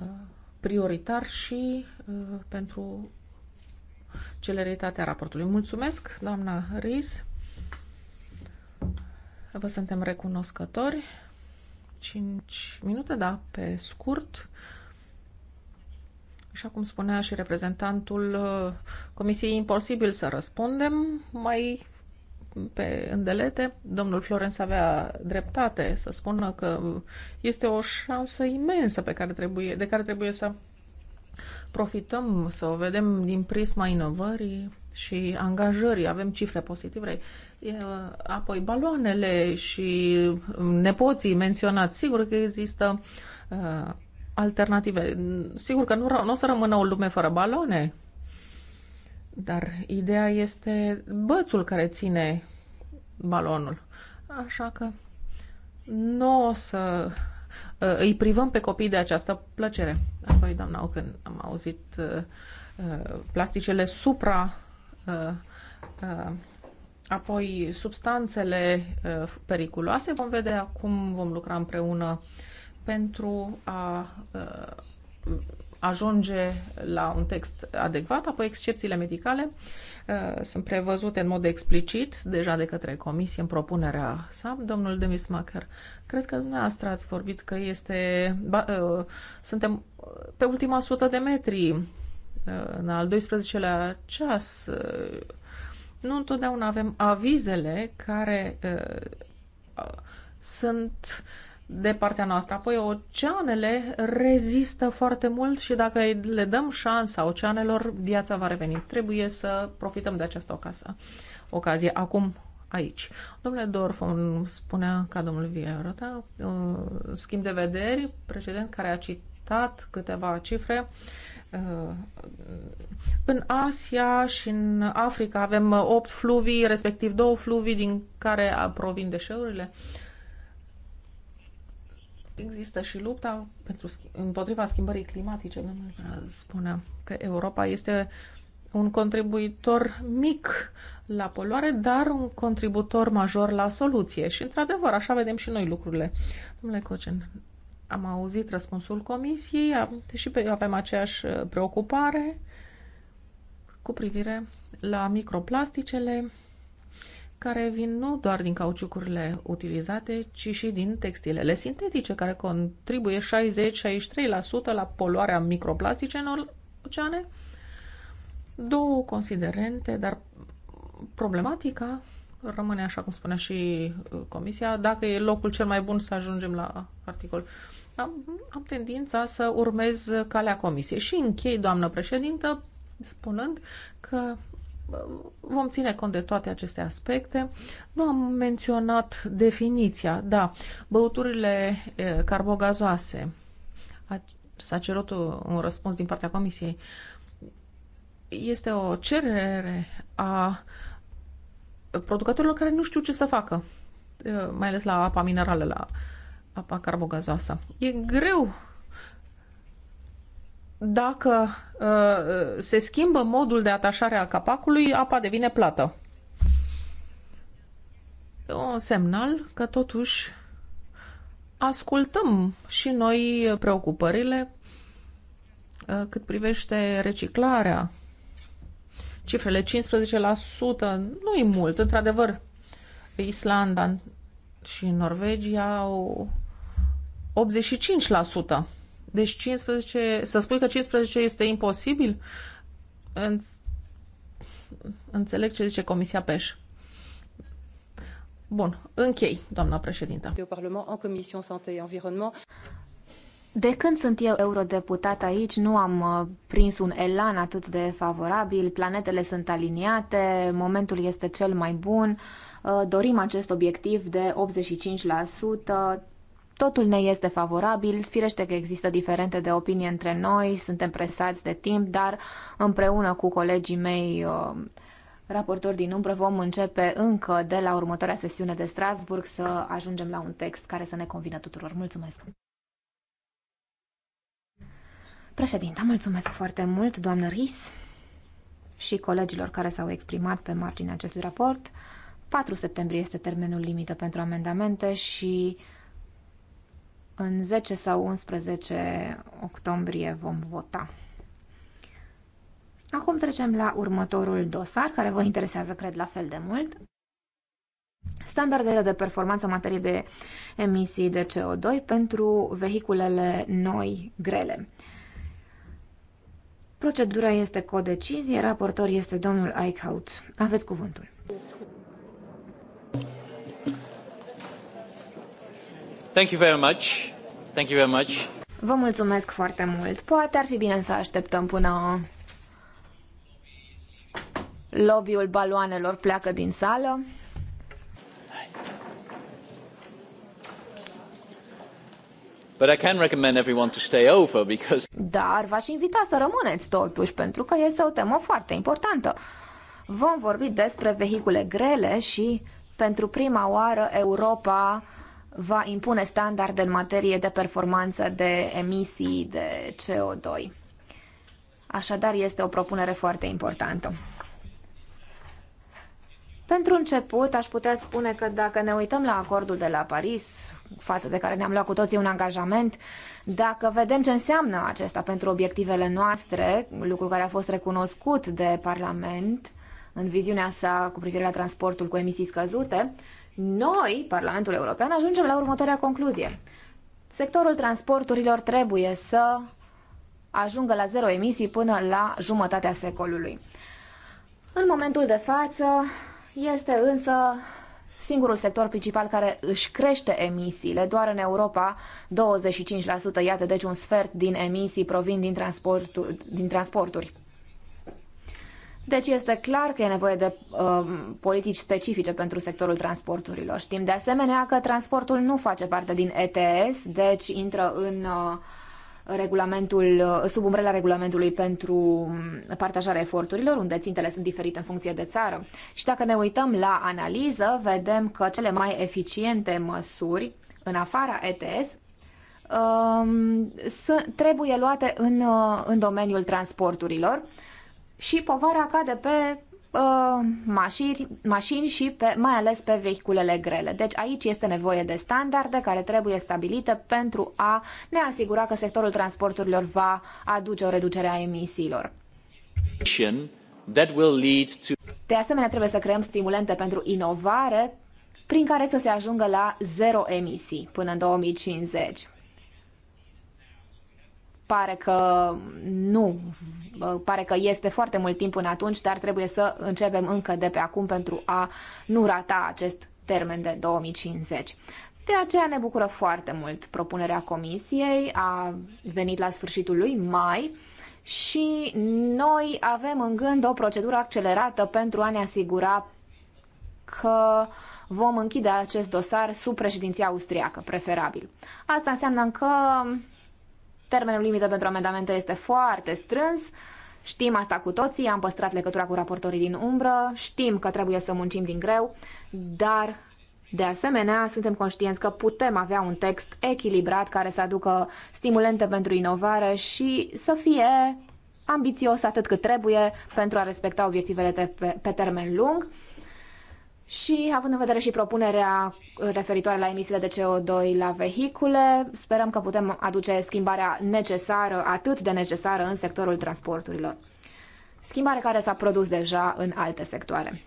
prioritar și uh, pentru celeritatea raportului. Mulțumesc, doamna Riz. Vă suntem recunoscători. 5 minute, da, pe scurt. Așa cum spunea și reprezentantul uh, Comisiei, imposibil să răspundem mai pe îndelete. Domnul Florenț avea dreptate să spună că este o șansă imensă pe care trebuie, de care trebuie să profităm, să o vedem din prisma inovării și angajării. Avem cifre pozitive. Apoi baloanele și nepoții menționați. Sigur că există uh, alternative. Sigur că nu, nu o să rămână o lume fără baloane, dar ideea este bățul care ține balonul. Așa că nu o să Uh, îi privăm pe copii de această plăcere. Apoi, doamna când am auzit uh, uh, plasticele supra apoi substanțele periculoase. Vom vedea cum vom lucra împreună pentru a ajunge la un text adecvat, apoi excepțiile medicale Uh, sunt prevăzute în mod explicit deja de către comisie în propunerea sa. Domnul Demismacher, cred că dumneavoastră ați vorbit că este, ba, uh, suntem pe ultima sută de metri uh, în al 12-lea ceas. Nu întotdeauna avem avizele care sunt uh, de partea noastră. Apoi oceanele rezistă foarte mult și dacă le dăm șansa oceanelor, viața va reveni. Trebuie să profităm de această ocasă, ocazie. Acum, aici. Domnule Dorf, spunea ca domnul Vierota, da? schimb de vederi, precedent care a citat câteva cifre, uh, în Asia și în Africa avem 8 fluvii, respectiv două fluvii din care provin deșeurile. Există și lupta pentru, împotriva schimbării climatice. Domnul uh, spunea că Europa este un contribuitor mic la poluare, dar un contributor major la soluție. Și, într-adevăr, așa vedem și noi lucrurile. Domnule Cocen, am auzit răspunsul comisiei, deși avem aceeași uh, preocupare cu privire la microplasticele care vin nu doar din cauciucurile utilizate, ci și din textilele sintetice, care contribuie 60-63% la poluarea microplastice în oceane. Două considerente, dar problematica rămâne, așa cum spunea și uh, Comisia, dacă e locul cel mai bun să ajungem la articol. Am, am tendința să urmez calea Comisiei și închei, doamnă președintă, spunând că vom ține cont de toate aceste aspecte. Nu am menționat definiția, da, băuturile carbogazoase. S-a cerut un răspuns din partea Comisiei. Este o cerere a producătorilor care nu știu ce să facă, mai ales la apa minerală, la apa carbogazoasă. E greu dacă uh, se schimbă modul de atașare al capacului, apa devine plată. Un semnal că totuși ascultăm și noi preocupările uh, cât privește reciclarea. Cifrele 15% nu e mult, într-adevăr. Islanda și Norvegia au 85%. Deci 15, să spui că 15 este imposibil? Înțeleg ce zice Comisia PEș. Bun, închei, doamna președintă. De Parlament, în Comisia Sante et Environnement. De când sunt eu eurodeputat aici, nu am uh, prins un elan atât de favorabil, planetele sunt aliniate, momentul este cel mai bun, uh, dorim acest obiectiv de 85%, Totul ne este favorabil, firește că există diferente de opinie între noi, suntem presați de timp, dar împreună cu colegii mei uh, raportori din umbră vom începe încă de la următoarea sesiune de Strasburg să ajungem la un text care să ne convină tuturor. Mulțumesc! Președinta, mulțumesc foarte mult, doamnă Ris și colegilor care s-au exprimat pe marginea acestui raport. 4 septembrie este termenul limită pentru amendamente și în 10 sau 11 octombrie vom vota. Acum trecem la următorul dosar, care vă interesează, cred, la fel de mult. Standardele de performanță în materie de emisii de CO2 pentru vehiculele noi grele. Procedura este codecizie, raportor este domnul Eichhout. Aveți cuvântul. Thank you very much. Thank you very much. Vă mulțumesc foarte mult. Poate ar fi bine să așteptăm până lobby-ul baloanelor pleacă din sală. But I can recommend everyone to stay over because... Dar v-aș invita să rămâneți totuși, pentru că este o temă foarte importantă. Vom vorbi despre vehicule grele și, pentru prima oară, Europa va impune standarde în materie de performanță, de emisii, de CO2. Așadar, este o propunere foarte importantă. Pentru început, aș putea spune că dacă ne uităm la acordul de la Paris, față de care ne-am luat cu toții un angajament, dacă vedem ce înseamnă acesta pentru obiectivele noastre, lucru care a fost recunoscut de Parlament în viziunea sa cu privire la transportul cu emisii scăzute, noi, Parlamentul European, ajungem la următoarea concluzie. Sectorul transporturilor trebuie să ajungă la zero emisii până la jumătatea secolului. În momentul de față este însă singurul sector principal care își crește emisiile, doar în Europa 25%, iată, deci un sfert din emisii provin din, transportu- din transporturi. Deci este clar că e nevoie de uh, politici specifice pentru sectorul transporturilor. Știm de asemenea că transportul nu face parte din ETS, deci intră în uh, regulamentul, uh, sub umbrela regulamentului pentru mm, partajarea eforturilor, unde țintele sunt diferite în funcție de țară. Și dacă ne uităm la analiză, vedem că cele mai eficiente măsuri în afara ETS um, trebuie luate în, uh, în domeniul transporturilor și povara cade pe uh, mașini, mașini și pe, mai ales pe vehiculele grele. Deci aici este nevoie de standarde care trebuie stabilite pentru a ne asigura că sectorul transporturilor va aduce o reducere a emisiilor. De asemenea, trebuie să creăm stimulente pentru inovare prin care să se ajungă la zero emisii până în 2050. Pare că nu pare că este foarte mult timp până atunci, dar trebuie să începem încă de pe acum pentru a nu rata acest termen de 2050. De aceea ne bucură foarte mult propunerea comisiei, a venit la sfârșitul lui mai și noi avem în gând o procedură accelerată pentru a ne asigura că vom închide acest dosar sub președinția austriacă, preferabil. Asta înseamnă că Termenul limită pentru amendamente este foarte strâns. Știm asta cu toții, am păstrat legătura cu raportorii din umbră, știm că trebuie să muncim din greu, dar de asemenea, suntem conștienți că putem avea un text echilibrat care să aducă stimulente pentru inovare și să fie ambițios atât cât trebuie pentru a respecta obiectivele pe, pe termen lung. Și având în vedere și propunerea referitoare la emisiile de CO2 la vehicule, sperăm că putem aduce schimbarea necesară, atât de necesară în sectorul transporturilor. Schimbare care s-a produs deja în alte sectoare.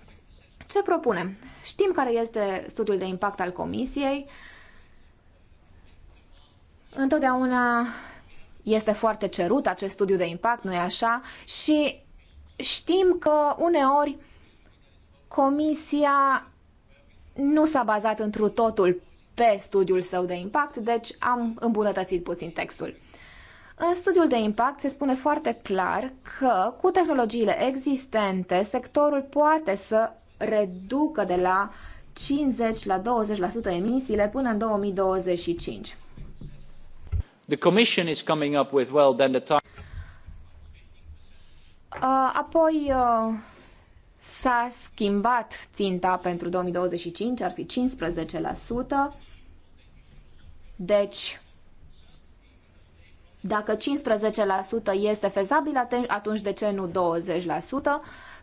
Ce propunem? Știm care este studiul de impact al Comisiei. Întotdeauna este foarte cerut acest studiu de impact, nu-i așa? Și știm că uneori Comisia nu s-a bazat întru totul pe studiul său de impact, deci am îmbunătățit puțin textul. În studiul de impact se spune foarte clar că cu tehnologiile existente, sectorul poate să reducă de la 50 la 20% emisiile până în 2025. The commission is coming up with well then the time uh, Apoi uh, S-a schimbat ținta pentru 2025, ar fi 15%. Deci, dacă 15% este fezabil, atunci de ce nu 20%?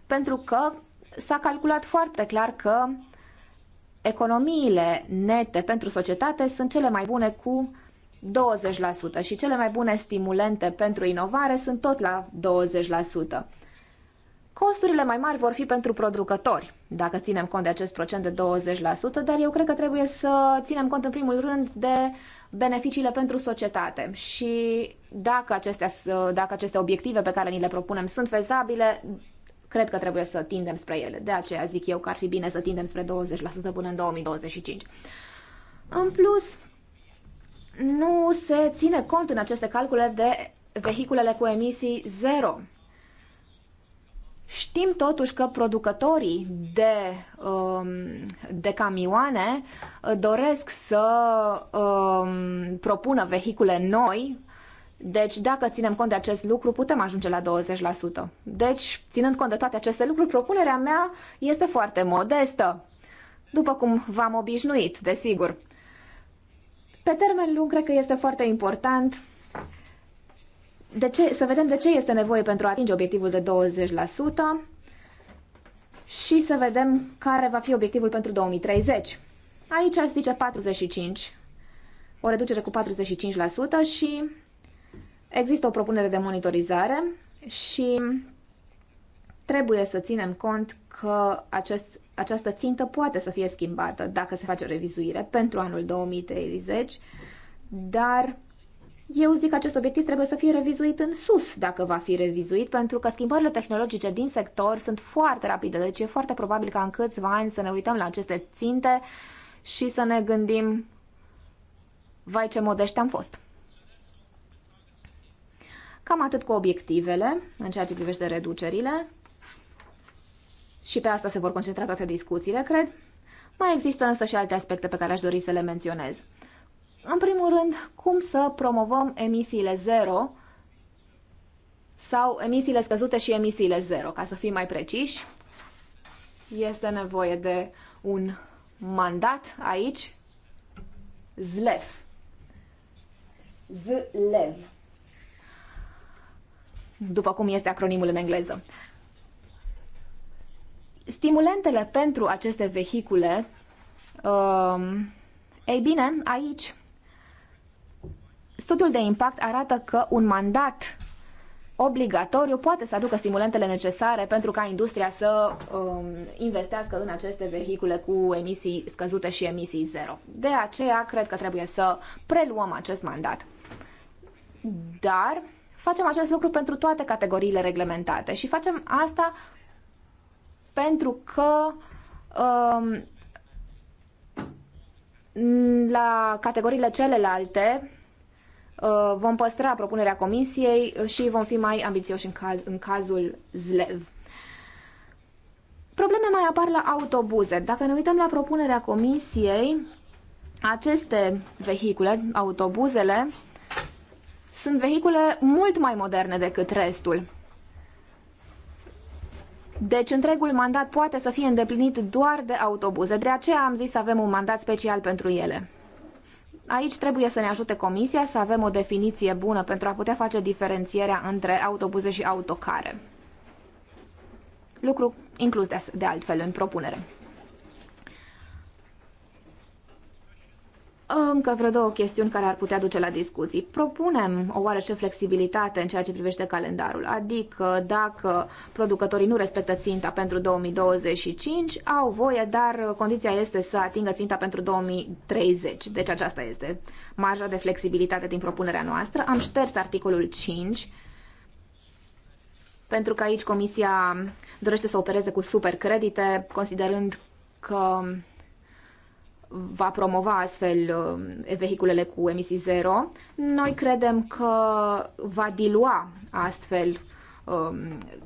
Pentru că s-a calculat foarte clar că economiile nete pentru societate sunt cele mai bune cu 20% și cele mai bune stimulente pentru inovare sunt tot la 20%. Costurile mai mari vor fi pentru producători, dacă ținem cont de acest procent de 20%, dar eu cred că trebuie să ținem cont în primul rând de beneficiile pentru societate și dacă, acestea, dacă aceste obiective pe care ni le propunem sunt fezabile, cred că trebuie să tindem spre ele. De aceea zic eu că ar fi bine să tindem spre 20% până în 2025. În plus, nu se ține cont în aceste calcule de vehiculele cu emisii zero Știm totuși că producătorii de, um, de camioane uh, doresc să um, propună vehicule noi, deci dacă ținem cont de acest lucru, putem ajunge la 20%. Deci, ținând cont de toate aceste lucruri, propunerea mea este foarte modestă, după cum v-am obișnuit, desigur. Pe termen lung, cred că este foarte important de ce, să vedem de ce este nevoie pentru a atinge obiectivul de 20% și să vedem care va fi obiectivul pentru 2030. Aici aș zice 45, o reducere cu 45% și există o propunere de monitorizare și trebuie să ținem cont că acest, această țintă poate să fie schimbată dacă se face o revizuire pentru anul 2030, dar eu zic că acest obiectiv trebuie să fie revizuit în sus, dacă va fi revizuit, pentru că schimbările tehnologice din sector sunt foarte rapide, deci e foarte probabil ca în câțiva ani să ne uităm la aceste ținte și să ne gândim, vai ce modești am fost. Cam atât cu obiectivele în ceea ce privește reducerile. Și pe asta se vor concentra toate discuțiile, cred. Mai există însă și alte aspecte pe care aș dori să le menționez. În primul rând, cum să promovăm emisiile zero sau emisiile scăzute și emisiile zero, ca să fim mai preciși. Este nevoie de un mandat aici, ZLEV. ZLEV. După cum este acronimul în engleză. Stimulentele pentru aceste vehicule, um, ei bine, aici Studiul de impact arată că un mandat obligatoriu poate să aducă stimulentele necesare pentru ca industria să um, investească în aceste vehicule cu emisii scăzute și emisii zero. De aceea, cred că trebuie să preluăm acest mandat. Dar facem acest lucru pentru toate categoriile reglementate și facem asta pentru că um, la categoriile celelalte Uh, vom păstra propunerea comisiei și vom fi mai ambițioși în, caz, în cazul ZLEV. Probleme mai apar la autobuze. Dacă ne uităm la propunerea comisiei, aceste vehicule, autobuzele, sunt vehicule mult mai moderne decât restul. Deci întregul mandat poate să fie îndeplinit doar de autobuze, de aceea am zis să avem un mandat special pentru ele. Aici trebuie să ne ajute comisia să avem o definiție bună pentru a putea face diferențierea între autobuze și autocare. Lucru inclus de, altfel în propunere. Încă vreo două chestiuni care ar putea duce la discuții. Propunem o oarește flexibilitate în ceea ce privește calendarul, adică dacă producătorii nu respectă ținta pentru 2025, au voie, dar condiția este să atingă ținta pentru 2030. Deci aceasta este marja de flexibilitate din propunerea noastră. Am șters articolul 5 pentru că aici Comisia dorește să opereze cu supercredite, considerând că va promova astfel uh, vehiculele cu emisii zero, noi credem că va dilua astfel um,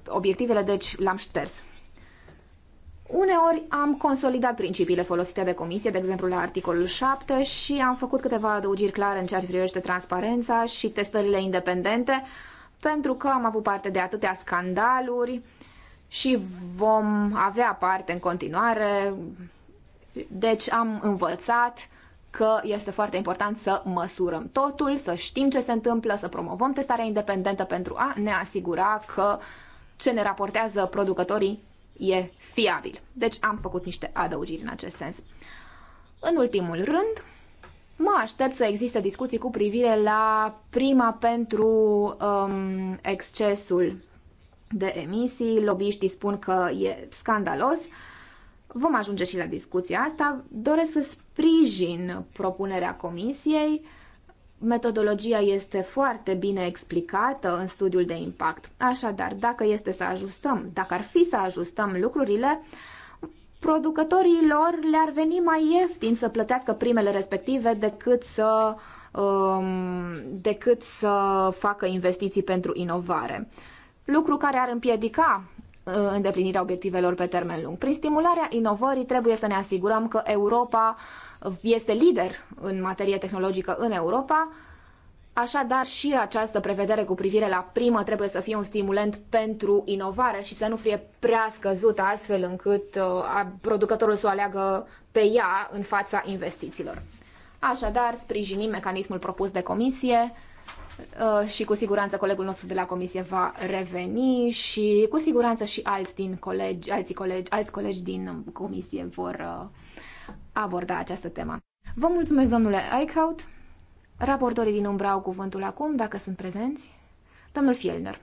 obiectivele, deci l-am șters. Uneori am consolidat principiile folosite de comisie, de exemplu la articolul 7 și am făcut câteva adăugiri clare în ceea ce privește transparența și testările independente, pentru că am avut parte de atâtea scandaluri și vom avea parte în continuare deci am învățat că este foarte important să măsurăm totul, să știm ce se întâmplă, să promovăm testarea independentă pentru a ne asigura că ce ne raportează producătorii e fiabil. Deci am făcut niște adăugiri în acest sens. În ultimul rând, mă aștept să existe discuții cu privire la prima pentru um, excesul de emisii. Lobiștii spun că e scandalos. Uh, Vom ajunge și la discuția asta. Doresc să sprijin propunerea comisiei. Metodologia este foarte bine explicată în studiul de impact. Așadar, dacă este să ajustăm, dacă ar fi să ajustăm lucrurile, producătorii lor le-ar veni mai ieftin să plătească primele respective decât să, um, decât să facă investiții pentru inovare. Lucru care ar împiedica Uh, îndeplinirea obiectivelor pe termen lung. Prin stimularea inovării trebuie să ne asigurăm că Europa este lider în materie tehnologică în Europa, Așadar, și această prevedere cu privire la primă trebuie să fie un stimulent pentru inovare și să nu fie prea scăzută astfel încât uh, producătorul să o aleagă pe ea în fața investițiilor. Așadar, sprijinim mecanismul propus de comisie Uh, și cu siguranță colegul nostru de la comisie va reveni și cu siguranță și alți din colegi, alții colegi, alți colegi din comisie vor uh, aborda această temă. Vă mulțumesc, domnule Eichhout. Raportorii din umbra au cuvântul acum, dacă sunt prezenți. Domnul Fielner.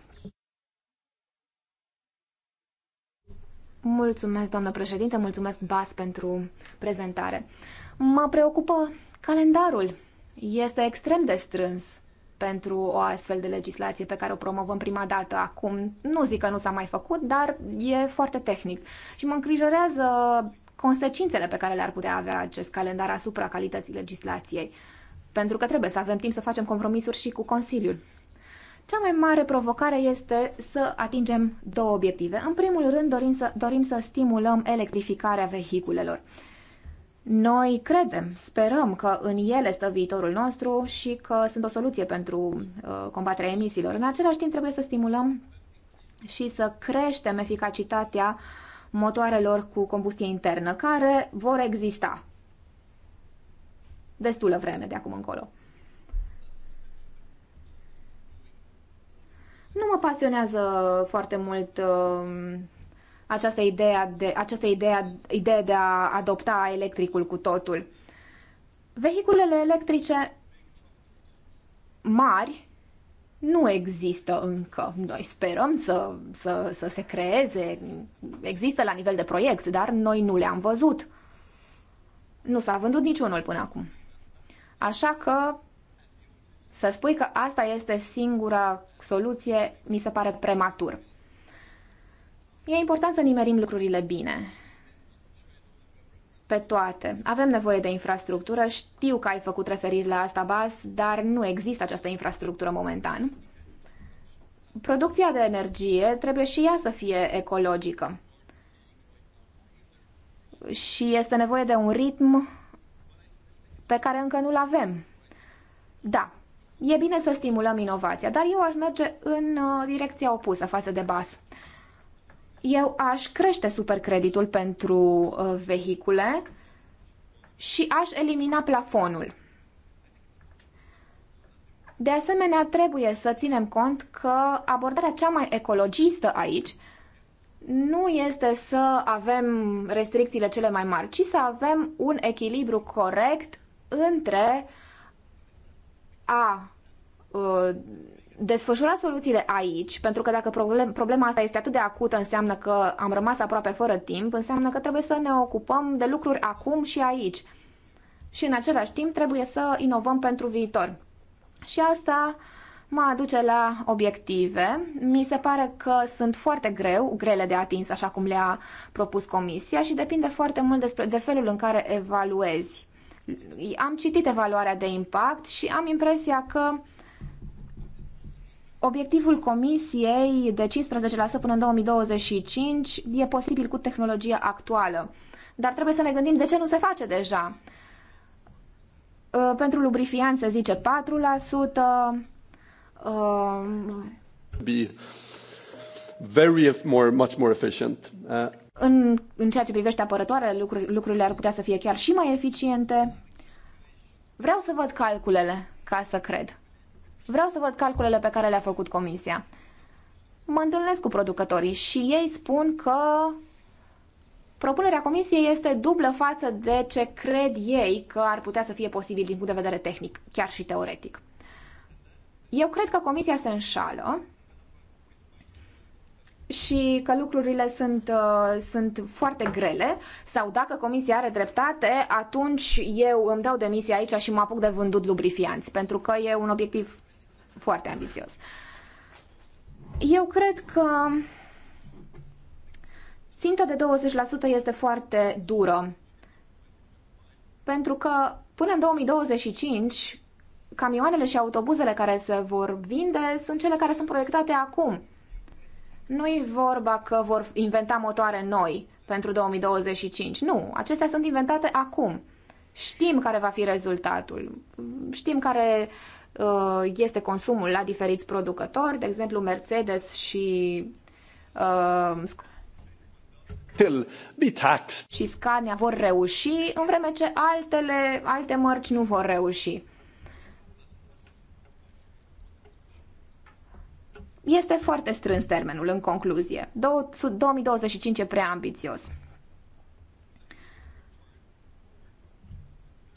Mulțumesc, doamnă președinte, mulțumesc, Bas, pentru prezentare. Mă preocupă calendarul. Este extrem de strâns pentru o astfel de legislație pe care o promovăm prima dată acum. Nu zic că nu s-a mai făcut, dar e foarte tehnic. Și mă îngrijorează consecințele pe care le-ar putea avea acest calendar asupra calității legislației. Pentru că trebuie să avem timp să facem compromisuri și cu Consiliul. Cea mai mare provocare este să atingem două obiective. În primul rând, dorim să, dorim să stimulăm electrificarea vehiculelor. Uh, noi credem, sperăm că în ele stă viitorul nostru și că sunt o soluție pentru uh, combaterea emisiilor. În același timp trebuie să stimulăm și să creștem eficacitatea motoarelor cu combustie internă, care vor exista destulă vreme de acum încolo. Nu mă pasionează foarte mult uh, această idee de, această idee, idee de a adopta electricul cu totul. Vehiculele electrice mari nu există încă. Noi sperăm să, să, să se creeze, există la nivel de proiect, dar noi nu le-am văzut. Nu s-a vândut niciunul până acum. Așa că să spui că asta este singura soluție mi se pare prematur. E important să nimerim lucrurile bine. Pe toate. Avem nevoie de infrastructură, știu că ai făcut referire la asta, Bas, dar nu există această infrastructură momentan. Producția de energie trebuie și ea să fie ecologică. Și este nevoie de un ritm pe care încă nu-l avem. Da, e bine să stimulăm inovația, dar eu aș merge în uh, direcția opusă față de BAS eu aș crește supercreditul pentru uh, vehicule și aș elimina plafonul. De asemenea, trebuie să ținem cont că abordarea cea mai ecologistă aici nu este să avem restricțiile cele mai mari, ci să avem un echilibru corect între a uh, desfășura soluțiile aici, pentru că dacă problema asta este atât de acută, înseamnă că am rămas aproape fără timp, înseamnă că trebuie să ne ocupăm de lucruri acum și aici. Și în același timp trebuie să inovăm pentru viitor. Și asta mă aduce la obiective. Mi se pare că sunt foarte greu, grele de atins, așa cum le-a propus comisia și depinde foarte mult despre, de felul în care evaluezi. Am citit evaluarea de impact și am impresia că Obiectivul comisiei de 15% până în 2025 e posibil cu tehnologia actuală. Dar trebuie să ne gândim de ce nu se face deja. Uh, pentru lubrifiant se zice 4%. Uh, Be very more, much more efficient. Uh, în, în ceea ce privește apărătoarele, lucruri, lucrurile ar putea să fie chiar și mai eficiente. Vreau să văd calculele ca să cred. Vreau să văd calculele pe care le-a făcut comisia. Mă întâlnesc cu producătorii și ei spun că propunerea comisiei este dublă față de ce cred ei că ar putea să fie posibil din punct de vedere tehnic, chiar și teoretic. Eu cred că comisia se înșală și că lucrurile sunt, uh, sunt foarte grele sau dacă comisia are dreptate, atunci eu îmi dau demisia aici și mă apuc de vândut lubrifianți, pentru că e un obiectiv foarte ambițios. Eu cred că ținta de 20% este foarte dură, pentru că până în 2025 camioanele și autobuzele care se vor vinde sunt cele care sunt proiectate acum. Nu-i vorba că vor inventa motoare noi pentru 2025. Nu, acestea sunt inventate acum. Știm care va fi rezultatul. Știm care Uh, este consumul la diferiți producători, de exemplu Mercedes și uh, și Scania vor reuși, în vreme ce altele, alte mărci nu vor reuși. Este foarte strâns termenul, în concluzie. 2025 e prea ambițios.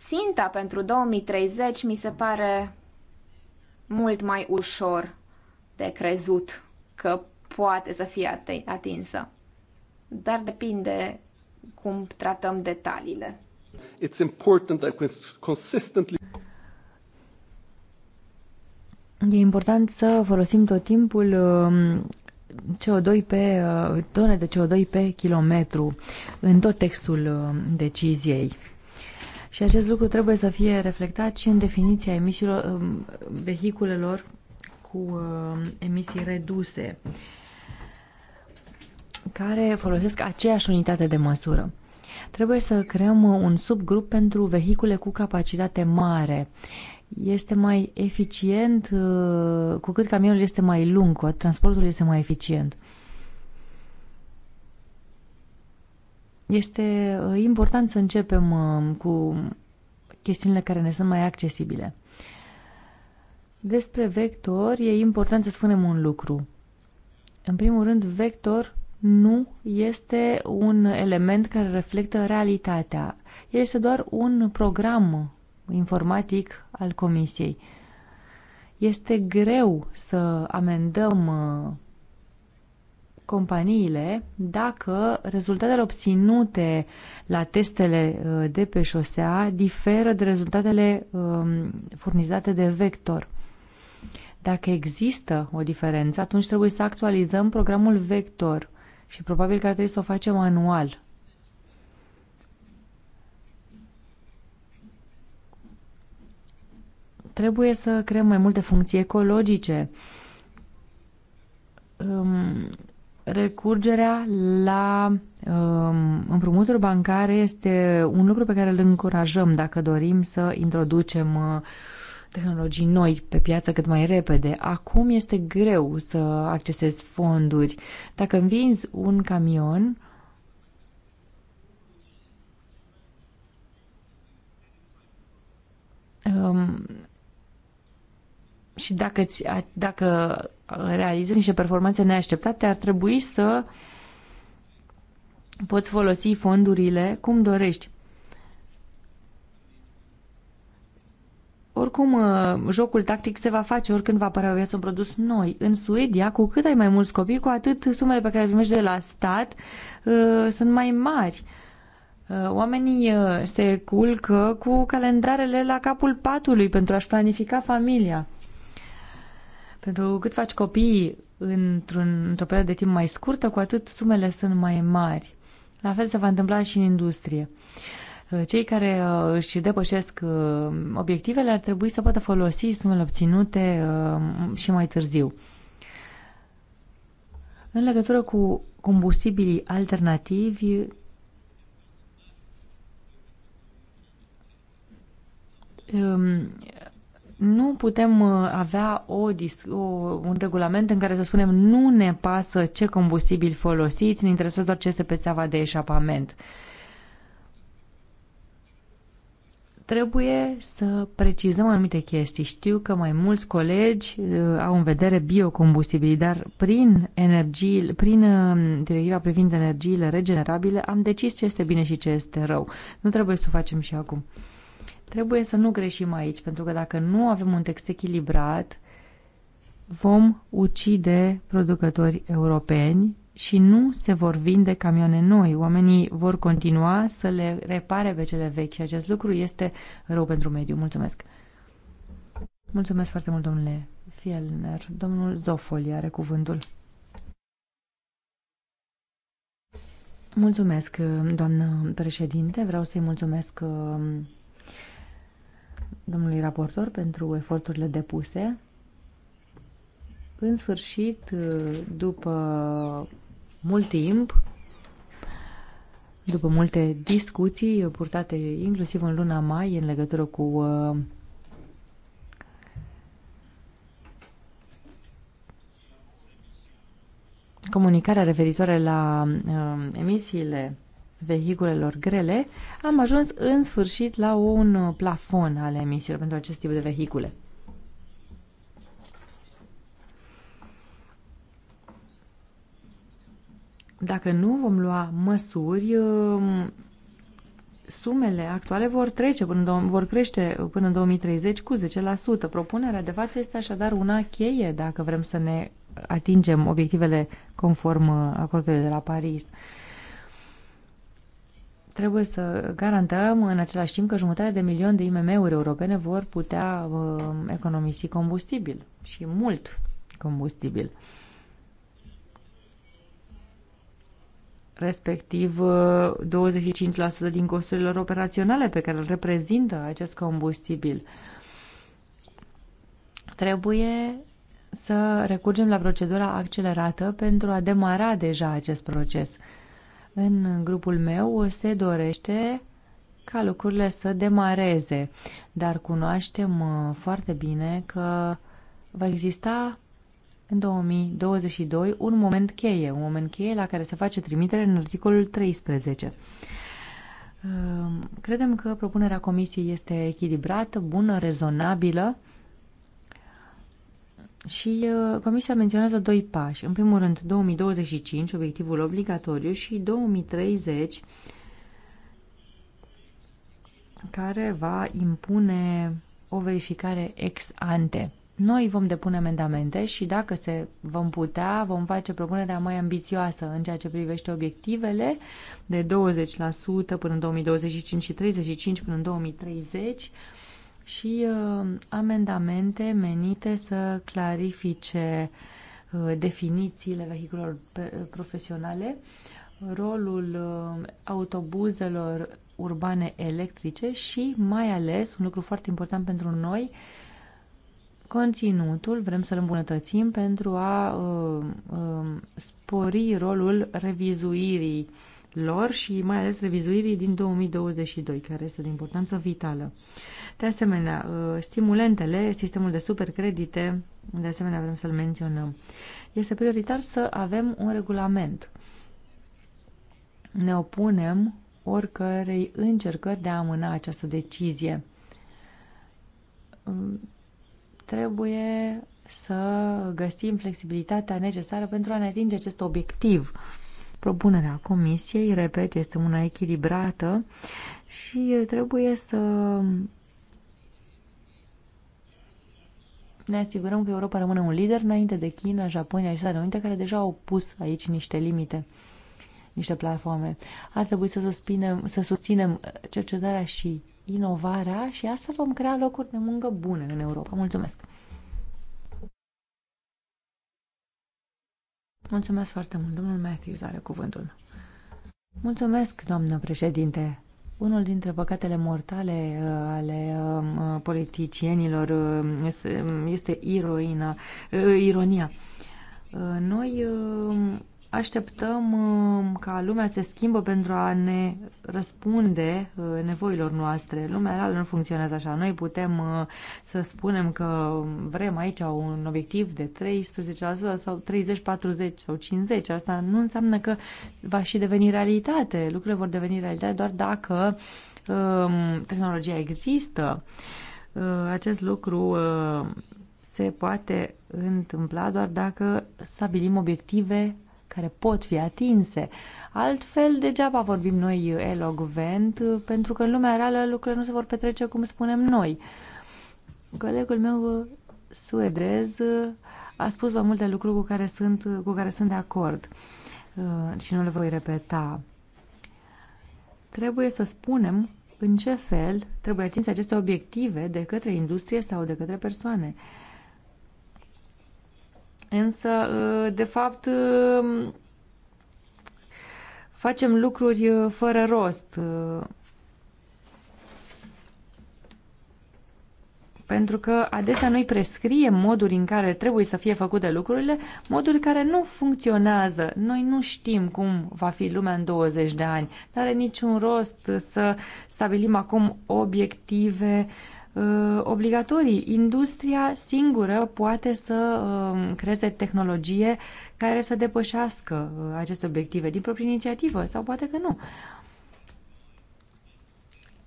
Ținta pentru 2030 mi se pare mult mai ușor de crezut că poate să fie atinsă. Dar depinde cum tratăm detaliile. It's important that consistently E important să folosim tot timpul um, CO2 pe uh, tone de CO2 pe kilometru în tot textul um, deciziei. Și acest lucru trebuie să fie reflectat și în definiția emisiilor, um, vehiculelor cu um, emisii reduse, care folosesc aceeași unitate de măsură. Trebuie să creăm un subgrup pentru vehicule cu capacitate mare. Este mai eficient, uh, cu cât camionul este mai lung, cu transportul este mai eficient. Este uh, important să începem um, cu chestiunile care ne sunt mai accesibile. Despre vector e important să spunem un lucru. În primul rând, vector nu este un element care reflectă realitatea. El este doar un program informatic al Comisiei. Este greu să amendăm uh, companiile dacă rezultatele obținute la testele uh, de pe șosea diferă de rezultatele um, furnizate de vector. Dacă există o diferență, atunci trebuie să actualizăm programul vector și probabil că ar trebui să o facem anual. Trebuie să creăm mai multe funcții ecologice um, recurgerea la um, împrumuturi bancare este un lucru pe care îl încurajăm dacă dorim să introducem uh, tehnologii noi pe piață cât mai repede. Acum este greu să accesezi fonduri. Dacă învinzi un camion, um, și dacă, ți, dacă uh, realizezi niște performanțe neașteptate, ar trebui să poți folosi fondurile cum dorești. Oricum, uh, jocul tactic se va face oricând va apărea o viață un produs noi. În Suedia, cu cât ai mai mulți copii, cu atât sumele pe care le primești de la stat uh, sunt mai mari. Uh, oamenii uh, se culcă cu calendarele la capul patului pentru a-și planifica familia. Pentru cât faci copii într-un, într-o perioadă de timp mai scurtă, cu atât sumele sunt mai mari. La fel se va întâmpla și în industrie. Uh, cei care uh, își depășesc uh, obiectivele ar trebui să poată folosi sumele obținute și mai târziu. În legătură cu combustibilii alternativi, um, nu putem uh, avea o, o, un regulament în care să spunem nu ne pasă ce combustibil folosiți, ne interesează doar ce este pe țeava de eșapament. Trebuie să precizăm anumite chestii. Știu că mai mulți colegi uh, au în vedere biocombustibili, dar prin, energii, prin uh, directiva privind energiile regenerabile am decis ce este bine și ce este rău. Nu trebuie să o facem și acum. Trebuie să nu greșim aici, pentru că dacă nu avem un text echilibrat, vom ucide producători europeni și nu se vor vinde camioane noi. Oamenii vor continua să le repare pe cele vechi și acest lucru este rău pentru mediu. Mulțumesc! Mulțumesc foarte mult, domnule Fielner. Domnul Zofoli are cuvântul. Mulțumesc, doamnă președinte. Vreau să-i mulțumesc domnului raportor pentru eforturile depuse. În sfârșit, după mult timp, după multe discuții purtate inclusiv în luna mai în legătură cu uh, comunicarea referitoare la uh, emisiile vehiculelor grele, am ajuns în sfârșit la un plafon al emisiilor pentru acest tip de vehicule. Dacă nu vom lua măsuri, um, sumele actuale vor trece până, vor crește până în 2030 cu 10%. Propunerea de față este așadar una cheie dacă vrem să ne atingem obiectivele conform uh, acordului de la Paris trebuie să garantăm în același timp că jumătate de milion de IMM-uri europene vor putea uh, economisi combustibil și mult combustibil. respectiv 25% uh, din costurile operaționale pe care îl reprezintă acest combustibil. Trebuie să recurgem la procedura accelerată pentru a demara deja acest proces în grupul meu se dorește ca lucrurile să demareze, dar cunoaștem uh, foarte bine că va exista în 2022 un moment cheie, un moment cheie la care se face trimitere în articolul 13. Uh, credem că propunerea comisiei este echilibrată, bună, rezonabilă și uh, Comisia menționează doi pași. În primul rând, 2025, obiectivul obligatoriu, și 2030, care va impune o verificare ex ante. Noi vom depune amendamente și dacă se vom putea, vom face propunerea mai ambițioasă în ceea ce privește obiectivele de 20% până în 2025 și 35% până în 2030 și uh, amendamente menite să clarifice uh, definițiile vehiculelor uh, profesionale, rolul autobuzelor urbane electrice și, mai ales, un lucru foarte important pentru noi, conținutul, vrem să-l îmbunătățim pentru a uh, uh, spori rolul revizuirii lor și mai ales revizuirii din 2022, care este de importanță vitală. De asemenea, uh, stimulentele, sistemul de supercredite, de asemenea vrem să-l menționăm. Este prioritar să avem un regulament. Ne opunem oricărei încercări de a amâna această decizie. Uh, trebuie să găsim flexibilitatea necesară pentru a ne atinge acest obiectiv Propunerea comisiei, repet, este una echilibrată și trebuie să ne asigurăm că Europa rămâne un lider înainte de China, Japonia și Statele Unite, care deja au pus aici niște limite, niște platforme. Ar trebui să susținem, să susținem cercetarea și inovarea și astfel vom crea locuri de muncă bune în Europa. Mulțumesc! Mulțumesc foarte mult. Domnul Matthews are cuvântul. Mulțumesc, doamnă președinte. Unul dintre păcatele mortale uh, ale um, uh, politicienilor uh, este iroina, ironia. Noi um, așteptăm um, ca lumea se schimbă pentru a ne răspunde uh, nevoilor noastre. Lumea reală nu funcționează așa. Noi putem uh, să spunem că vrem aici un obiectiv de 13% sau 30, 40 sau 50. Asta nu înseamnă că va și deveni realitate. Lucrurile vor deveni realitate doar dacă um, tehnologia există. Uh, acest lucru se poate întâmpla doar dacă stabilim obiective care pot fi atinse. Altfel, degeaba vorbim noi elogvent, pentru că în lumea reală lucrurile nu se vor petrece cum spunem noi. Colegul meu suedez a spus mai multe lucruri cu care sunt, cu care sunt de acord uh, și nu le voi repeta. Trebuie să spunem în ce fel trebuie atinse aceste obiective de către industrie sau de către persoane. Uh, Însă, uh, de fapt, uh, facem lucruri uh, fără rost. Pentru că adesea noi prescriem moduri în care trebuie să fie făcute lucrurile, moduri care nu funcționează. Noi nu știm cum va fi lumea în 20 de ani. Nu are niciun rost să stabilim acum obiective uh, Uh, obligatorii. Industria singură poate să um, creeze tehnologie care să depășească uh, aceste obiective din proprie inițiativă sau poate că nu.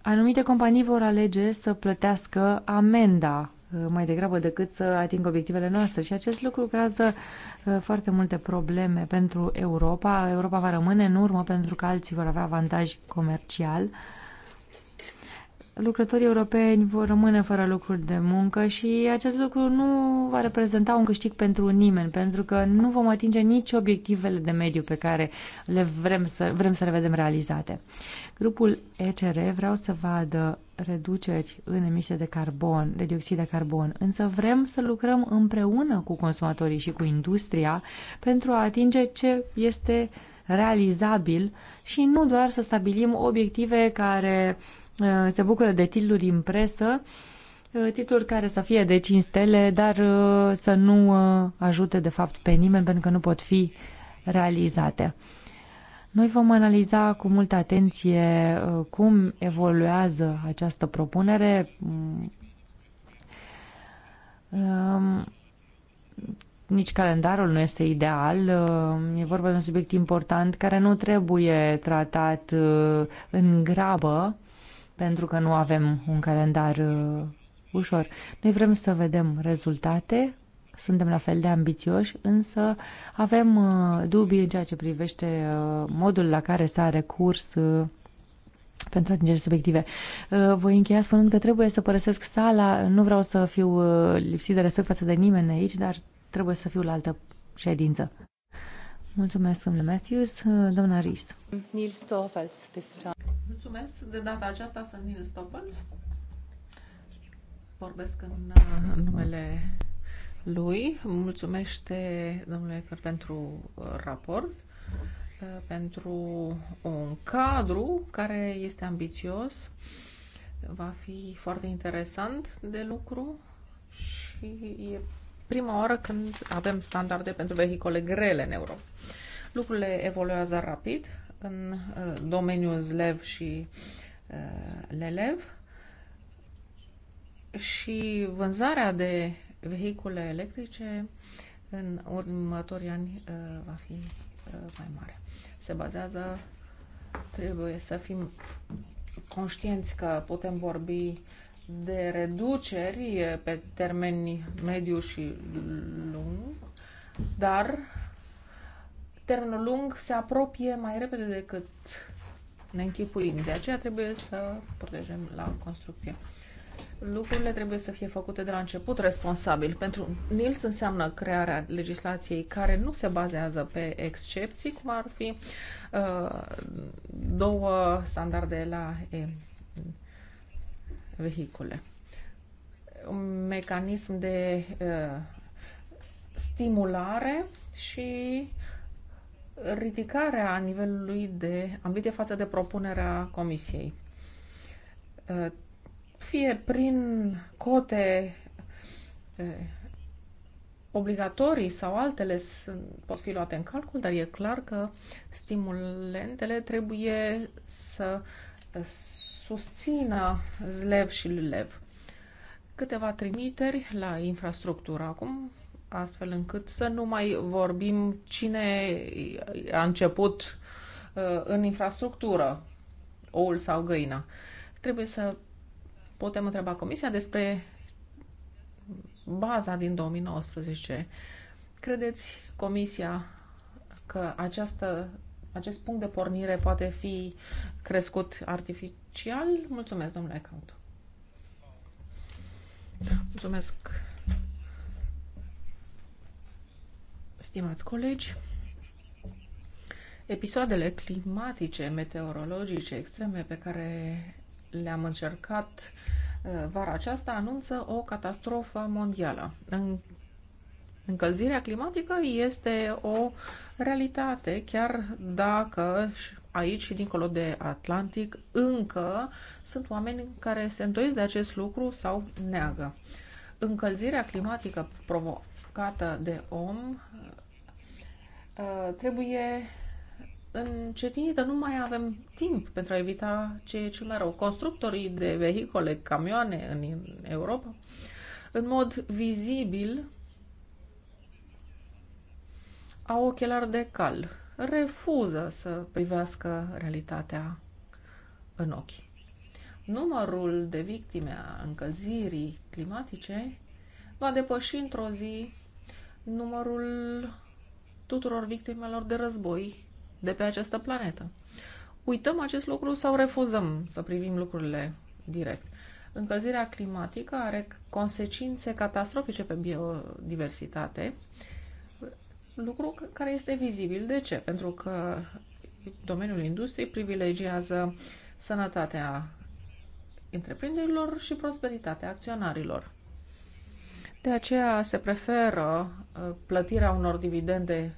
Anumite companii vor alege să plătească amenda uh, mai degrabă decât să atingă obiectivele noastre și acest lucru creează foarte multe probleme pentru Europa. Europa va rămâne în urmă pentru că alții vor avea avantaj comercial lucrătorii europeni vor rămâne fără locuri de muncă și acest lucru nu va reprezenta un câștig pentru nimeni, pentru că nu vom atinge nici obiectivele de mediu pe care le vrem să, vrem să le vedem realizate. Grupul ECR vreau să vadă reduceri în emisie de carbon, de dioxid de carbon, însă vrem să lucrăm împreună cu consumatorii și cu industria pentru a atinge ce este realizabil și nu doar să stabilim obiective care uh, Eh, se bucură de titluri în presă, eh, titluri care să fie de 5 stele, dar eh, să nu ajute de fapt pe nimeni pentru că nu pot fi realizate. Noi vom analiza cu multă atenție cum evoluează această propunere. Mm. Nici calendarul nu este ideal. E vorba de un subiect important care nu trebuie tratat în grabă, pentru că nu avem un calendar uh, ușor. Noi vrem să vedem rezultate, suntem la fel de ambițioși, însă avem uh, dubii în ceea ce privește uh, modul la care s-a recurs uh, pentru atingeri subiective. Uh, voi încheia spunând că trebuie să părăsesc sala, nu vreau să fiu uh, lipsit de respect față de nimeni aici, dar trebuie să fiu la altă ședință. Mulțumesc, domnule Matthews. Uh, doamna Ries. Nils Torvalds, this time. Mulțumesc. De data aceasta sunt din Stoffels. Vorbesc uh, în numele lui. Mulțumește domnule Ecker pentru uh, raport, uh, pentru un cadru care este ambițios, va fi foarte interesant de lucru și e prima oară când avem standarde pentru vehicole grele în Europa. Lucrurile evoluează rapid, în uh, domeniul zlev și uh, lelev și vânzarea de vehicule electrice în următorii ani uh, va fi mai mare. Se bazează, trebuie să fim conștienți că putem vorbi de reduceri pe termeni mediu și lung, dar termenul lung se apropie mai repede decât ne închipuim. De aceea trebuie să protejăm la construcție. Lucrurile trebuie să fie făcute de la început responsabil. Pentru NILS înseamnă crearea legislației care nu se bazează pe excepții, cum ar fi uh, două standarde la e, vehicule. Un mecanism de uh, stimulare și ridicarea nivelului de ambiție față de propunerea Comisiei. Uh, fie prin cote uh, obligatorii sau altele pot fi luate în calcul, dar e clar că stimulentele trebuie să uh, susțină zlev și lev. Câteva trimiteri la infrastructură acum, astfel încât să nu mai vorbim cine a început uh, în infrastructură, oul sau găina. Trebuie să putem întreba Comisia despre baza din 2019. Credeți, Comisia, că această, acest punct de pornire poate fi crescut artificial? Mulțumesc, domnule Caut. Mulțumesc, Stimați colegi, episoadele climatice, meteorologice, extreme pe care le-am încercat uh, vara aceasta anunță o catastrofă mondială. Încălzirea climatică este o realitate, chiar dacă aici și dincolo de Atlantic încă sunt oameni care se îndoiesc de acest lucru sau neagă încălzirea climatică provocată de om uh, trebuie încetinită. Nu mai avem timp pentru a evita ce e cel mai rău. Constructorii de vehicole, camioane în Europa, în mod vizibil, au ochelari de cal. Refuză să privească realitatea în ochi numărul de victime a încălzirii climatice va depăși într-o zi numărul tuturor victimelor de război de pe această planetă. Uităm acest lucru sau refuzăm să privim lucrurile direct? Încălzirea climatică are consecințe catastrofice pe biodiversitate, lucru care este vizibil. De ce? Pentru că domeniul industriei privilegiază sănătatea întreprinderilor și prosperitatea acționarilor. De aceea se preferă uh, plătirea unor dividende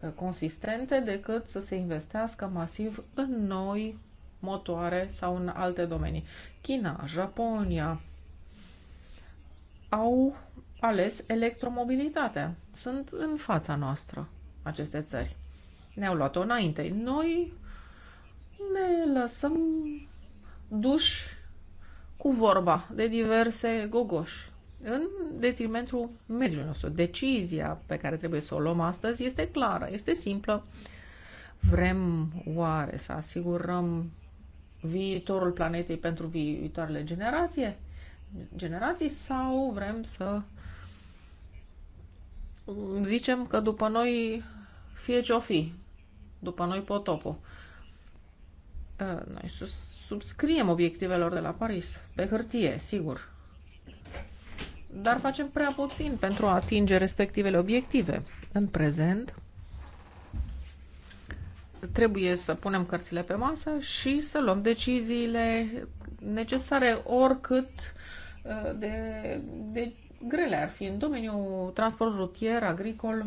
uh, consistente decât să se investească masiv în noi motoare sau în alte domenii. China, Japonia au ales electromobilitatea. Sunt în fața noastră aceste țări. Ne-au luat-o înainte. Noi ne lăsăm duși cu vorba de diverse gogoși în detrimentul mediului nostru. Decizia pe care trebuie să o luăm astăzi este clară, este simplă. Vrem oare să asigurăm viitorul planetei pentru viitoarele generații? generații sau vrem să zicem că după noi fie ce-o fi, după noi potopul. Noi sus, subscriem obiectivelor de la Paris, pe hârtie, sigur. Dar facem prea puțin pentru a atinge respectivele obiective. În prezent, trebuie să punem cărțile pe masă și să luăm deciziile necesare oricât uh, de, de grele ar fi în domeniul transport rutier, agricol.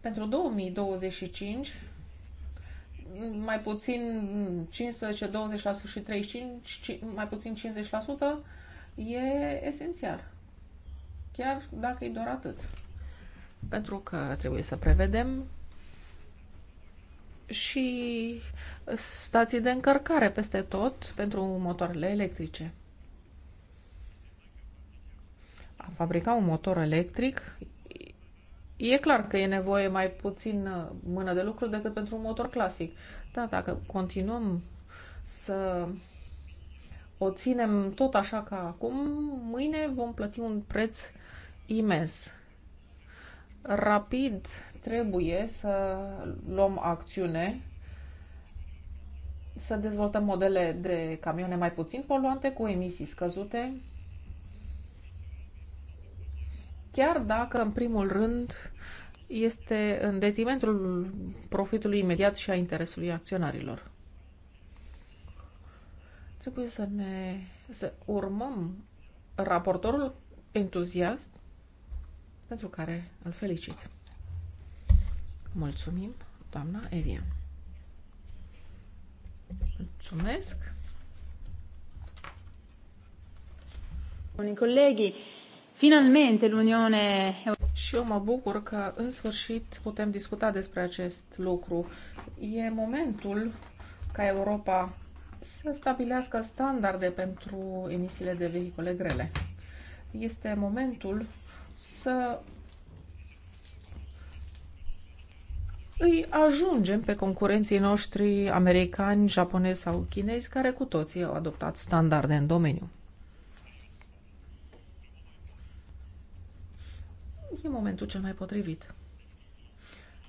Pentru 2025 mai puțin 15, 20% și 35, mai puțin 50% e esențial. Chiar dacă e doar atât. Pentru că trebuie să prevedem și stații de încărcare peste tot pentru motoarele electrice. A fabrica un motor electric E clar că e nevoie mai puțin uh, mână de lucru decât pentru un motor clasic. Da, dacă continuăm să o ținem tot așa ca acum, mâine vom plăti un preț imens. Rapid trebuie să luăm acțiune, să dezvoltăm modele de camioane mai puțin poluante, cu emisii scăzute, chiar dacă, în primul rând, este în detrimentul profitului imediat și a interesului acționarilor. Trebuie să ne să urmăm raportorul entuziast pentru care îl felicit. Mulțumim, doamna Evia. Mulțumesc. Unii colegi, Finalmente l'Unione Și eu mă bucur că în sfârșit putem discuta despre acest lucru. E momentul ca Europa să stabilească standarde pentru emisiile de vehicule grele. Este momentul să îi ajungem pe concurenții noștri americani, japonezi sau chinezi, care cu toții au adoptat standarde în domeniu. e momentul cel mai potrivit.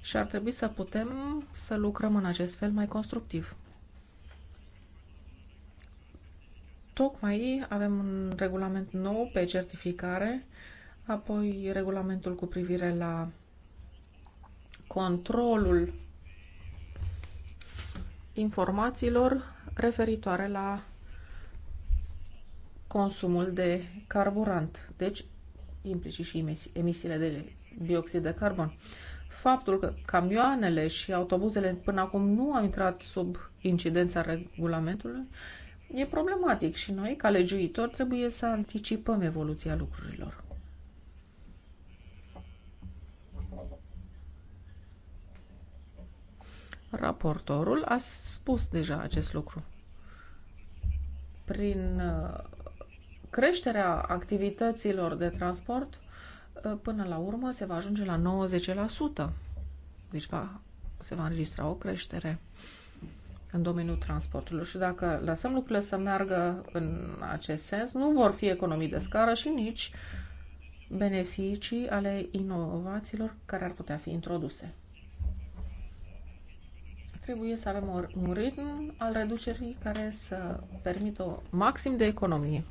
Și ar trebui să putem să lucrăm în acest fel mai constructiv. Tocmai avem un regulament nou pe certificare, apoi regulamentul cu privire la controlul informațiilor referitoare la consumul de carburant. Deci implicit și emisiile de dioxid de carbon. Faptul că camioanele și autobuzele până acum nu au intrat sub incidența regulamentului e problematic și noi, ca legiuitor, trebuie să anticipăm evoluția lucrurilor. Raportorul a spus deja acest lucru. Prin uh, creșterea activităților de transport, ă, până la urmă se va ajunge la 90%. Deci va, se va înregistra o creștere în domeniul transportului și dacă lăsăm lucrurile să meargă în acest sens, nu vor fi economii de scară și nici beneficii ale inovațiilor care ar putea fi introduse. Trebuie să avem un ritm al reducerii care să permită maxim de economie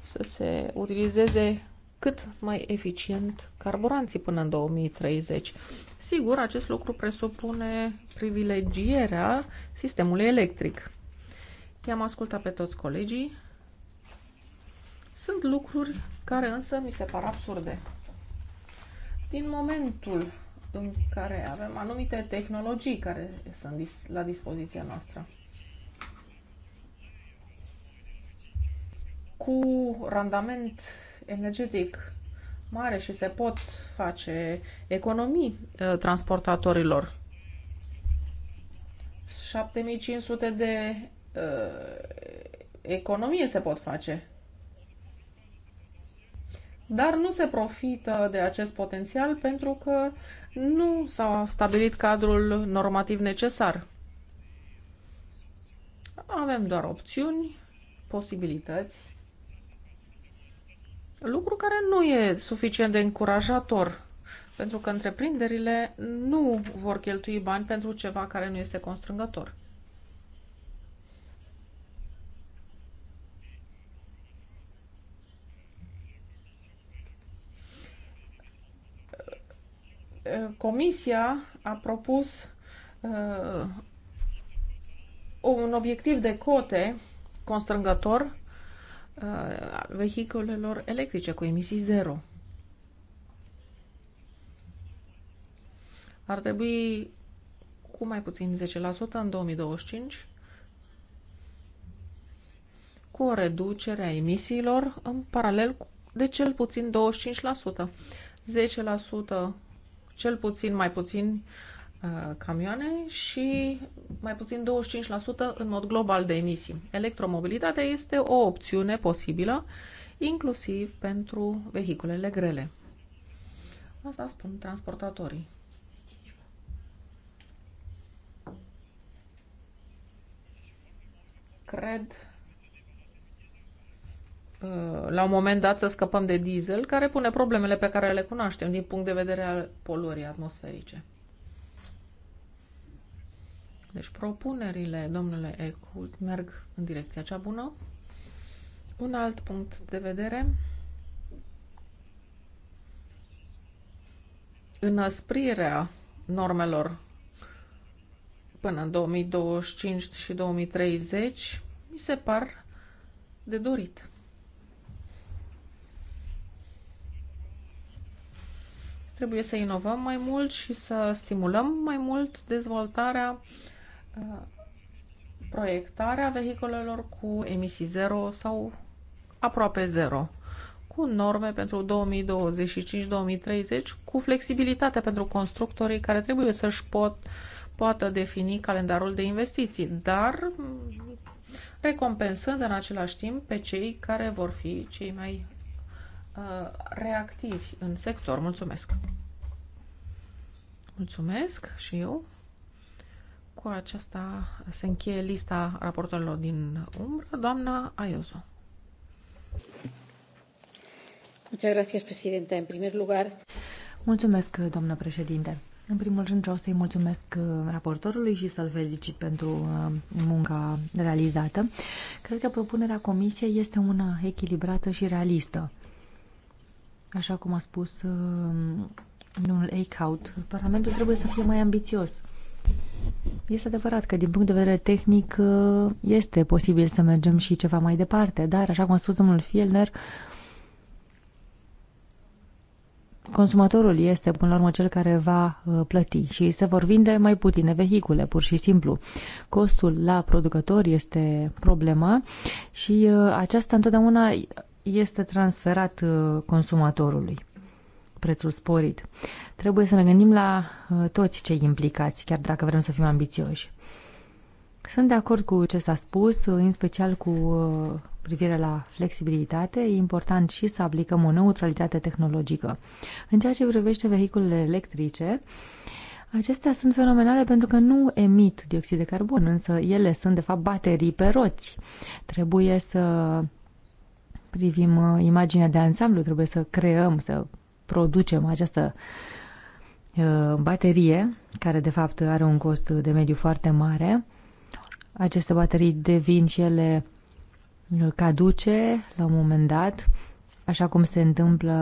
să se utilizeze cât mai eficient carburanții până în 2030. Sigur, acest lucru presupune privilegierea sistemului electric. I-am ascultat pe toți colegii. Sunt lucruri care însă mi se par absurde. Din momentul în care avem anumite tehnologii care sunt la dispoziția noastră. cu randament energetic mare și se pot face economii ă, transportatorilor. 7500 de uh, economie se pot face. Dar nu se profită de acest potențial pentru că nu s-a stabilit cadrul normativ necesar. Avem doar opțiuni, posibilități Lucru care nu e suficient de încurajator, pentru că întreprinderile nu vor cheltui bani pentru ceva care nu este constrângător. Comisia a propus uh, un obiectiv de cote constrângător Uh, vehiculelor electrice cu emisii zero. Ar trebui cu mai puțin 10% în 2025 cu o reducere a emisiilor în paralel cu de cel puțin 25%. 10% cel puțin mai puțin Uh, camioane și mai puțin 25% în mod global de emisii. Electromobilitatea este o opțiune posibilă, inclusiv pentru vehiculele grele. Asta spun transportatorii. Cred uh, la un moment dat să scăpăm de diesel, care pune problemele pe care le cunoaștem din punct de vedere al poluării atmosferice. Deci propunerile domnule Eckhout merg în direcția cea bună. Un alt punct de vedere înăsprirea normelor până în 2025 și 2030 mi se par de dorit. Trebuie să inovăm mai mult și să stimulăm mai mult dezvoltarea Uh, proiectarea vehiculelor cu emisii zero sau aproape zero, cu norme pentru 2025-2030, cu flexibilitate pentru constructorii care trebuie să-și pot, poată defini calendarul de investiții, dar recompensând în același timp pe cei care vor fi cei mai uh, reactivi în sector. Mulțumesc! Mulțumesc și eu! Cu aceasta se încheie lista raportorilor din umbră. Doamna Ayuso. Muchas gracias, Presidenta. În primer lugar... Mulțumesc, doamnă președinte. În primul rând vreau să-i mulțumesc uh, raportorului și să-l felicit pentru uh, munca realizată. Cred că propunerea comisiei este una echilibrată și realistă. Așa cum a spus uh, domnul Eichhout, Parlamentul trebuie să fie mai ambițios. Este adevărat că din punct de vedere tehnic uh, este posibil să mergem și ceva mai departe, dar așa cum a spus domnul Fielner, consumatorul este până la urmă cel care va uh, plăti și se vor vinde mai puține vehicule, pur și simplu. Costul la producător este problema și uh, aceasta întotdeauna este transferat consumatorului prețul sporit. Trebuie să ne gândim la uh, toți cei implicați, chiar dacă vrem să fim ambițioși. Sunt de acord cu ce s-a spus, uh, în special cu uh, privire la flexibilitate, e important și să aplicăm o neutralitate tehnologică. În ceea ce privește vehiculele electrice, acestea sunt fenomenale pentru că nu emit dioxid de carbon, însă ele sunt de fapt baterii pe roți. Trebuie să privim imaginea de ansamblu, trebuie să creăm, să producem această uh, baterie, care de fapt are un cost de mediu foarte mare. Aceste baterii devin și ele uh, caduce la un moment dat, așa cum se întâmplă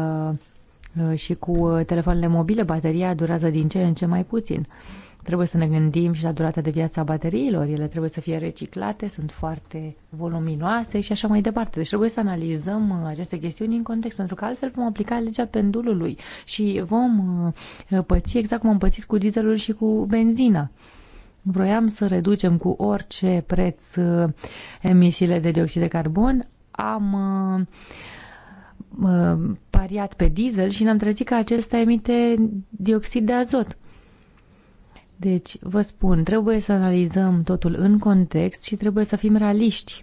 uh, și cu telefoanele mobile, bateria durează din ce în ce mai puțin. Uh, Trebuie să ne gândim și la durata de viață a bateriilor. Ele trebuie să fie reciclate, sunt foarte voluminoase și așa mai departe. Deci trebuie să analizăm uh, aceste chestiuni în context, pentru că altfel vom aplica legea pendulului și vom uh, păți exact cum am pățit cu dieselul și cu benzina. Vroiam să reducem cu orice preț uh, emisiile de dioxid de carbon. Am pariat pe diesel și ne-am trezit că acesta emite dioxid de azot. Deci, vă spun, trebuie să analizăm totul în context și trebuie să fim realiști.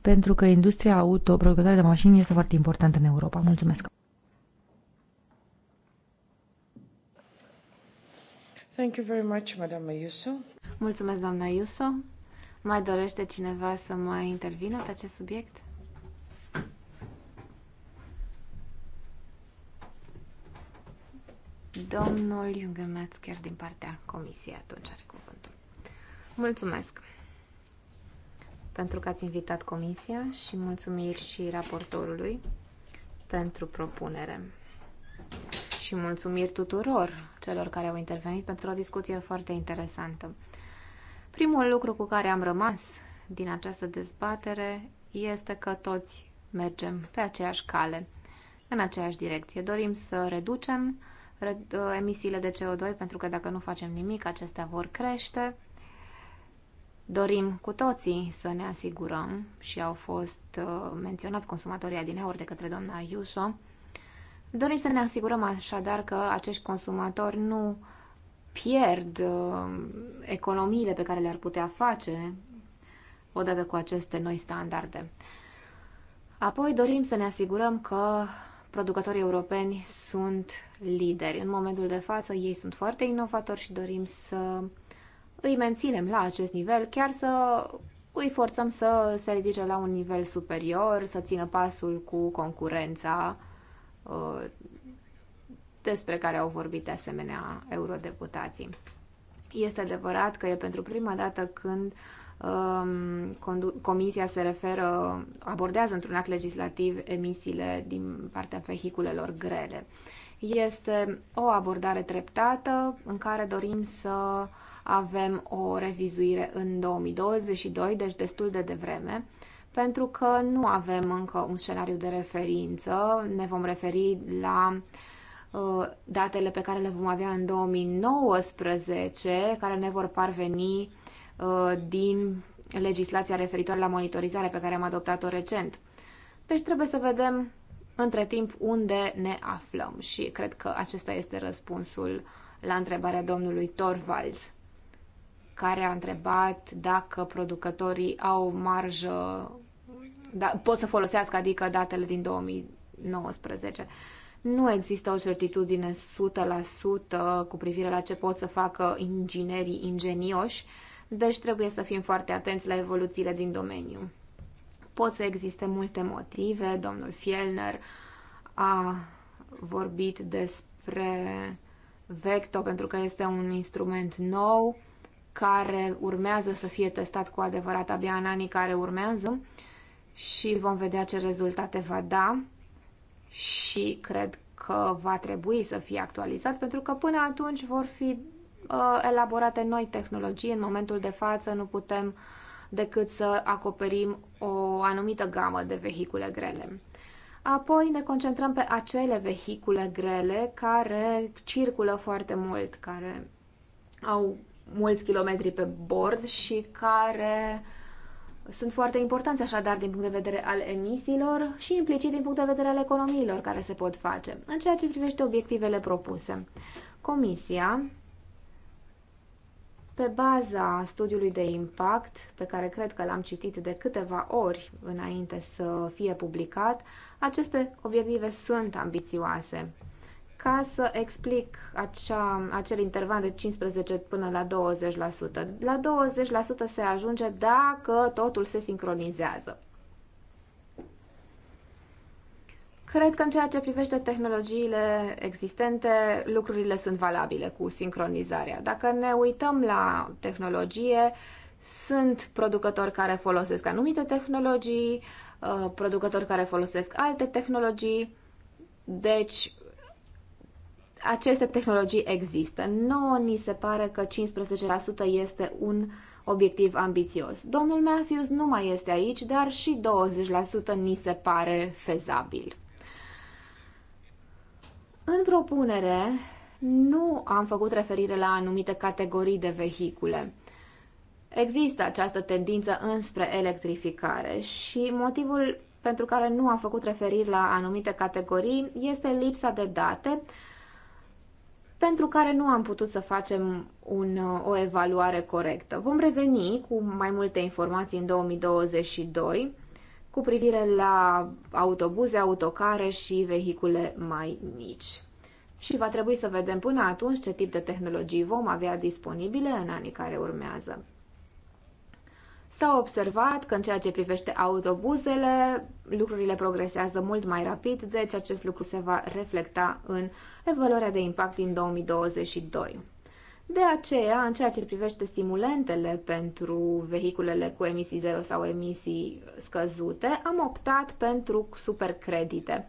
Pentru că industria auto, producătoare de mașini, este foarte importantă în Europa. Mulțumesc! Thank you very much, Madame Iuso. Mulțumesc, doamna Ayuso. Mai dorește cineva să mai intervină pe acest subiect? Domnul Iungă chiar din partea comisiei atunci are cuvântul. Mulțumesc pentru că ați invitat comisia și mulțumiri și raportorului pentru propunere. Și mulțumiri tuturor celor care au intervenit pentru o discuție foarte interesantă. Primul lucru cu care am rămas din această dezbatere este că toți mergem pe aceeași cale, în aceeași direcție. Dorim să reducem Uh, emisiile de CO2, pentru că dacă nu facem nimic, acestea vor crește. Dorim cu toții să ne asigurăm și au fost uh, menționați consumatorii adineauri de către doamna Iuso. Dorim să ne asigurăm așadar că acești consumatori nu pierd uh, economiile pe care le-ar putea face odată cu aceste noi standarde. Apoi dorim să ne asigurăm că producătorii europeni sunt lideri. În momentul de față ei sunt foarte inovatori și dorim să îi menținem la acest nivel, chiar să îi forțăm să se ridice la un nivel superior, să țină pasul cu concurența uh, despre care au vorbit de asemenea eurodeputații. Este adevărat că e pentru prima dată când uh, Um, comisia se referă, abordează într-un act legislativ emisiile din partea vehiculelor grele. Este o abordare treptată în care dorim să avem o revizuire în 2022, deci destul de devreme, pentru că nu avem încă un scenariu de referință. Ne vom referi la uh, datele pe care le vom avea în 2019, care ne vor parveni Uh, din legislația referitoare la monitorizare pe care am adoptat-o recent. Deci trebuie să vedem între timp unde ne aflăm și cred că acesta este răspunsul la întrebarea domnului Torvalds, care a întrebat dacă producătorii au marjă, da, pot să folosească, adică datele din 2019. Nu există o certitudine 100% cu privire la ce pot să facă inginerii ingenioși, deci trebuie să fim foarte atenți la evoluțiile din domeniu. Pot să existe multe motive, domnul Fielner a vorbit despre Vecto pentru că este un instrument nou care urmează să fie testat cu adevărat abia în anii care urmează și vom vedea ce rezultate va da și cred că va trebui să fie actualizat pentru că până atunci vor fi uh, elaborate noi tehnologii. În momentul de față nu putem decât să acoperim o anumită gamă de vehicule grele. Apoi ne concentrăm pe acele vehicule grele care circulă foarte mult, care au mulți kilometri pe bord și care sunt foarte importanți așadar din punct de vedere al emisiilor și implicit din punct de vedere al economiilor care se pot face. În ceea ce privește obiectivele propuse, Comisia pe baza studiului de impact, pe care cred că l-am citit de câteva ori înainte să fie publicat, aceste obiective sunt ambițioase. Ca să explic acea, acel interval de 15 până la 20%. La 20% se ajunge dacă totul se sincronizează. Cred că în ceea ce privește tehnologiile existente, lucrurile sunt valabile cu sincronizarea. Dacă ne uităm la tehnologie, sunt producători care folosesc anumite tehnologii, uh, producători care folosesc alte tehnologii, deci aceste tehnologii există. Nouă ni se pare că 15% este un obiectiv ambițios. Domnul Matthews nu mai este aici, dar și 20% ni se pare fezabil. În propunere nu am făcut referire la anumite categorii de vehicule. Există această tendință înspre electrificare și motivul pentru care nu am făcut referire la anumite categorii este lipsa de date pentru care nu am putut să facem un, o evaluare corectă. Vom reveni cu mai multe informații în 2022 cu privire la autobuze, autocare și vehicule mai mici. Și va trebui să vedem până atunci ce tip de tehnologii vom avea disponibile în anii care urmează. S-a observat că în ceea ce privește autobuzele, lucrurile progresează mult mai rapid, deci acest lucru se va reflecta în evaluarea de impact din 2022. De aceea, în ceea ce privește stimulentele pentru vehiculele cu emisii zero sau emisii scăzute, am optat pentru supercredite,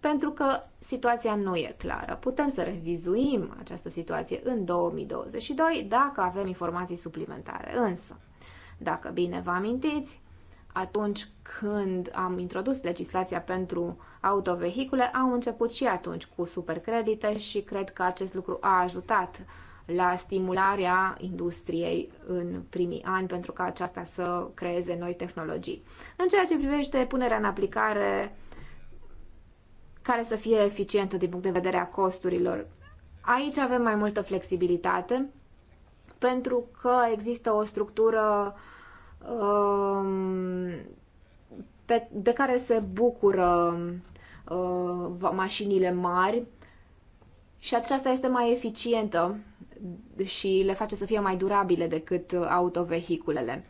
pentru că situația nu e clară. Putem să revizuim această situație în 2022 dacă avem informații suplimentare. Însă, dacă bine vă amintiți, atunci când am introdus legislația pentru autovehicule, au început și atunci cu supercredite și cred că acest lucru a ajutat uh, la stimularea industriei în primii ani pentru ca aceasta să creeze noi tehnologii. În ceea ce privește punerea în aplicare care să fie eficientă din punct de vedere a costurilor, aici avem mai multă flexibilitate pentru că există o structură um, pe, de care se bucură uh, mașinile mari și aceasta este mai eficientă și le face să fie mai durabile decât autovehiculele.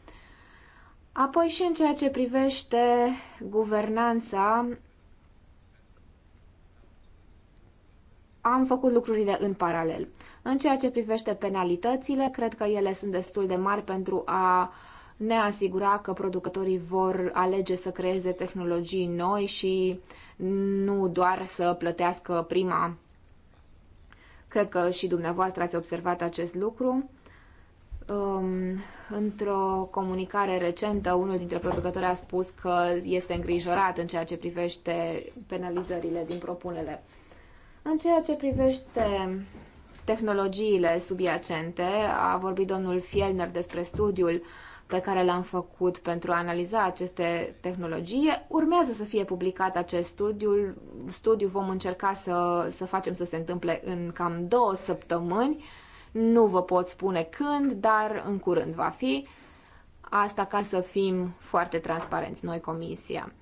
Apoi și în ceea ce privește guvernanța, am făcut lucrurile în paralel. În ceea ce privește penalitățile, cred că ele sunt destul de mari pentru a ne asigura că producătorii vor alege să creeze tehnologii noi și nu doar să plătească prima Cred că și dumneavoastră ați observat acest lucru. Um, într-o comunicare recentă, unul dintre producători a spus că este îngrijorat în ceea ce privește penalizările din propunere. În ceea ce privește tehnologiile subiacente, a vorbit domnul Fielner despre studiul pe care l-am făcut pentru a analiza aceste tehnologii. Urmează să fie publicat acest studiu. Studiu vom încerca să, să facem să se întâmple în cam două săptămâni. Nu vă pot spune când, dar în curând va fi. Asta ca să fim foarte transparenți, noi, Comisia.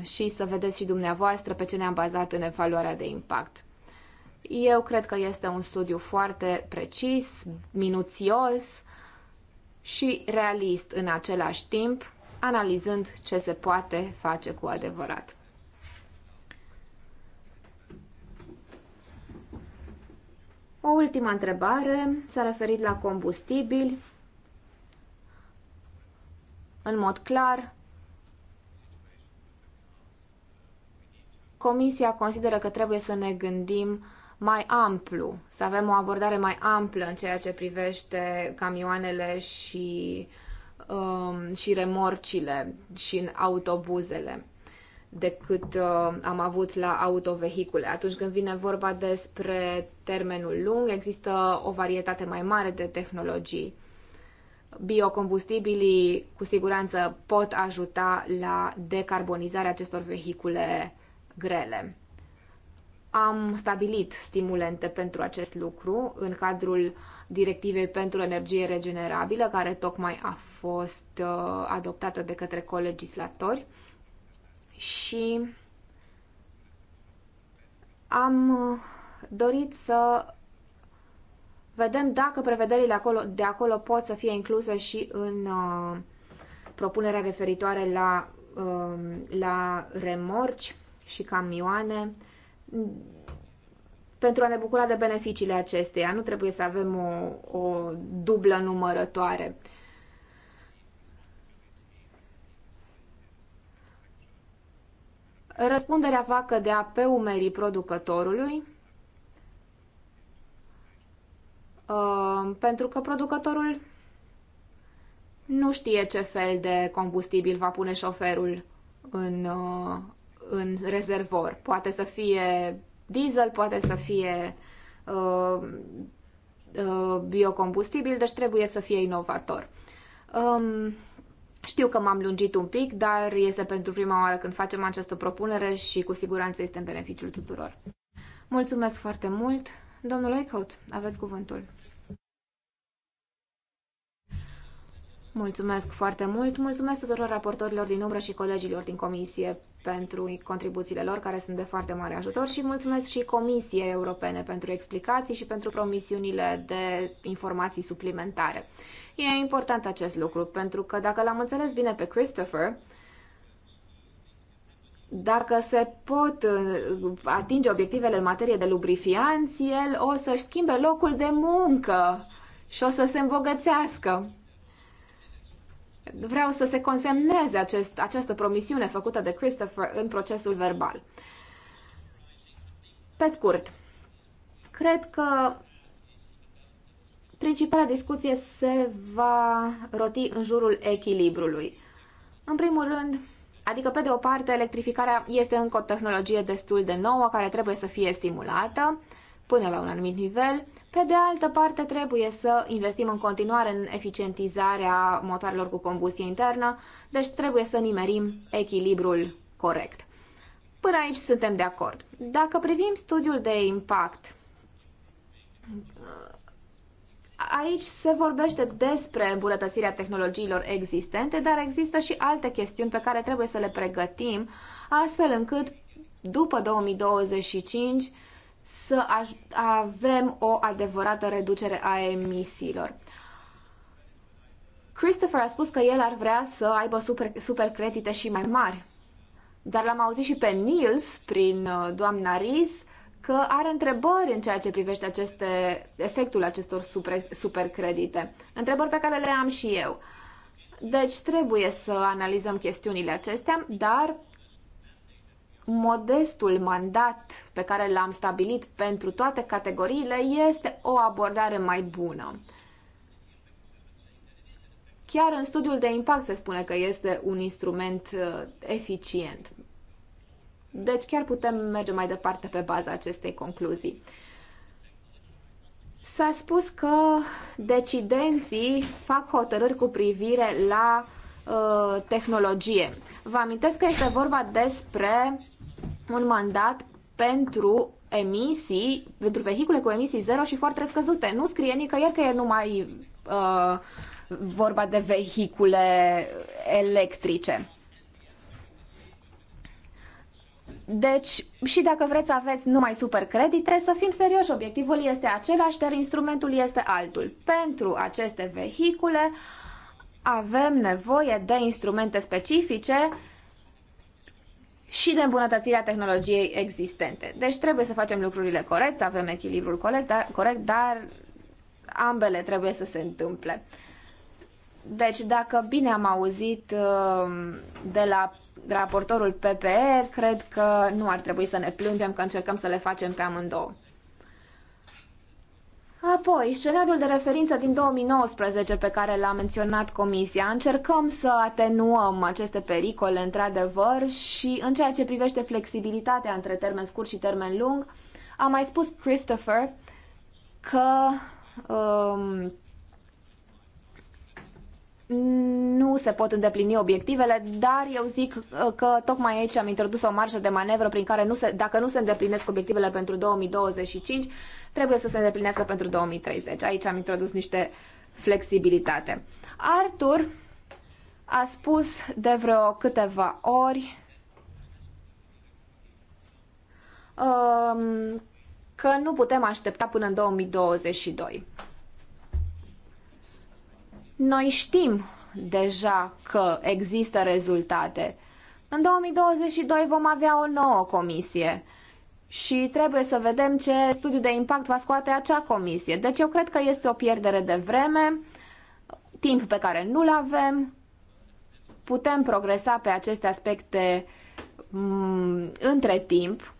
Și să vedeți și dumneavoastră pe ce ne-am bazat în evaluarea de impact. Eu cred că este un studiu foarte precis, minuțios, și realist în același timp, analizând ce se poate face cu adevărat. O ultima întrebare s-a referit la combustibili. În mod clar, Comisia consideră că trebuie să ne gândim mai amplu, să avem o abordare mai amplă în ceea ce privește camioanele și, um, și remorcile și în autobuzele decât uh, am avut la autovehicule. Atunci când vine vorba despre termenul lung, există o varietate mai mare de tehnologii. Biocombustibilii cu siguranță pot ajuta la decarbonizarea acestor vehicule grele am stabilit stimulente pentru acest lucru în cadrul Directivei pentru Energie Regenerabilă, care tocmai a fost uh, adoptată de către colegislatori și am uh, dorit să vedem dacă prevederile acolo, de acolo pot să fie incluse și în uh, propunerea referitoare la, uh, la remorci și camioane. Uh, pentru a ne bucura de beneficiile acesteia. Nu trebuie să avem o, o dublă numărătoare. Răspunderea va cădea pe umerii producătorului, uh, pentru că producătorul nu știe ce fel de combustibil va pune șoferul în uh, în rezervor. Poate să fie diesel, poate să fie uh, uh, biocombustibil, deci trebuie să fie inovator. Um, știu că m-am lungit un pic, dar este pentru prima oară când facem această propunere și cu siguranță este în beneficiul tuturor. Mulțumesc foarte mult! Domnul Eichhout, aveți cuvântul. Mulțumesc foarte mult. Mulțumesc tuturor raportorilor din umbră și colegilor din comisie pentru contribuțiile lor, care sunt de foarte mare ajutor și mulțumesc și Comisiei Europene pentru explicații și pentru promisiunile de informații suplimentare. E important acest lucru, pentru că dacă l-am înțeles bine pe Christopher, dacă se pot uh, atinge obiectivele în materie de lubrifianți, el o să-și schimbe locul de muncă și o să se îmbogățească vreau să se consemneze acest, această promisiune făcută de Christopher în procesul verbal. Pe scurt, cred că principala discuție se va roti în jurul echilibrului. În primul rând, adică pe de o parte, electrificarea este încă o tehnologie destul de nouă care trebuie să fie stimulată, până la un anumit nivel. Pe de altă parte, trebuie să investim în continuare în eficientizarea motoarelor cu combustie internă, deci trebuie să nimerim echilibrul corect. Până aici suntem de acord. Dacă privim studiul de impact, aici se vorbește despre îmbunătățirea tehnologiilor existente, dar există și alte chestiuni pe care trebuie să le pregătim, astfel încât după 2025 să avem o adevărată reducere a emisiilor. Christopher a spus că el ar vrea să aibă super, super credite și mai mari. Dar l-am auzit și pe Niels, prin uh, doamna Riz, că are întrebări în ceea ce privește aceste, efectul acestor super, credite. Întrebări pe care le am și eu. Deci trebuie să analizăm chestiunile acestea, dar modestul mandat pe care l-am stabilit pentru toate categoriile este o abordare mai bună. Chiar în studiul de impact se spune că este un instrument uh, eficient. Deci chiar putem merge mai departe pe baza acestei concluzii. S-a spus că decidenții fac hotărâri cu privire la uh, tehnologie. Vă amintesc că este vorba despre un mandat pentru emisii, pentru vehicule cu emisii zero și foarte scăzute. Nu scrie nicăieri că e numai uh, vorba de vehicule electrice. Deci, și dacă vreți să aveți numai supercredite, să fim serioși, obiectivul este același, dar instrumentul este altul. Pentru aceste vehicule avem nevoie de instrumente specifice și de îmbunătățirea tehnologiei existente. Deci trebuie să facem lucrurile corect, avem echilibrul corect, dar, corect, dar ambele trebuie să se întâmple. Deci, dacă bine am auzit um, de la raportorul PPE, cred că nu ar trebui să ne plângem că încercăm să le facem pe amândouă. Apoi, scenariul de referință din 2019 pe care l-a menționat Comisia, încercăm să atenuăm aceste pericole într-adevăr și în ceea ce privește flexibilitatea între termen scurt și termen lung, a mai spus Christopher că um, nu se pot îndeplini obiectivele, dar eu zic uh, că tocmai aici am introdus o marjă de manevră prin care nu se, dacă nu se îndeplinesc obiectivele pentru 2025, trebuie să se îndeplinească pentru 2030. Aici am introdus niște flexibilitate. Arthur a spus de vreo câteva ori um, că nu putem aștepta până în 2022. Noi știm deja că există rezultate. În 2022 vom avea o nouă comisie și trebuie să vedem ce studiu de impact va scoate acea comisie. Deci eu cred că este o pierdere de vreme, timp pe care nu-l avem. Putem progresa pe aceste aspecte mm, între timp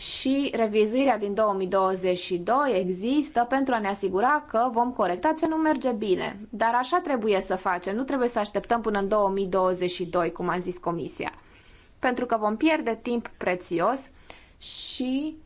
și revizuirea din 2022 există pentru a ne asigura că vom corecta ce nu merge bine. Dar așa trebuie să facem, nu trebuie să așteptăm până în 2022, cum a zis Comisia, pentru că vom pierde timp prețios și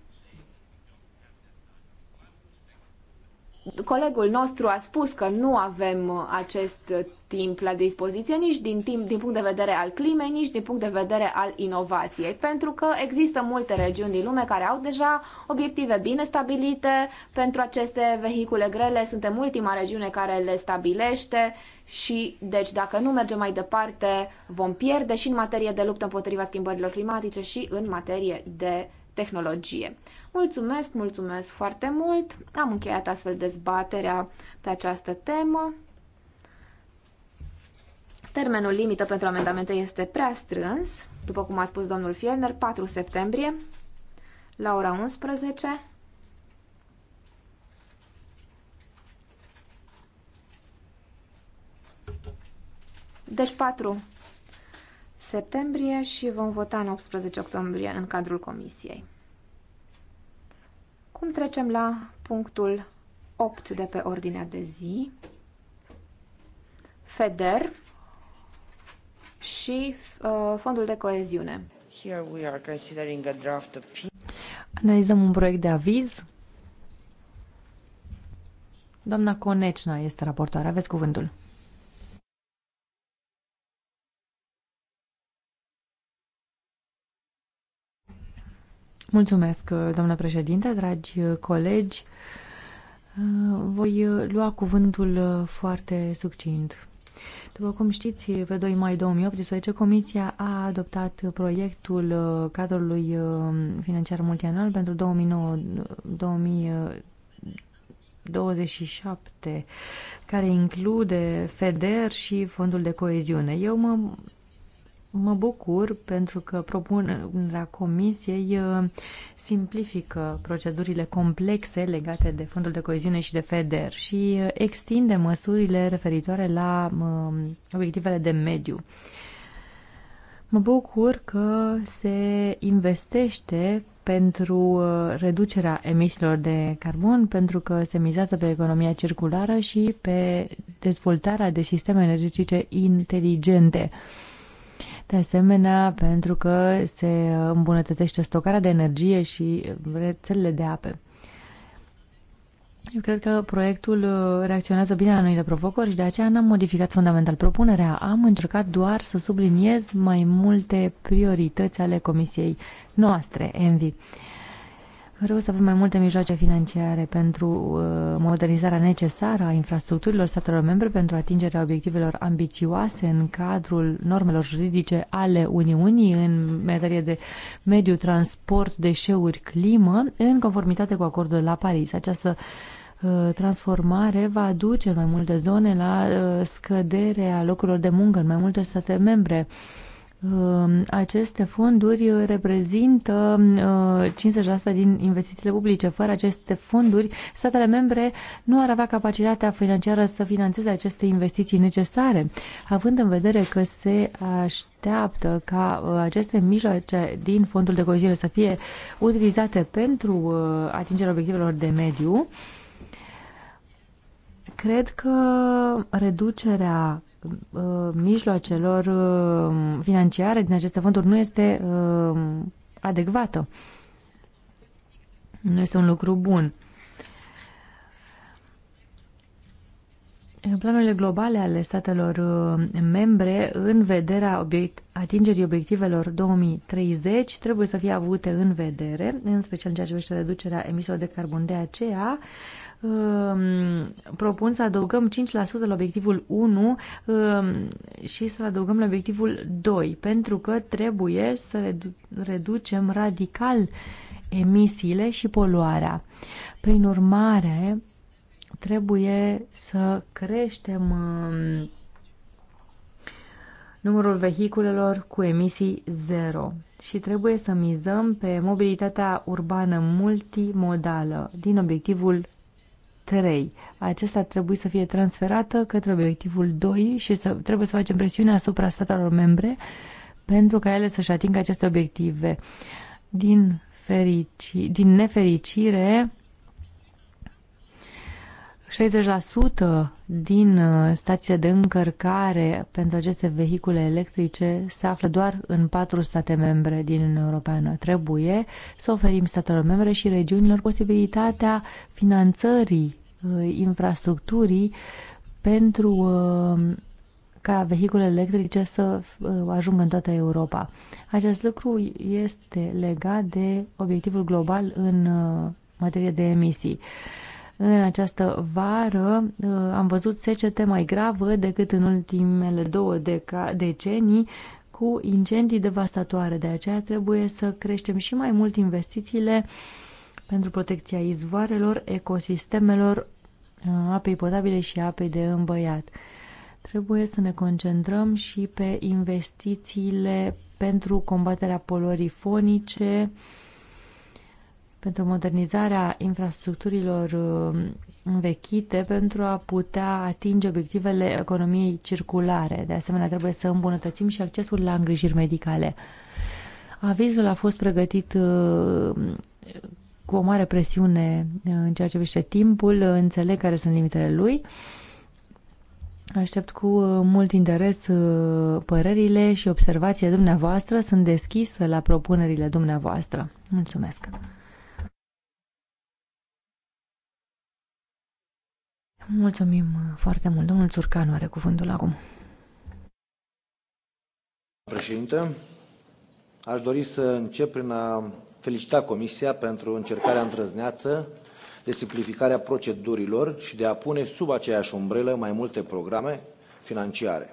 Colegul nostru a spus că nu avem acest timp la dispoziție nici din, timp, din punct de vedere al climei, nici din punct de vedere al inovației, pentru că există multe regiuni din lume care au deja obiective bine stabilite pentru aceste vehicule grele. Suntem ultima regiune care le stabilește și, deci, dacă nu mergem mai departe, vom pierde și în materie de luptă împotriva schimbărilor climatice și în materie de tehnologie. Mulțumesc, mulțumesc foarte mult! Am încheiat astfel dezbaterea pe această temă. Termenul limită pentru amendamente este prea strâns, după cum a spus domnul Fielner, 4 septembrie, la ora 11. Deci 4 septembrie și vom vota în 18 octombrie în cadrul comisiei. Cum trecem la punctul 8 de pe ordinea de zi, FEDER și uh, Fondul de Coeziune. Here we are considering a draft of... Analizăm un proiect de aviz. Doamna Conecna este raportoare. Aveți cuvântul. Mulțumesc, doamnă președinte, dragi colegi. Voi lua cuvântul foarte succint. După cum știți, pe 2 mai 2018, Comisia a adoptat proiectul cadrului financiar multianual pentru 2009, 2027, care include FEDER și Fondul de Coeziune. Eu mă Mă bucur pentru că propunerea comisiei uh, simplifică procedurile complexe legate de fondul de coeziune și de FEDER și uh, extinde măsurile referitoare la um, obiectivele de mediu. Mă bucur că se investește pentru uh, reducerea emisiilor de carbon, pentru că se mizează pe economia circulară și pe dezvoltarea de sisteme energetice inteligente. Uh, de asemenea, pentru că se îmbunătățește stocarea de energie și rețelele de ape. Eu cred că proiectul uh, reacționează bine la noile provocări și de aceea n-am modificat fundamental propunerea. Am încercat doar să subliniez mai multe priorități ale comisiei noastre, Envi. Vreau să avem mai multe mijloace financiare pentru uh, modernizarea necesară a infrastructurilor statelor membre pentru atingerea obiectivelor ambițioase în cadrul normelor juridice ale Uniunii în materie de mediu, transport, deșeuri, climă, în conformitate cu acordul la Paris. Această uh, transformare va duce în mai multe zone la uh, scăderea locurilor de muncă în mai multe state membre Ehm, aceste fonduri reprezintă 50% ehm, din investițiile publice. Fără aceste fonduri, statele membre nu ar avea capacitatea financiară să financeze aceste investiții necesare. Având în vedere că se așteaptă ca ehm, aceste mijloace din fondul de coziere să fie utilizate pentru atingerea obiectivelor de mediu, cred că reducerea Uh, mijloacelor uh, financiare din aceste fonduri nu este uh, adecvată. Nu este un lucru bun. Planurile globale ale statelor membre în vederea obiect, atingerii obiectivelor 2030 trebuie să fie avute în vedere, în special în ceea ce privește reducerea emisiilor de carbon. De aceea, uh, propun să adăugăm 5% la obiectivul 1 și să-l adăugăm la obiectivul 2, pentru că trebuie să reducem radical emisiile și poluarea. Prin urmare, trebuie să creștem numărul vehiculelor cu emisii zero și trebuie să mizăm pe mobilitatea urbană multimodală din obiectivul 3. Acesta trebuie să fie transferată către obiectivul 2 și să, trebuie să facem presiune asupra statelor membre pentru ca ele să-și atingă aceste obiective. Din, ferici, din nefericire, 60% din uh, stațiile de încărcare pentru aceste vehicule electrice se află doar în patru state membre din Uniunea Europeană. Trebuie să oferim statelor membre și regiunilor posibilitatea finanțării uh, infrastructurii pentru uh, ca vehiculele electrice să ajungă în toată Europa. Acest lucru este legat de obiectivul global în materie de emisii. În această vară uh, am văzut secete mai gravă decât în ultimele două decenii cu incendii devastatoare. De aceea trebuie să creștem și mai mult investițiile pentru protecția izvoarelor, ecosistemelor, uh, apei potabile și apei de îmbăiat. Trebuie să ne concentrăm și pe investițiile pentru combaterea polorii fonice, pentru modernizarea infrastructurilor um, învechite pentru a putea atinge obiectivele economiei circulare. De asemenea, trebuie să îmbunătățim și accesul la îngrijiri medicale. Avizul a fost pregătit um, cu o mare presiune uh, în ceea ce privește timpul, uh, înțeleg care sunt limitele lui. Aștept cu uh, mult interes părerile și observațiile dumneavoastră. Sunt deschisă la propunerile dumneavoastră. Mulțumesc! Mulțumim uh, foarte mult. Domnul Țurcanu are cuvântul acum. Președinte, aș dori să încep prin a felicita Comisia pentru încercarea întrăzneață de simplificarea procedurilor și de a pune sub aceeași umbrelă mai multe programe financiare,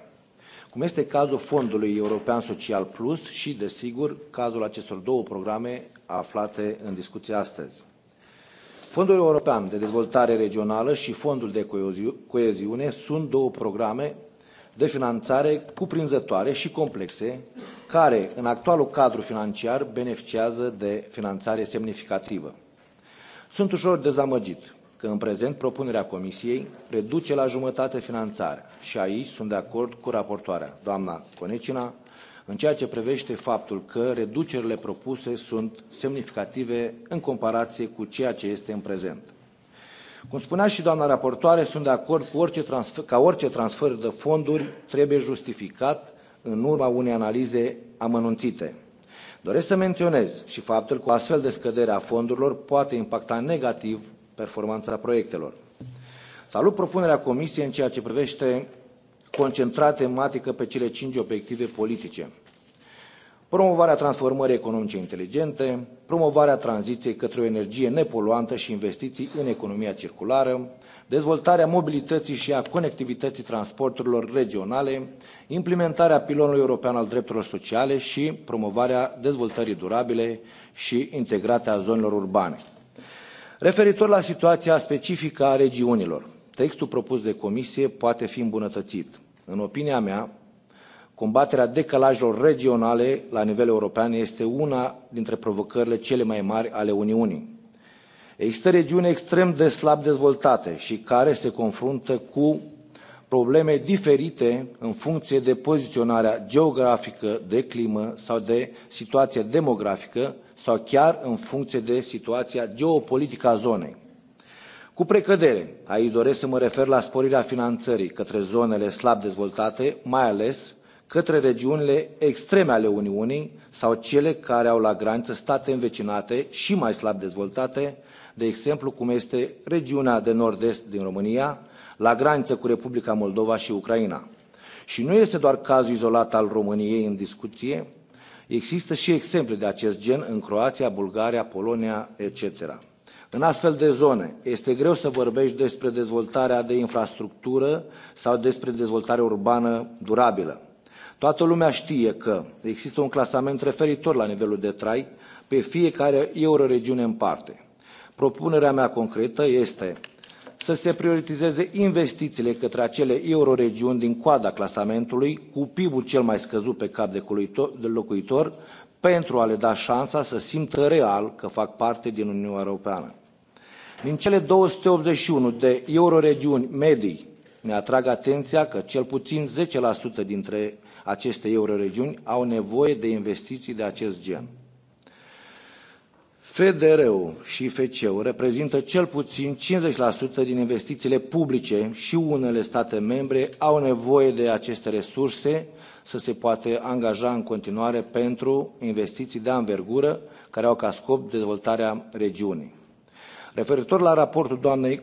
cum este cazul Fondului European Social Plus și, desigur, cazul acestor două programe aflate în discuție astăzi. Fondul European de Dezvoltare Regională și Fondul de Coeziune sunt două programe de finanțare cuprinzătoare și complexe, care, în actualul cadru financiar, beneficiază de finanțare semnificativă. Sunt ușor dezamăgit că în prezent propunerea Comisiei reduce la jumătate finanțarea și aici sunt de acord cu raportoarea, doamna Conecina, în ceea ce privește faptul că reducerile propuse sunt semnificative în comparație cu ceea ce este în prezent. Cum spunea și doamna raportoare, sunt de acord cu orice transfer, ca orice transfer de fonduri trebuie justificat în urma unei analize amănunțite. Doresc să menționez și faptul că o astfel de scădere a fondurilor poate impacta negativ performanța proiectelor. Salut propunerea Comisiei în ceea ce privește concentrarea tematică pe cele cinci obiective politice – promovarea transformării economice inteligente, promovarea tranziției către o energie nepoluantă și investiții în economia circulară, dezvoltarea mobilității și a conectivității transporturilor regionale, implementarea pilonului european al drepturilor sociale și promovarea dezvoltării durabile și integrate a zonelor urbane. Referitor la situația specifică a regiunilor, textul propus de comisie poate fi îmbunătățit. În opinia mea, Combaterea decalajelor regionale la nivel european este una dintre provocările cele mai mari ale Uniunii. Există regiuni extrem de slab dezvoltate și care se confruntă cu probleme diferite în funcție de poziționarea geografică, de climă sau de situația demografică sau chiar în funcție de situația geopolitică a zonei. Cu precădere, aici doresc să mă refer la sporirea finanțării către zonele slab dezvoltate, mai ales către regiunile extreme ale Uniunii sau cele care au la graniță state învecinate și mai slab dezvoltate, de exemplu cum este regiunea de nord-est din România, la graniță cu Republica Moldova și Ucraina. Și nu este doar cazul izolat al României în discuție, există și exemple de acest gen în Croația, Bulgaria, Polonia, etc. În astfel de zone este greu să vorbești despre dezvoltarea de infrastructură sau despre dezvoltare urbană durabilă. Toată lumea știe că există un clasament referitor la nivelul de trai pe fiecare euroregiune în parte. Propunerea mea concretă este să se prioritizeze investițiile către acele euroregiuni din coada clasamentului cu PIB-ul cel mai scăzut pe cap de locuitor pentru a le da șansa să simtă real că fac parte din Uniunea Europeană. Din cele 281 de euroregiuni medii ne atrag atenția că cel puțin 10% dintre aceste euroregiuni au nevoie de investiții de acest gen. FDR-ul și IFC-ul reprezintă cel puțin 50% din investițiile publice și unele state membre au nevoie de aceste resurse să se poate angaja în continuare pentru investiții de anvergură care au ca scop dezvoltarea regiunii. Referitor la raportul doamnei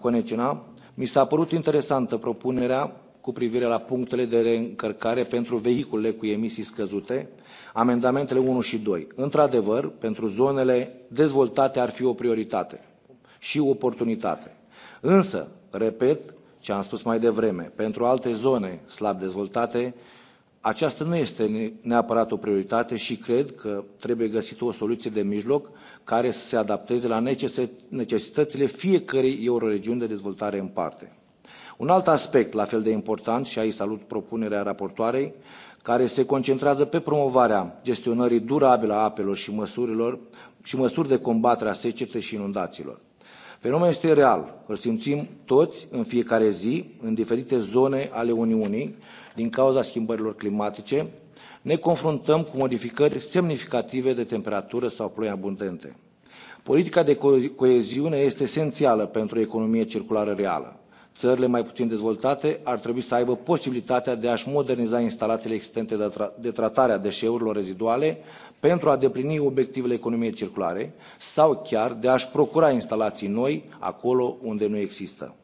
Conecina, mi s a părut interesantă propunerea cu privire la punctele de reîncărcare pentru vehiculele cu emisii scăzute, amendamentele unu și. doi Într-adevăr, pentru zonele dezvoltate ar fi o prioritate și oportunitate. Însă, repet ce am spus mai devreme, pentru alte zone slab dezvoltate, aceasta nu este neapărat o prioritate și cred că trebuie găsită o soluție de mijloc care să se adapteze la necesitățile fiecărei euroregiuni de dezvoltare în parte. Un alt aspect la fel de important, și aici salut propunerea raportoarei, care se concentrează pe promovarea gestionării durabile a apelor și, măsurilor, și măsuri de combatere a secetei și inundațiilor. Fenomenul este real, îl simțim toți în fiecare zi, în diferite zone ale Uniunii, din cauza schimbărilor climatice, ne confruntăm cu modificări semnificative de temperatură sau ploi abundente. Politica de coeziune este esențială pentru o economie circulară reală. Țările mai puțin dezvoltate ar trebui să aibă posibilitatea de a-și moderniza instalațiile existente de, tra de tratare a deșeurilor reziduale pentru a deplini obiectivele economiei circulare sau chiar de a-și procura instalații noi acolo unde nu există.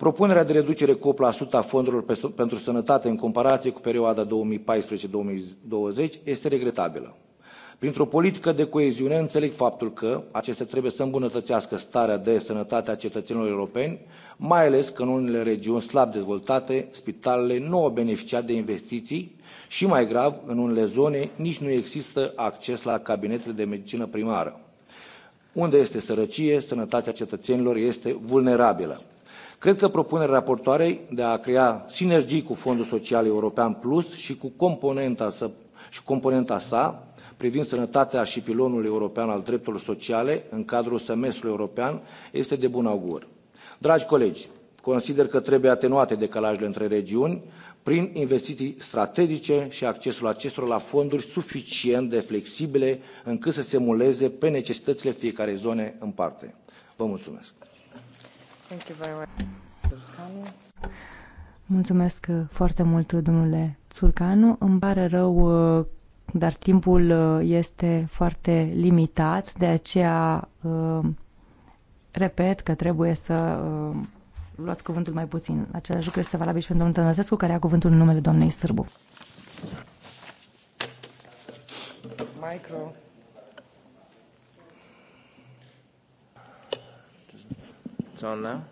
Propunerea de reducere cu 8% a fondurilor pentru sănătate în comparație cu perioada 2014-2020 este regretabilă. Printr-o politică de coeziune înțeleg faptul că acestea trebuie să îmbunătățească starea de sănătate a cetățenilor europeni, mai ales că în unele regiuni slab dezvoltate, spitalele nu au beneficiat de investiții și, mai grav, în unele zone nici nu există acces la cabinetele de medicină primară. Unde este sărăcie, sănătatea cetățenilor este vulnerabilă. Cred că propunerea raportoarei de a crea sinergii cu Fondul Social European Plus și cu componenta să și componenta sa privind sănătatea și pilonul european al drepturilor sociale în cadrul semestrului european este de bun augur. Dragi colegi, consider că trebuie atenuate decalajele între regiuni prin investiții strategice și accesul acestora la fonduri suficient de flexibile încât să se muleze pe necesitățile fiecare zone în parte. Vă mulțumesc! Thank you very much. Mulțumesc uh, foarte mult, uh, domnule Țurcanu. Îmi pare rău, uh, dar timpul este foarte limitat, de aceea repet că trebuie să luați cuvântul mai puțin. Același lucru este valabil și pentru domnul Tănăsescu, care a cuvântul în numele doamnei Sârbu. Micro. Botswana.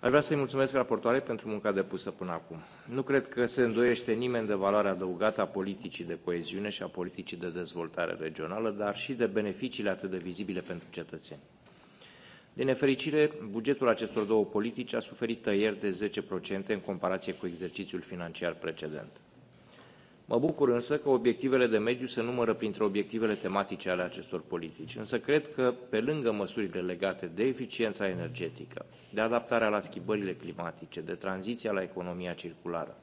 Aș vrea să-i mulțumesc raportoare pentru munca depusă până acum. Nu cred că se îndoiește nimeni de valoarea adăugată a politicii de coeziune și a politicii de dezvoltare regională, dar și de beneficiile atât de vizibile pentru cetățeni. Din nefericire, bugetul acestor două politici a suferit tăieri de 10% în comparație cu exercițiul financiar precedent. Mă bucur însă că obiectivele de mediu se numără printre obiectivele tematice ale acestor politici, însă cred că, pe lângă măsurile legate de eficiența energetică, de adaptarea la schimbările climatice, de tranziția la economia circulară,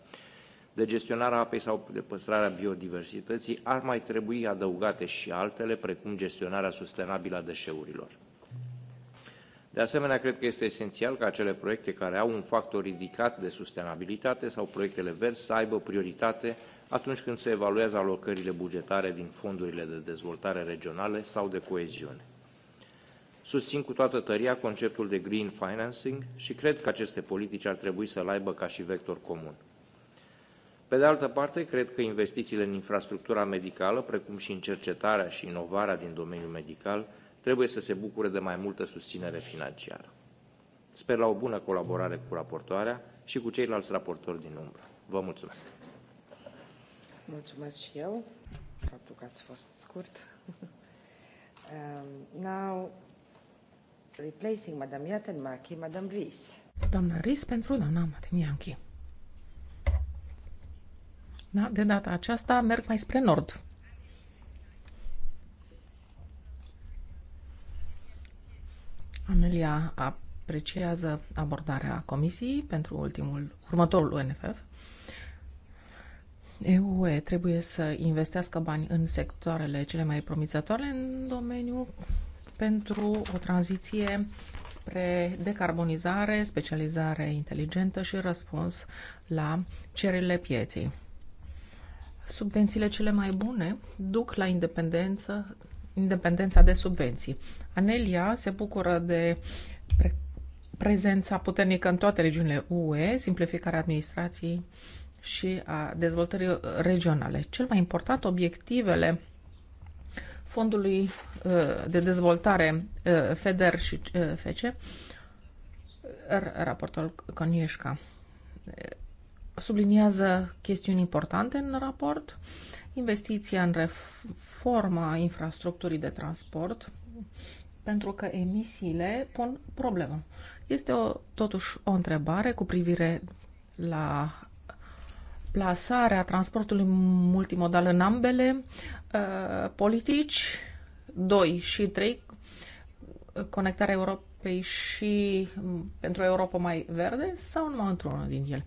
de gestionarea apei sau de păstrarea biodiversității, ar mai trebui adăugate și altele, precum gestionarea sustenabilă a deșeurilor. De asemenea, cred că este esențial ca acele proiecte care au un factor ridicat de sustenabilitate sau proiectele verzi să aibă prioritate atunci când se evaluează alocările bugetare din fondurile de dezvoltare regionale sau de coeziune. Susțin cu toată tăria conceptul de green financing și cred că aceste politici ar trebui să-l aibă ca și vector comun. Pe de altă parte, cred că investițiile în infrastructura medicală, precum și în cercetarea și inovarea din domeniul medical, trebuie să se bucure de mai multă susținere financiară. Sper la o bună colaborare cu raportoarea și cu ceilalți raportori din umbră. Vă mulțumesc! Mulțumesc și eu, faptul că ați fost scurt. um, now, replacing Madame Yatenmaki, Madame Ries. Doamna Ries pentru doamna Matemianchi. Da, de data aceasta merg mai spre nord. Amelia apreciază abordarea comisiei pentru ultimul, următorul UNFF UE trebuie să investească bani în sectoarele cele mai promițătoare în domeniu pentru o tranziție spre decarbonizare, specializare inteligentă și răspuns la cererile pieței. Subvențiile cele mai bune duc la independență, independența de subvenții. Anelia se bucură de pre- prezența puternică în toate regiunile UE, simplificarea administrației, și a dezvoltării regionale. Cel mai important, obiectivele Fondului uh, de Dezvoltare uh, FEDER și uh, FECE, raportul Conieșca, subliniază chestiuni importante în raport, investiția în reforma infrastructurii de transport, pentru că emisiile pun problemă. Este o, totuși o întrebare cu privire la plasarea transportului multimodal în ambele uh, politici, 2 și 3, conectarea Europei și mm, pentru Europa mai verde sau numai într unul din ele.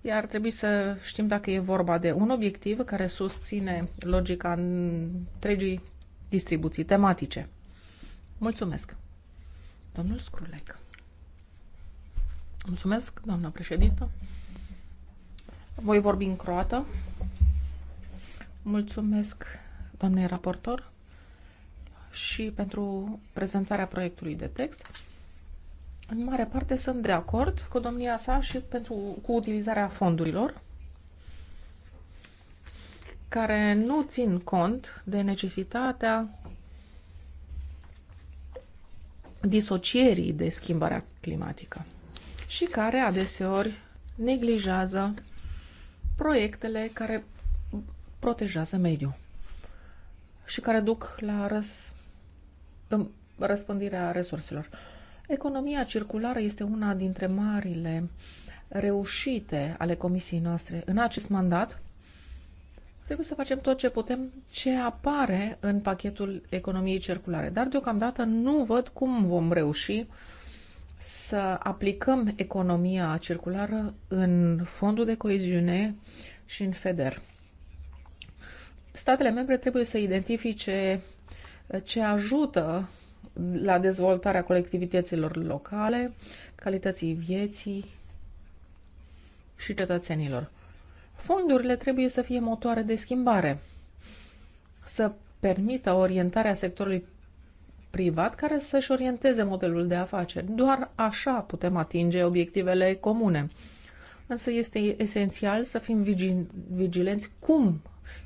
Iar trebuie să știm dacă e vorba de un obiectiv care susține logica întregii distribuții tematice. Mulțumesc. Domnul Scrulec. Mulțumesc, doamna președintă. Voi vorbi în croată. Mulțumesc, doamnei raportor, și pentru prezentarea proiectului de text. În mare parte sunt de acord cu domnia sa și pentru, cu utilizarea fondurilor care nu țin cont de necesitatea disocierii de schimbarea climatică și care adeseori neglijează proiectele care protejează mediul și care duc la răs, răspândirea resurselor. Economia circulară este una dintre marile reușite ale comisiei noastre în acest mandat. Trebuie să facem tot ce putem, ce apare în pachetul economiei circulare. Dar deocamdată nu văd cum vom reuși să aplicăm economia circulară în fondul de coeziune și în FEDER. Statele membre trebuie să identifice uh, ce ajută la dezvoltarea colectivităților locale, calității vieții și cetățenilor. Fondurile trebuie să fie motoare de schimbare, să permită orientarea sectorului privat care să-și orienteze modelul de afaceri. Doar așa putem atinge obiectivele comune. Însă este esențial să fim vigilenți cum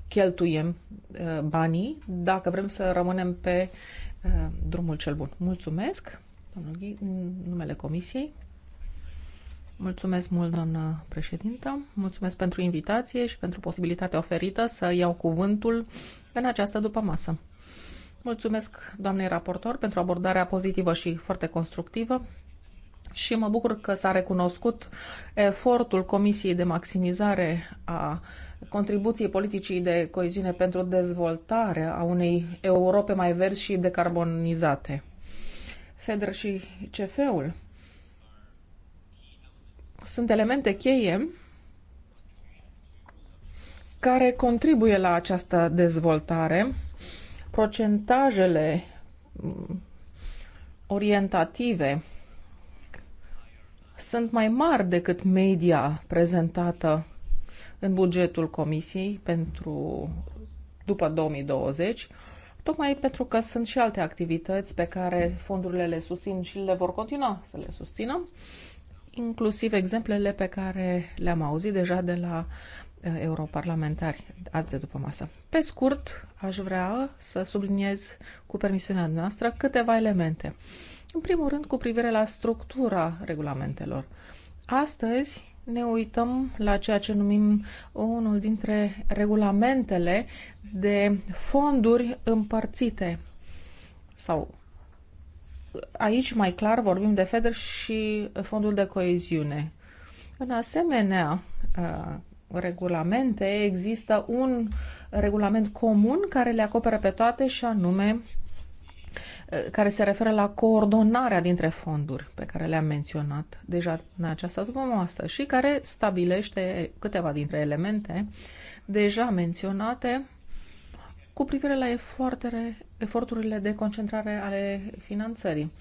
cheltuiem uh, banii dacă vrem să rămânem pe uh, drumul cel bun. Mulțumesc, domnul Ghi, numele comisiei. Mulțumesc mult, doamnă președintă. Mulțumesc pentru invitație și pentru posibilitatea oferită să iau cuvântul în această după masă. Mulțumesc doamnei raportor pentru abordarea pozitivă și foarte constructivă și mă bucur că s-a recunoscut efortul Comisiei de maximizare a contribuției politicii de coeziune pentru dezvoltarea a unei Europe mai verzi și decarbonizate. FEDER și CF-ul sunt elemente cheie care contribuie la această dezvoltare procentajele mm, orientative sunt mai mari decât media prezentată în bugetul Comisiei pentru după 2020, tocmai pentru că sunt și alte activități pe care fondurile le susțin și le vor continua să le susțină, inclusiv exemplele pe care le-am auzit deja de la Eh, europarlamentari azi de după masă. Pe scurt, aș vrea să subliniez cu permisiunea noastră câteva elemente. În primul rând, cu privire la structura regulamentelor. Astăzi ne uităm la ceea ce numim unul dintre regulamentele de fonduri împărțite sau aici mai clar vorbim de FEDER și fondul de coeziune. În asemenea, eh, regulamente există un regulament comun care le acoperă pe toate și anume eh, care se referă la coordonarea dintre fonduri pe care le-am menționat deja în această dupămoasă și care stabilește câteva dintre elemente deja menționate cu privire la efortere, eforturile de concentrare ale finanțării.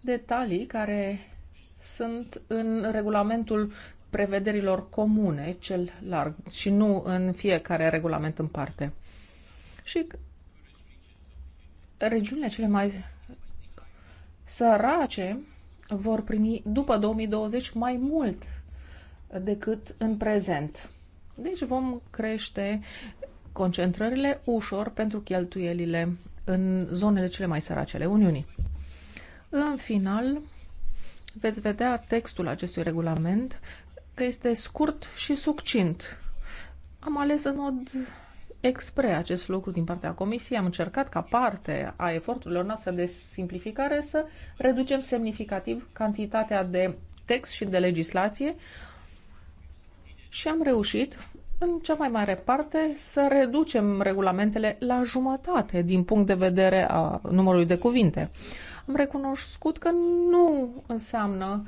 Detalii care sunt în regulamentul prevederilor comune cel larg și nu în fiecare regulament în parte. Și regiunile cele mai sărace vor primi după 2020 mai mult decât în prezent. Deci vom crește concentrările ușor pentru cheltuielile în zonele cele mai sărace ale Uniunii. În final, veți vedea textul acestui regulament că este scurt și succint. Am ales în mod expre acest lucru din partea Comisiei. Am încercat ca parte a eforturilor noastre de simplificare să reducem semnificativ cantitatea de text și de legislație și am reușit în cea mai mare parte să reducem regulamentele la jumătate din punct de vedere a numărului de cuvinte. Am recunoscut că nu înseamnă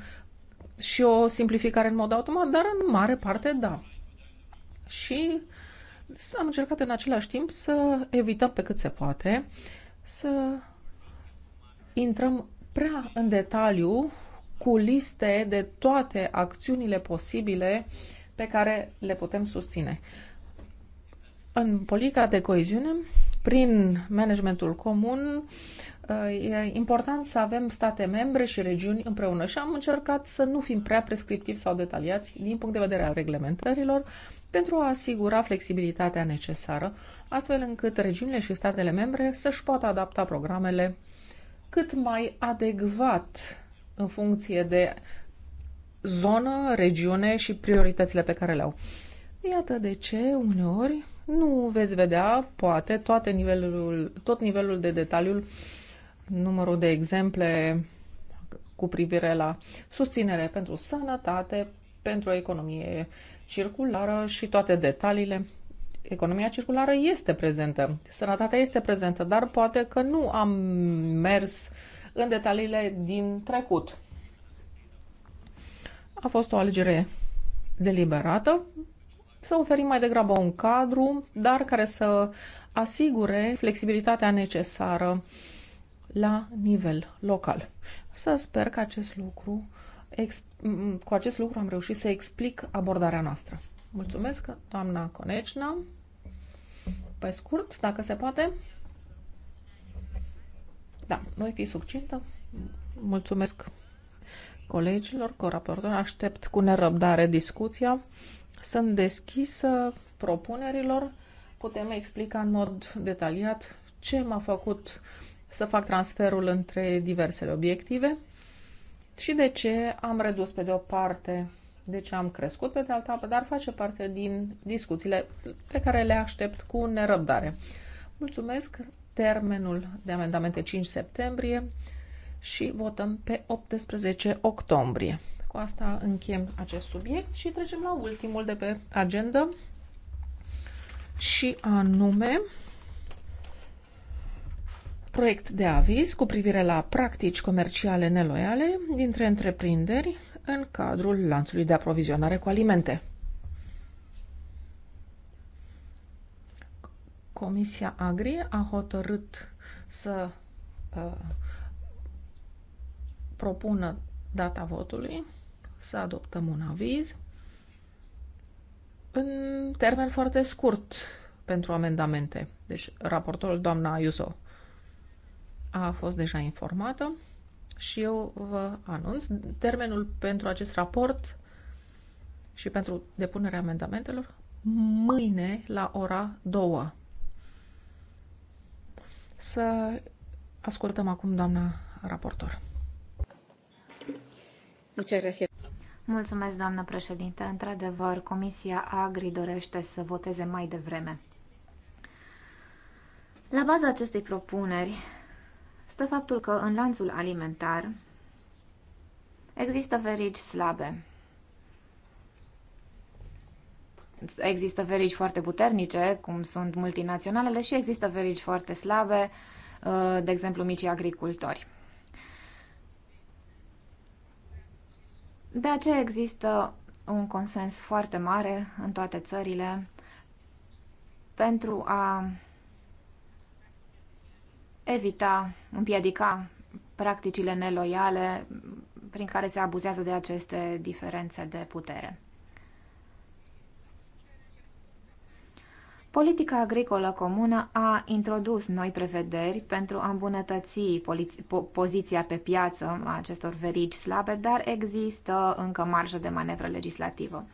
și o simplificare în mod automat, dar în mare parte da. Și am încercat în același timp să evităm pe cât se poate să intrăm prea în detaliu cu liste de toate acțiunile posibile pe care le putem susține. În politica de coeziune, prin managementul comun, e important să avem state membre și regiuni împreună și am încercat să nu fim prea prescriptivi sau detaliați din punct de vedere al reglementărilor pentru a asigura flexibilitatea necesară, astfel încât regiunile și statele membre să-și poată adapta programele cât mai adecvat în funcție de zonă, regiune și prioritățile pe care le au. Iată de ce uneori nu veți vedea, poate, toate nivelul, tot nivelul de detaliul numărul de exemple cu privire la susținere pentru sănătate, pentru economie circulară și toate detaliile. Economia circulară este prezentă, sănătatea este prezentă, dar poate că nu am mers în detaliile din trecut. A fost o alegere deliberată să oferim mai degrabă un cadru, dar care să asigure flexibilitatea necesară uh, la nivel local. Să sper că acest lucru, cu acest lucru am reușit să explic abordarea noastră. Mulțumesc, doamna Conecna. Pe scurt, dacă se poate. Da, voi fi succintă. Mulțumesc colegilor, coraportor. Aștept cu nerăbdare discuția. Sunt deschisă propunerilor. Putem explica în mod detaliat ce m-a făcut uh, să fac transferul între diversele obiective și de ce am redus pe de o parte, de ce am crescut pe de alta, dar face parte din discuțiile pe care le aștept cu nerăbdare. Mulțumesc! Termenul de amendamente 5 septembrie și votăm pe 18 octombrie. Cu asta încheiem acest subiect și trecem la ultimul de pe agenda și anume proiect de aviz cu privire la practici comerciale neloiale dintre întreprinderi în cadrul lanțului de aprovizionare cu alimente. Comisia Agri a hotărât să uh, propună data votului, să adoptăm un aviz în termen foarte scurt pentru amendamente. Deci, raportorul doamna Iuso a fost deja informată și eu vă anunț termenul pentru acest raport și pentru depunerea amendamentelor mâine la ora 2. Să ascultăm acum doamna raportor. Mulțumesc, doamnă președinte. Într-adevăr, Comisia Agri dorește să voteze mai devreme. La baza acestei propuneri stă faptul că în lanțul alimentar există verigi slabe. Există verigi foarte puternice, cum sunt multinaționalele, și există verigi foarte slabe, uh, de exemplu micii agricultori. De aceea există un consens foarte mare în toate țările pentru a evita, împiedica practicile neloiale prin care se abuzează de aceste diferențe de putere. Politica agricolă comună a introdus noi prevederi pentru a îmbunătăți po poziția pe piață a acestor verigi slabe, dar există încă marjă de manevră legislativă.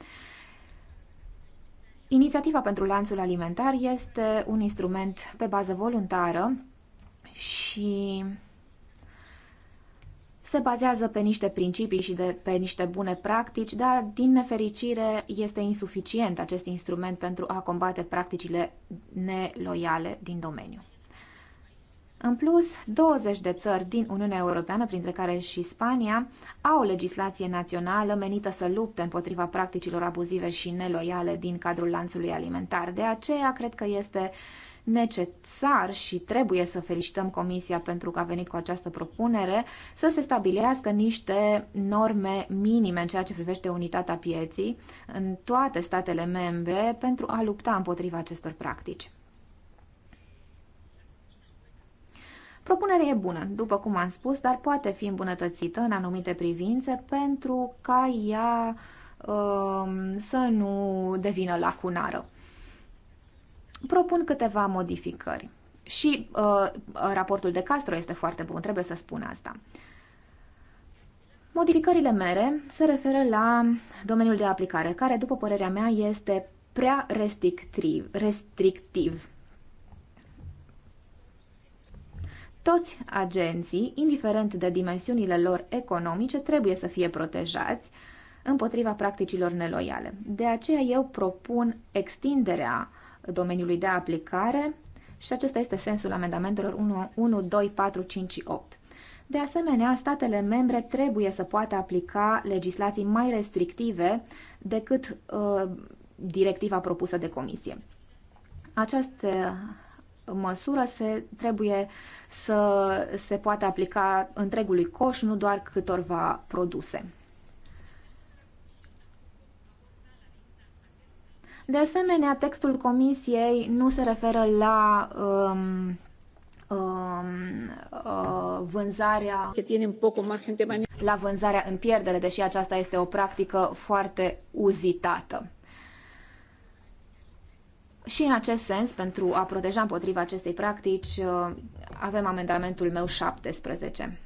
Inițiativa pentru lanțul alimentar este un instrument pe bază voluntară și se bazează pe niște principii și de, pe niște bune practici, dar din nefericire este insuficient acest instrument pentru a combate practicile neloiale din domeniu. În plus, 20 de țări din Uniunea Europeană, printre care și Spania, au legislație națională menită să lupte împotriva practicilor abuzive și neloiale din cadrul lanțului alimentar. De aceea, cred că este uh, necesar și trebuie să felicităm Comisia pentru că a venit cu această propunere să se stabilească niște norme minime în ceea ce privește unitatea pieții în toate statele membre pentru a lupta împotriva acestor practici. Propunerea e bună, după cum am spus, dar poate fi îmbunătățită în anumite privințe pentru ca ea um, să nu devină lacunară propun câteva modificări. Și uh, raportul de Castro este foarte bun, trebuie să spun asta. Modificările mele se referă la domeniul de aplicare, care, după părerea mea, este prea restrictiv. restrictiv. Toți agenții, indiferent de dimensiunile lor economice, trebuie să fie protejați împotriva practicilor neloiale. De aceea eu propun extinderea uh, domeniului de aplicare și acesta este sensul amendamentelor 1, 1 2, 4, 5 și 8. De asemenea, statele membre trebuie să poată aplica legislații mai restrictive decât uh, directiva propusă de comisie. Această măsură se, trebuie să se poată aplica întregului coș, nu doar câtorva produse. De asemenea, textul comisiei nu se referă la um, um, uh, vânzarea la vânzarea în pierdere, deși aceasta este o practică foarte uzitată. Și în acest sens, pentru a proteja împotriva acestei practici, uh, avem amendamentul meu 17.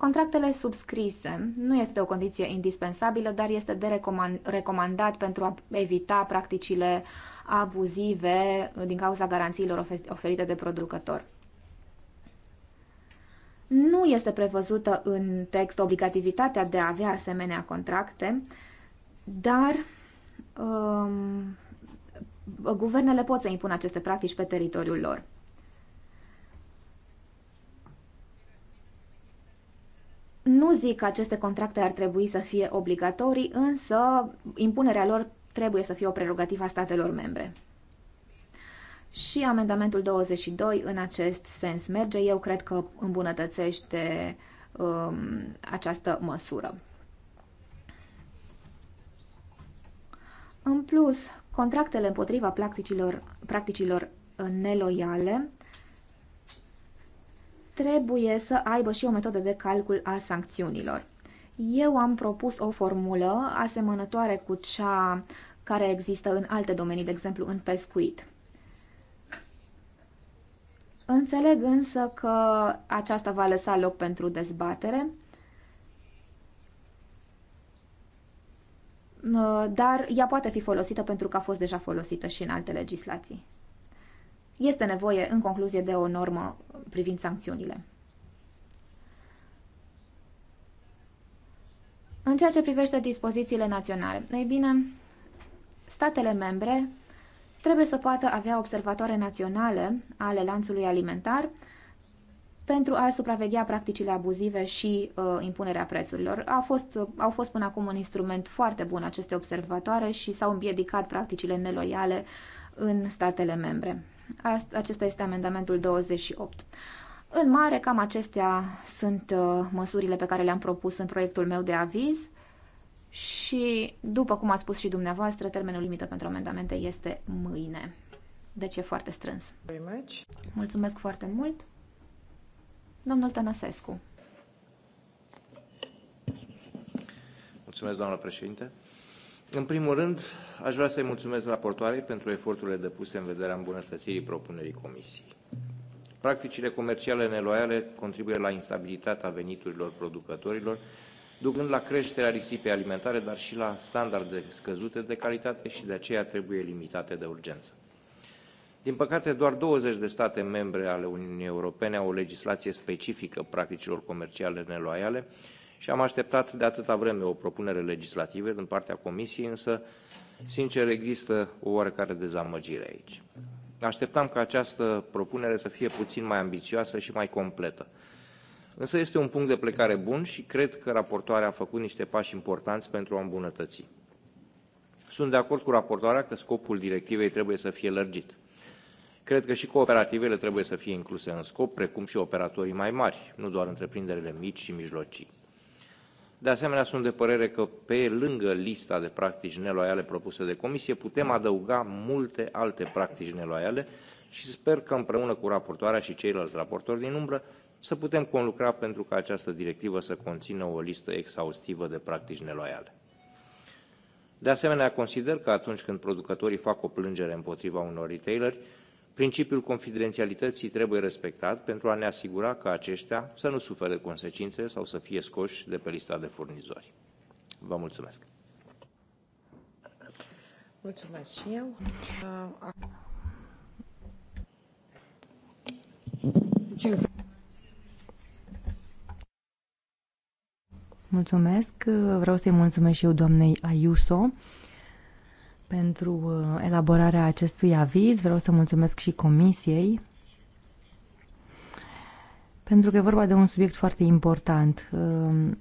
Contractele subscrise nu este o condiție indispensabilă, dar este de recomandat pentru a evita practicile abuzive din cauza garanțiilor oferite de producător. Nu este prevăzută în text obligativitatea de a avea asemenea contracte, dar um, guvernele pot să impună aceste practici pe teritoriul lor. Nu zic că aceste contracte ar trebui să fie obligatorii, însă impunerea lor trebuie să fie o prerogativă a statelor membre. Și amendamentul 22 în acest sens merge. Eu cred că îmbunătățește um, această măsură. În plus, contractele împotriva practicilor, practicilor neloiale trebuie să aibă și o metodă de calcul a sancțiunilor. Eu am propus o formulă asemănătoare cu cea care există în alte domenii, de exemplu în pescuit. Înțeleg însă că aceasta va lăsa loc pentru dezbatere, dar ea poate fi folosită pentru că a fost deja folosită și în alte legislații este nevoie, în concluzie, de o normă privind sancțiunile. În ceea ce privește dispozițiile naționale, ei bine, statele membre trebuie să poată avea observatoare naționale ale lanțului alimentar pentru a supraveghea practicile abuzive și uh, impunerea prețurilor. Au fost, au fost până acum un instrument foarte bun aceste observatoare și s-au împiedicat practicile neloiale în statele membre. Acesta este amendamentul 28. În mare, cam acestea sunt uh, măsurile pe care le-am propus în proiectul meu de aviz și, după cum a spus și dumneavoastră, termenul limită pentru amendamente este mâine. Deci e foarte strâns. Mulțumesc foarte mult. Domnul Tănăsescu. Mulțumesc, doamnă președinte. În primul rând, aș vrea să-i mulțumesc raportoarei pentru eforturile depuse în vederea îmbunătățirii propunerii Comisiei. Practicile comerciale neloiale contribuie la instabilitatea veniturilor producătorilor, ducând la creșterea risipei alimentare, dar și la standarde scăzute de calitate și de aceea trebuie limitate de urgență. Din păcate, doar 20 de state membre ale Uniunii Europene au o legislație specifică practicilor comerciale neloiale și am așteptat de atâta vreme o propunere legislativă din partea Comisiei, însă, sincer, există o oarecare dezamăgire aici. Așteptam ca această propunere să fie puțin mai ambițioasă și mai completă. Însă este un punct de plecare bun și cred că raportoarea a făcut niște pași importanți pentru a îmbunătăți. Sunt de acord cu raportoarea că scopul directivei trebuie să fie lărgit. Cred că și cooperativele trebuie să fie incluse în scop, precum și operatorii mai mari, nu doar întreprinderile mici și mijlocii. De asemenea, sunt de părere că pe lângă lista de practici neloiale propuse de comisie putem adăuga multe alte practici neloiale și sper că împreună cu raportoarea și ceilalți raportori din umbră să putem conlucra pentru ca această directivă să conțină o listă exhaustivă de practici neloiale. De asemenea, consider că atunci când producătorii fac o plângere împotriva unor retaileri, Principiul confidențialității trebuie respectat pentru a ne asigura că aceștia să nu sufere consecințe sau să fie scoși de pe lista de furnizori. Vă mulțumesc! Mulțumesc și eu. Mulțumesc. Vreau să-i mulțumesc și eu doamnei Ayuso pentru uh, elaborarea acestui aviz. Vreau să mulțumesc și comisiei, pentru că e vorba de un subiect foarte important. Um,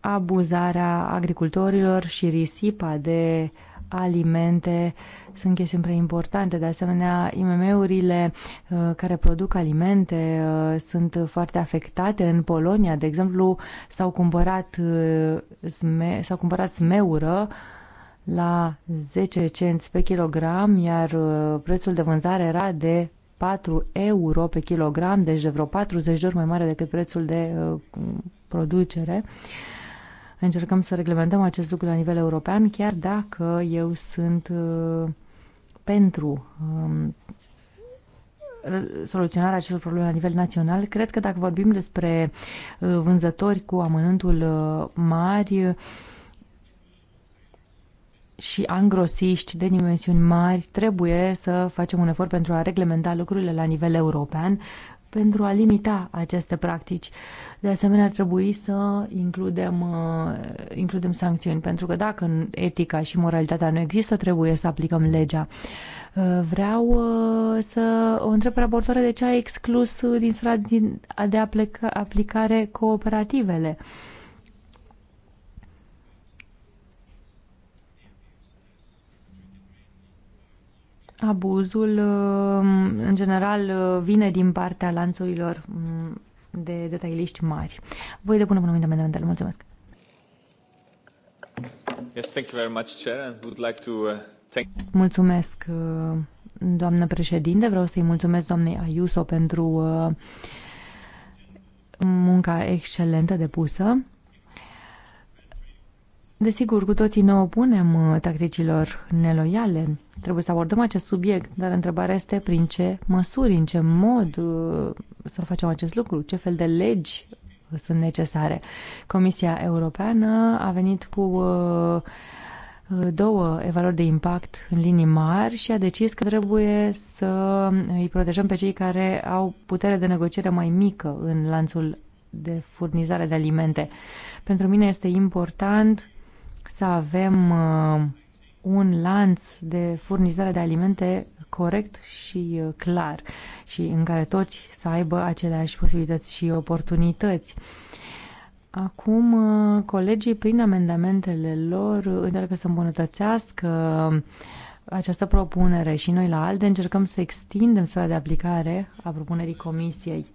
abuzarea agricultorilor și risipa de alimente sunt chestiuni prea importante. De asemenea, IMM-urile uh, care produc alimente uh, sunt foarte afectate. În Polonia, de exemplu, s-au cumpărat, sme, s-au cumpărat smeură la 10 cenți pe kilogram, iar uh, prețul de vânzare era de 4 euro pe kilogram, deci de vreo 40 de ori mai mare decât prețul de uh, producere. Încercăm să reglementăm acest lucru la nivel european, chiar dacă eu sunt uh, pentru um, soluționarea acestor probleme la nivel național. Cred că dacă vorbim despre vânzători cu amănântul mari, și angrosiști de dimensiuni mari, trebuie să facem un efort pentru a reglementa lucrurile la nivel european, pentru a limita aceste practici. De asemenea, ar trebui să includem, uh, includem sancțiuni, pentru că dacă etica și moralitatea nu există, trebuie să aplicăm legea. Uh, vreau uh, să o întreb raportoare de ce a exclus din sfera de aplicare cooperativele. Uh, Abuzul, um, în general, uh, vine din partea lanțurilor um, de detailiști mari. Voi depune un mâine Mulțumesc! Yes, thank you very much, Chair, and would like to uh, thank... Mulțumesc, uh, doamnă președinte. Vreau să-i mulțumesc doamnei Ayuso pentru munca excelentă depusă. Desigur, cu toții ne opunem uh, tacticilor neloiale. Trebuie să abordăm acest subiect, dar întrebarea este prin ce măsuri, în ce mod uh, să facem acest lucru, ce fel de legi sunt necesare. Comisia Europeană a venit cu uh, două evaluări de impact în linii mari și a decis că trebuie să îi protejăm pe cei care au putere de negociere mai mică în lanțul de furnizare de alimente. Pentru mine este important să avem uh, un lanț de furnizare de alimente corect și uh, clar și în care toți să aibă aceleași posibilități și oportunități. Acum, uh, colegii, prin amendamentele lor, încearcă să îmbunătățească această propunere și noi la ALDE încercăm să extindem sfera de aplicare a propunerii Comisiei.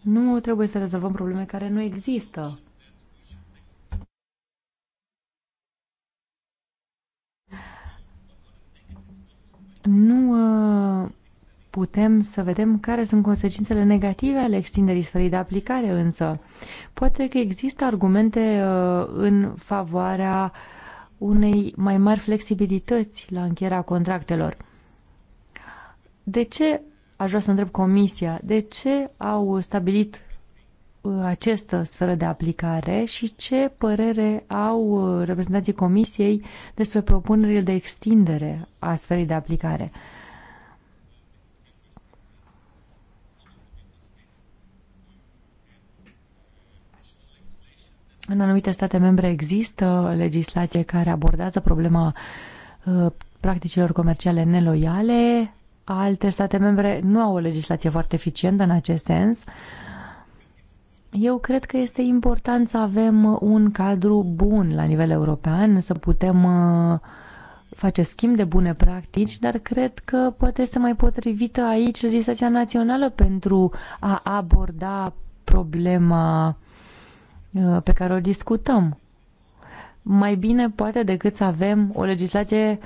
Nu trebuie să rezolvăm probleme care nu există nu uh, putem să vedem care sunt consecințele negative ale extinderii sferei de aplicare, însă poate că există argumente uh, în favoarea unei mai mari flexibilități la încheierea contractelor. De ce, aș vrea să întreb Comisia, de ce au stabilit Uh, această sferă de aplicare și ce părere au uh, reprezentanții Comisiei despre propunerile de extindere a sferei de aplicare. În anumite state membre există legislație care abordează problema uh, practicilor comerciale neloiale, alte state membre nu au o legislație foarte eficientă în acest sens. Eu cred că este important să avem uh, un cadru bun la nivel european, să putem uh, face schimb de bune practici, dar cred că poate este mai potrivită aici legislația națională pentru a aborda problema uh, pe care o discutăm. Mai bine poate decât să avem o legislație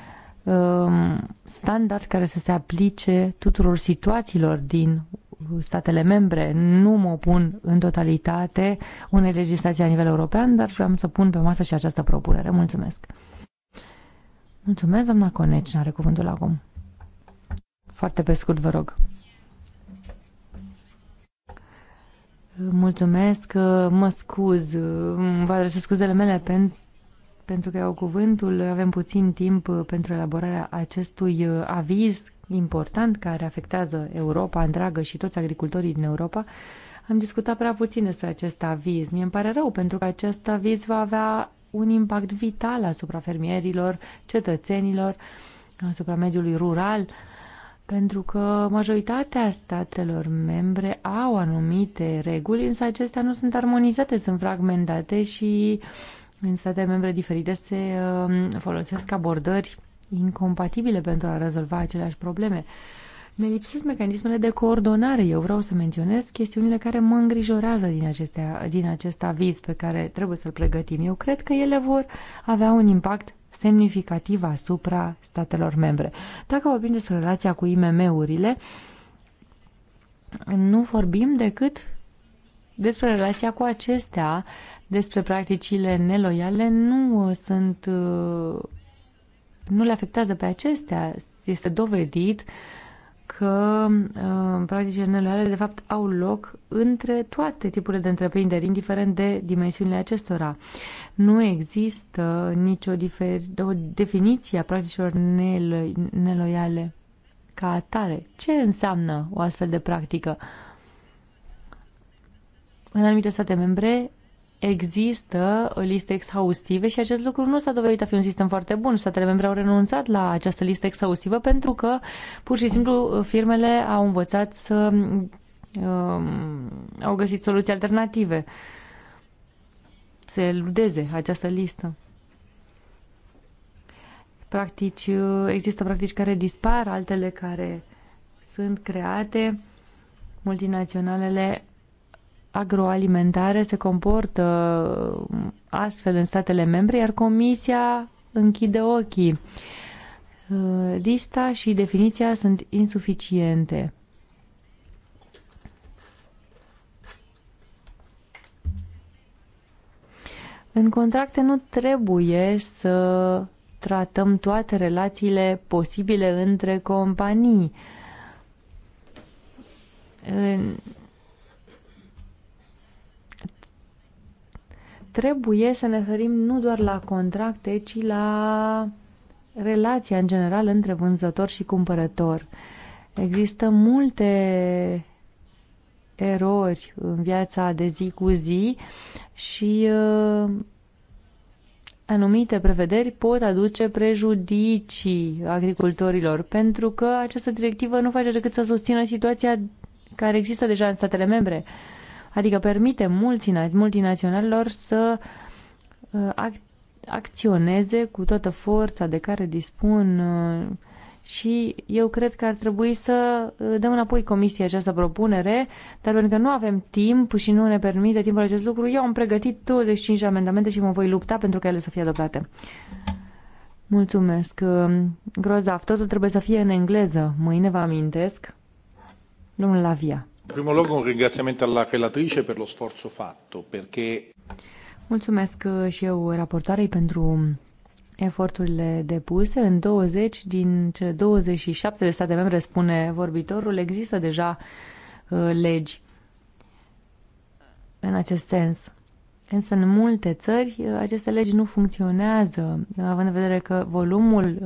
um, standard care să se aplice tuturor situațiilor din statele membre. Nu mă opun în totalitate unei legislații la nivel european, dar vreau să pun pe masă și această propunere. Mulțumesc! Mulțumesc, doamna Coneci, are cuvântul acum. Foarte pe scurt, vă rog. Mulțumesc, mă scuz, vă adresez scuzele mele pentru pentru că au cuvântul, avem puțin timp pentru elaborarea acestui uh, aviz important care afectează Europa întreagă și toți agricultorii din Europa, am discutat prea puțin despre acest aviz. Mi-e pare rău pentru că acest aviz va avea un impact vital asupra fermierilor, cetățenilor, asupra mediului rural, pentru că majoritatea statelor membre au anumite reguli, însă acestea nu sunt armonizate, sunt fragmentate și în state membre diferite se um, folosesc abordări incompatibile pentru a rezolva aceleași probleme. Ne lipsesc mecanismele de coordonare. Eu vreau să menționez chestiunile care mă îngrijorează din, acestea, din acest aviz pe care trebuie să-l pregătim. Eu cred că ele vor avea un impact semnificativ asupra statelor membre. Dacă vorbim despre relația cu IMM-urile, nu vorbim decât despre relația cu acestea, despre practicile neloiale, nu sunt uh, nu le afectează pe acestea. Este dovedit că uh, practicile neloiale de fapt au loc între toate tipurile de întreprinderi, indiferent de dimensiunile acestora. Nu există nicio o definiție a practicilor nelo- neloiale ca atare. Ce înseamnă o astfel de practică? În anumite state membre există liste exhaustive și acest lucru nu s-a dovedit a fi un sistem foarte bun. Statele membre au renunțat la această listă exhaustivă pentru că pur și simplu firmele au învățat să um, au găsit soluții alternative să eludeze această listă. Practici, există practici care dispar, altele care sunt create. Multinaționalele agroalimentare se comportă uh, astfel în statele membre, iar Comisia închide ochii. Uh, lista și definiția sunt insuficiente. În contracte nu trebuie să tratăm toate relațiile posibile între companii trebuie să ne ferim nu doar la contracte, ci la relația în general între vânzător și cumpărător. Există multe erori în viața de zi cu zi și uh, anumite prevederi pot aduce prejudicii agricultorilor, pentru că această directivă nu face decât să susțină situația care există deja în statele membre. Uh, adică permite mulțina, multinaționalilor să uh, ac- acționeze cu toată forța de care dispun uh, și eu cred că ar trebui să uh, dăm înapoi comisiei această propunere, dar pentru că nu avem timp și nu ne permite timpul acest lucru, eu am pregătit 25 amendamente și mă voi lupta pentru ca ele să fie adoptate. Mulțumesc. Grozav, totul trebuie să fie în engleză. Mâine vă amintesc. Domnul Lavia. În primul loc, un ringrațiament alla relatrice pentru sforzo fatto, perché... Mulțumesc uh, și eu raportoarei pentru eforturile depuse. În 20 din cele 27 de state membre, spune vorbitorul, există deja uh, legi în acest sens. Însă în multe țări uh, aceste legi nu funcționează, având în vedere că volumul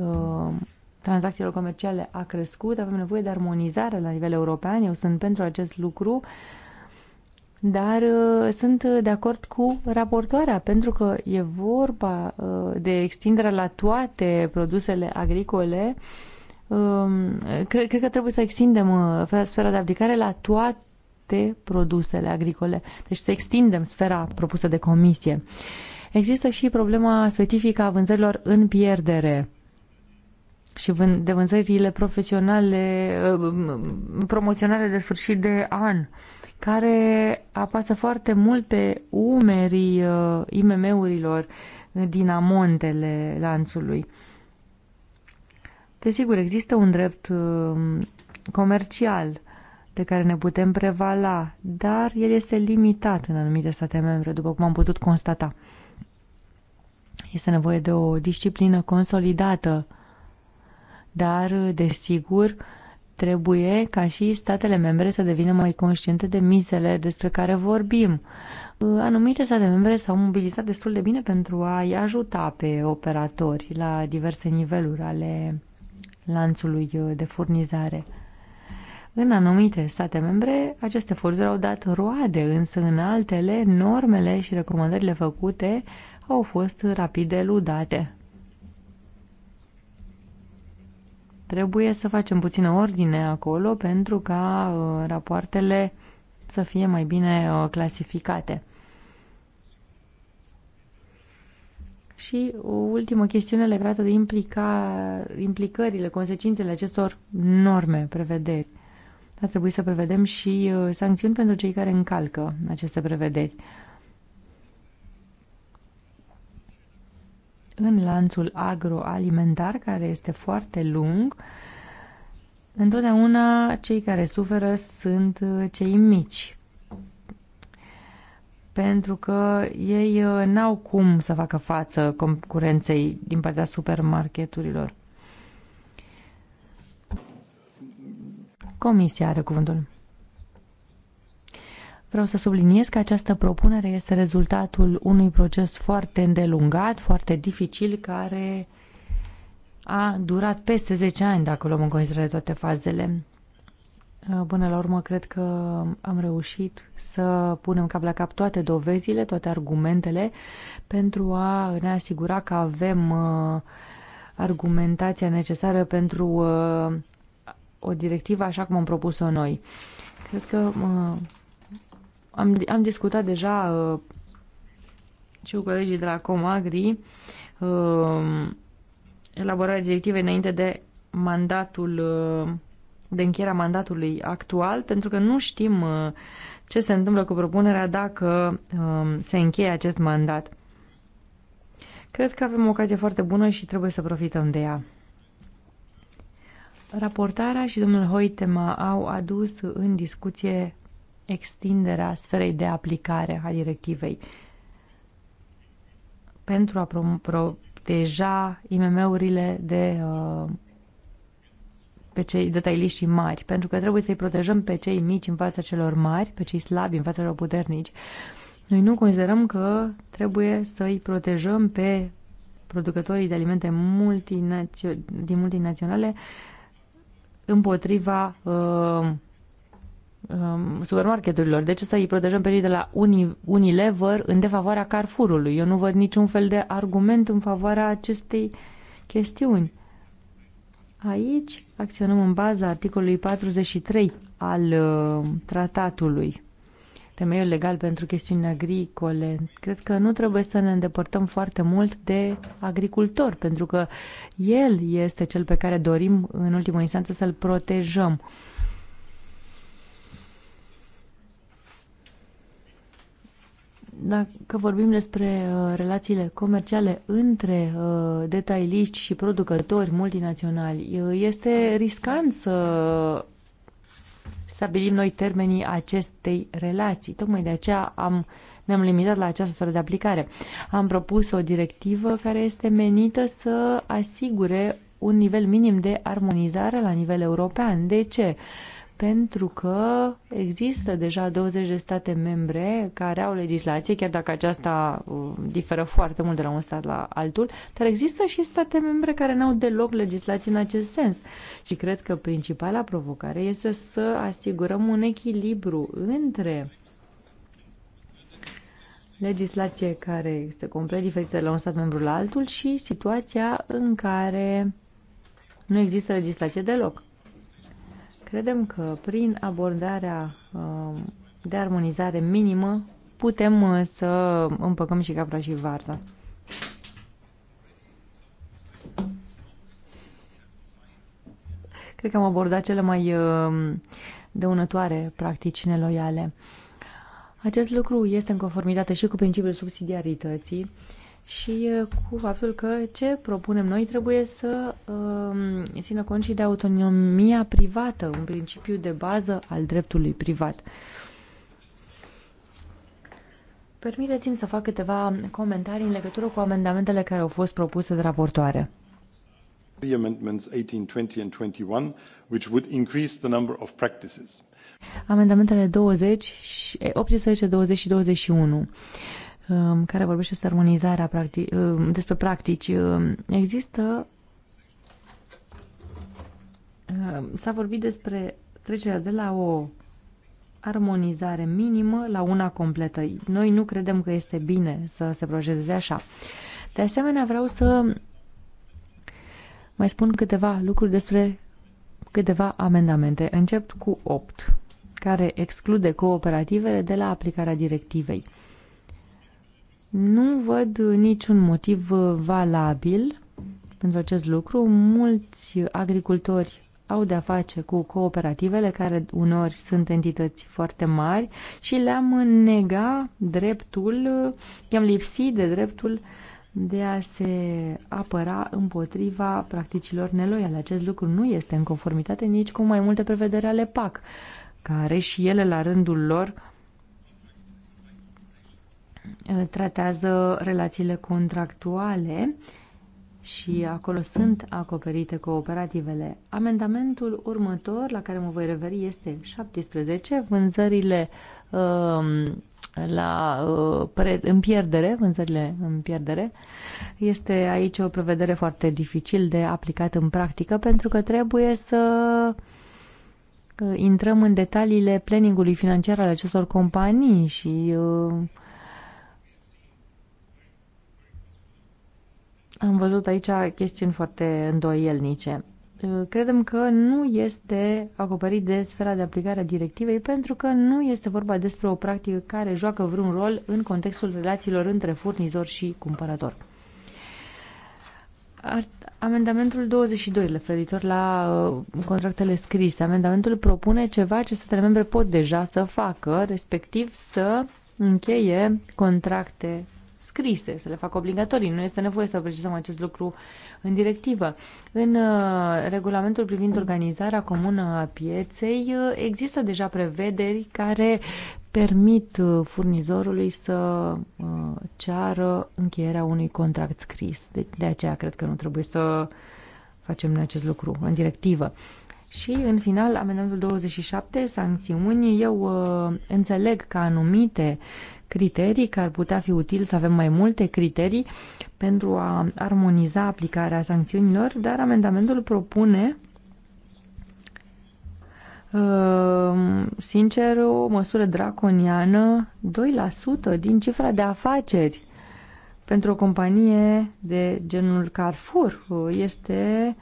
uh, tranzacțiilor comerciale a crescut, avem nevoie de armonizare la nivel european, eu sunt pentru acest lucru, dar uh, sunt de acord cu raportoarea, pentru că e vorba uh, de extinderea la toate produsele agricole. Uh, um, cred, cred că trebuie să extindem uh, sfera de aplicare la toate produsele agricole. Deci să extindem sfera propusă de comisie. Există și problema specifică a vânzărilor în pierdere și de vânzările profesionale, uh, promoționale de sfârșit de an, care apasă foarte mult pe umerii uh, IMM-urilor din amontele lanțului. Desigur, există un drept uh, comercial de care ne putem prevala, dar el este limitat în anumite state membre, după cum am putut constata. Este nevoie de o disciplină consolidată dar, desigur, trebuie ca și statele membre să devină mai conștiente de mizele despre care vorbim. Anumite state membre s-au mobilizat destul de bine pentru a-i ajuta pe operatori la diverse niveluri ale lanțului de furnizare. În anumite state membre, aceste forțuri au dat roade, însă în altele, normele și recomandările făcute au fost rapid eludate. Trebuie să facem puțină ordine acolo pentru ca uh, rapoartele să fie mai bine uh, clasificate. Și o ultimă chestiune legată de implica, implicările, consecințele acestor norme, prevederi. Ar trebui să prevedem și uh, sancțiuni pentru cei care încalcă aceste prevederi. în lanțul agroalimentar, care este foarte lung, întotdeauna cei care suferă sunt uh, cei mici. Pentru că ei uh, n-au cum să facă față concurenței din partea supermarketurilor. Comisia are cuvântul. Vreau să subliniez că această propunere este rezultatul unui proces foarte îndelungat, foarte dificil, care a durat peste 10 ani, dacă luăm în considerare toate fazele. Uh, până la urmă, cred că am reușit să punem cap la cap toate dovezile, toate argumentele, pentru a ne asigura că avem uh, argumentația necesară pentru uh, o directivă așa cum am propus-o noi. Cred că am, am discutat deja uh, cu colegii de la Comagri uh, elaborarea directivei înainte de mandatul uh, de încheierea mandatului actual, pentru că nu știm uh, ce se întâmplă cu propunerea dacă uh, se încheie acest mandat. Cred că avem o ocazie foarte bună și trebuie să profităm de ea. Raportarea și domnul Hoitema au adus în discuție extinderea sferei de aplicare a directivei pentru a proteja IMM-urile de uh, pe cei detailiști mari, pentru că trebuie să-i protejăm pe cei mici în fața celor mari, pe cei slabi în fața celor puternici. Noi nu considerăm că trebuie să-i protejăm pe producătorii de alimente multinațio- din multinaționale împotriva uh, um, supermarketurilor. De ce să îi protejăm pe ei de la Uni, Unilever în defavoarea Carrefourului? Eu nu văd niciun fel de argument în favoarea acestei chestiuni. Aici acționăm în baza articolului 43 al uh, tratatului temeiul legal pentru chestiuni agricole. Cred că nu trebuie să ne îndepărtăm foarte mult de agricultor, pentru că el este cel pe care dorim în ultimă instanță să-l protejăm. Uh, Dacă vorbim despre uh, relațiile comerciale între uh, detailiști și producători multinaționali, uh, este riscant să stabilim noi termenii acestei relații. Tocmai de aceea am, ne-am limitat la această sferă de aplicare. Am propus o directivă care este menită să asigure un nivel minim de armonizare la nivel european. De ce? pentru că există deja 20 de state membre care au legislație, chiar dacă aceasta uh, diferă foarte mult de la un stat la altul, dar există și state membre care n-au deloc legislație în acest sens. Și cred că principala provocare este să asigurăm un echilibru între legislație care este complet diferită de la un stat membru la altul și situația în care nu există legislație deloc. Credem că prin abordarea um, de armonizare minimă putem uh, să împăcăm și capra și varza. Cred că am abordat cele mai um, dăunătoare practici neloiale. Acest lucru este în conformitate și cu principiul subsidiarității și cu faptul că ce propunem noi trebuie să uh, țină cont și de autonomia privată, un principiu de bază al dreptului privat. Permiteți-mi să fac câteva comentarii în legătură cu amendamentele care au fost propuse de raportoare. The amendments 18, 20 and 21, which would increase the number of practices. Amendamentele 20, 18, 20 și 21 eh, Um, care vorbește despre armonizarea practic, um, despre practici. Um, există s-a vorbit despre trecerea de la o armonizare minimă la una completă. Noi nu credem că este bine să se procedeze așa. De asemenea, vreau să mai spun câteva lucruri despre câteva amendamente. Încep cu 8, care exclude cooperativele de la aplicarea directivei. Nu văd niciun motiv uh, valabil pentru acest lucru. Mulți agricultori au de-a face cu cooperativele, care uneori sunt entități foarte mari, și le-am nega dreptul, uh, i-am lipsit de dreptul de a se apăra împotriva practicilor neloiale. Acest lucru nu este în conformitate nici cu mai multe prevedere ale PAC, care și ele, la rândul lor, Uh, tratează relațiile contractuale și acolo sunt acoperite cooperativele. Amendamentul următor la care mă voi referi este 17, vânzările uh, la uh, pre, în pierdere, vânzările în pierdere. Este aici o prevedere foarte dificil de aplicat în practică pentru că trebuie să uh, intrăm în detaliile planningului financiar al acestor companii și uh, Am văzut aici chestiuni foarte îndoielnice. Credem că nu este acoperit de sfera de aplicare a directivei pentru că nu este vorba despre o practică care joacă vreun rol în contextul relațiilor între furnizor și cumpărător. Amendamentul 22 referitor la uh, contractele scrise. Amendamentul propune ceva ce statele membre pot deja să facă, respectiv să încheie contracte scrise, să le facă obligatorii. Nu este nevoie să precizăm acest lucru în directivă. În uh, regulamentul privind organizarea comună a pieței uh, există deja prevederi care permit uh, furnizorului să ceară încheierea unui contract scris. De, de aceea cred că nu trebuie să facem noi acest lucru în directivă. Și, în final, amendamentul 27, sancțiuni. Eu uh, înțeleg că anumite criterii, că ar putea fi util să avem mai multe criterii pentru a armoniza aplicarea sancțiunilor, dar amendamentul propune uh, sincer, o măsură draconiană, 2% din cifra de afaceri pentru o companie de genul Carrefour este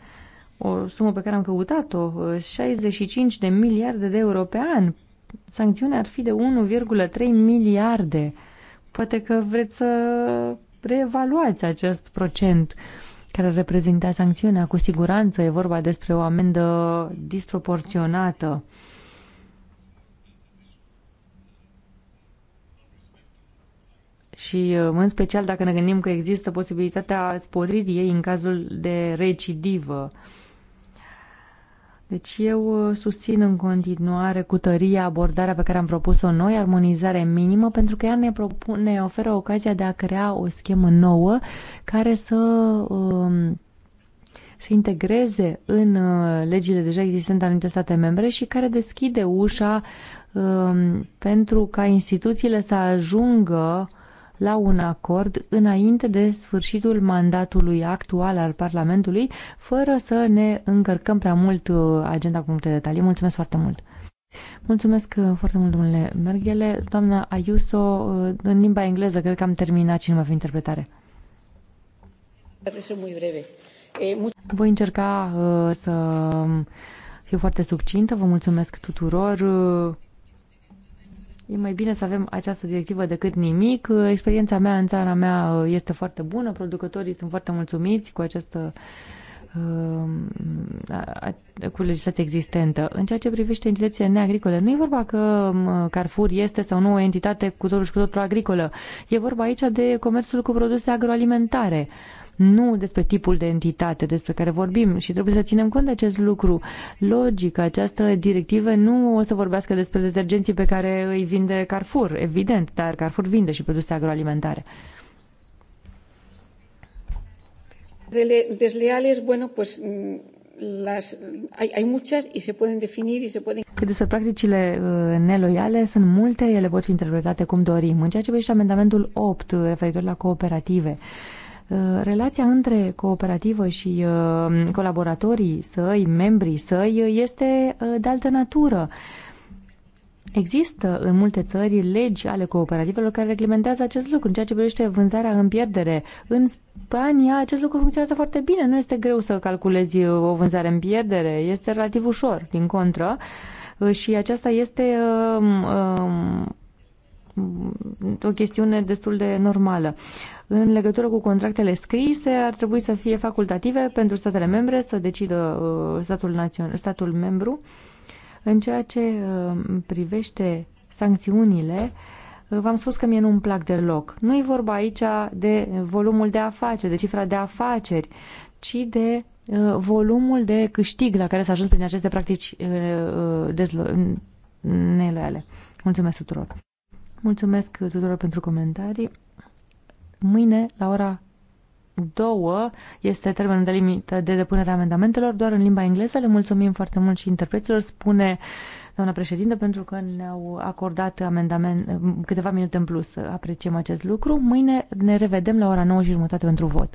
o sumă pe care am căutat-o, 65 uh, de miliarde de euro pe an sancțiunea ar fi de 1,3 miliarde. Poate că vreți să reevaluați acest procent care reprezintă sancțiunea. Cu siguranță e vorba despre o amendă disproporționată. Și uh, în special dacă ne gândim că există posibilitatea sporirii ei în cazul de recidivă. Uh, deci eu uh, susțin în continuare cu tărie abordarea pe care am propus-o noi, armonizare minimă, pentru că ea ne, propun, ne oferă ocazia de a crea o schemă nouă care să um, se integreze în uh, legile deja existente ale state membre și care deschide ușa um, pentru ca instituțiile să ajungă la un acord înainte de sfârșitul mandatului actual al Parlamentului, fără să ne încărcăm prea mult uh, agenda cu multe detalii. Mulțumesc foarte mult! Mulțumesc uh, foarte mult, domnule Merghele. Doamna Ayuso, uh, în limba engleză, cred că am terminat și nu mai fi interpretare. Voi încerca să fiu foarte succintă. Vă mulțumesc tuturor. E mai bine să avem această directivă decât nimic. Experiența mea în țara mea uh, este foarte bună, producătorii sunt foarte mulțumiți cu această uh, cu legislația existentă. În ceea ce privește entitățile neagricole, nu e vorba că uh, Carrefour este sau nu o entitate cu totul și cu totul agricolă. E vorba aici de comerțul cu produse agroalimentare nu despre tipul de entitate despre care vorbim și trebuie să ținem cont de acest lucru. Logic, această directivă nu o să vorbească despre detergenții pe care îi vinde Carrefour, evident, dar Carrefour vinde și produse agroalimentare. Desleales, bueno, pues mm, las, hay, hay muchas y se pueden definir y se pueden... Cât despre practicile uh, neloiale, sunt multe, ele pot fi interpretate cum dorim. În ceea ce privește amendamentul 8, uh, referitor la cooperative, Uh, relația între cooperativă și uh, colaboratorii săi, membrii săi, uh, este de altă natură. Există în multe țări legi ale cooperativelor care reglementează acest lucru în ceea ce privește vânzarea în pierdere. În Spania acest lucru funcționează foarte bine, nu este greu să calculezi o vânzare în pierdere, este relativ ușor, din contră. Și aceasta este um, um, o chestiune destul de normală. Uh, în legătură cu contractele scrise ar trebui să fie facultative pentru statele membre să decidă uh, statul, națion, statul membru în ceea ce uh, privește sancțiunile uh, V-am spus că mie nu-mi plac deloc. Nu e vorba aici de volumul de afaceri, de cifra de afaceri, ci de uh, volumul de câștig la care s-a ajuns prin aceste practici uh, neloiale. Mulțumesc tuturor! Mulțumesc tuturor pentru comentarii mâine la ora 2 este termenul de limită de depunere a amendamentelor, doar în limba engleză. Le mulțumim foarte mult și interpreților, spune doamna președintă, pentru că ne-au acordat amendament, câteva minute în plus. Apreciem acest lucru. Mâine ne revedem la ora 9 și jumătate pentru vot.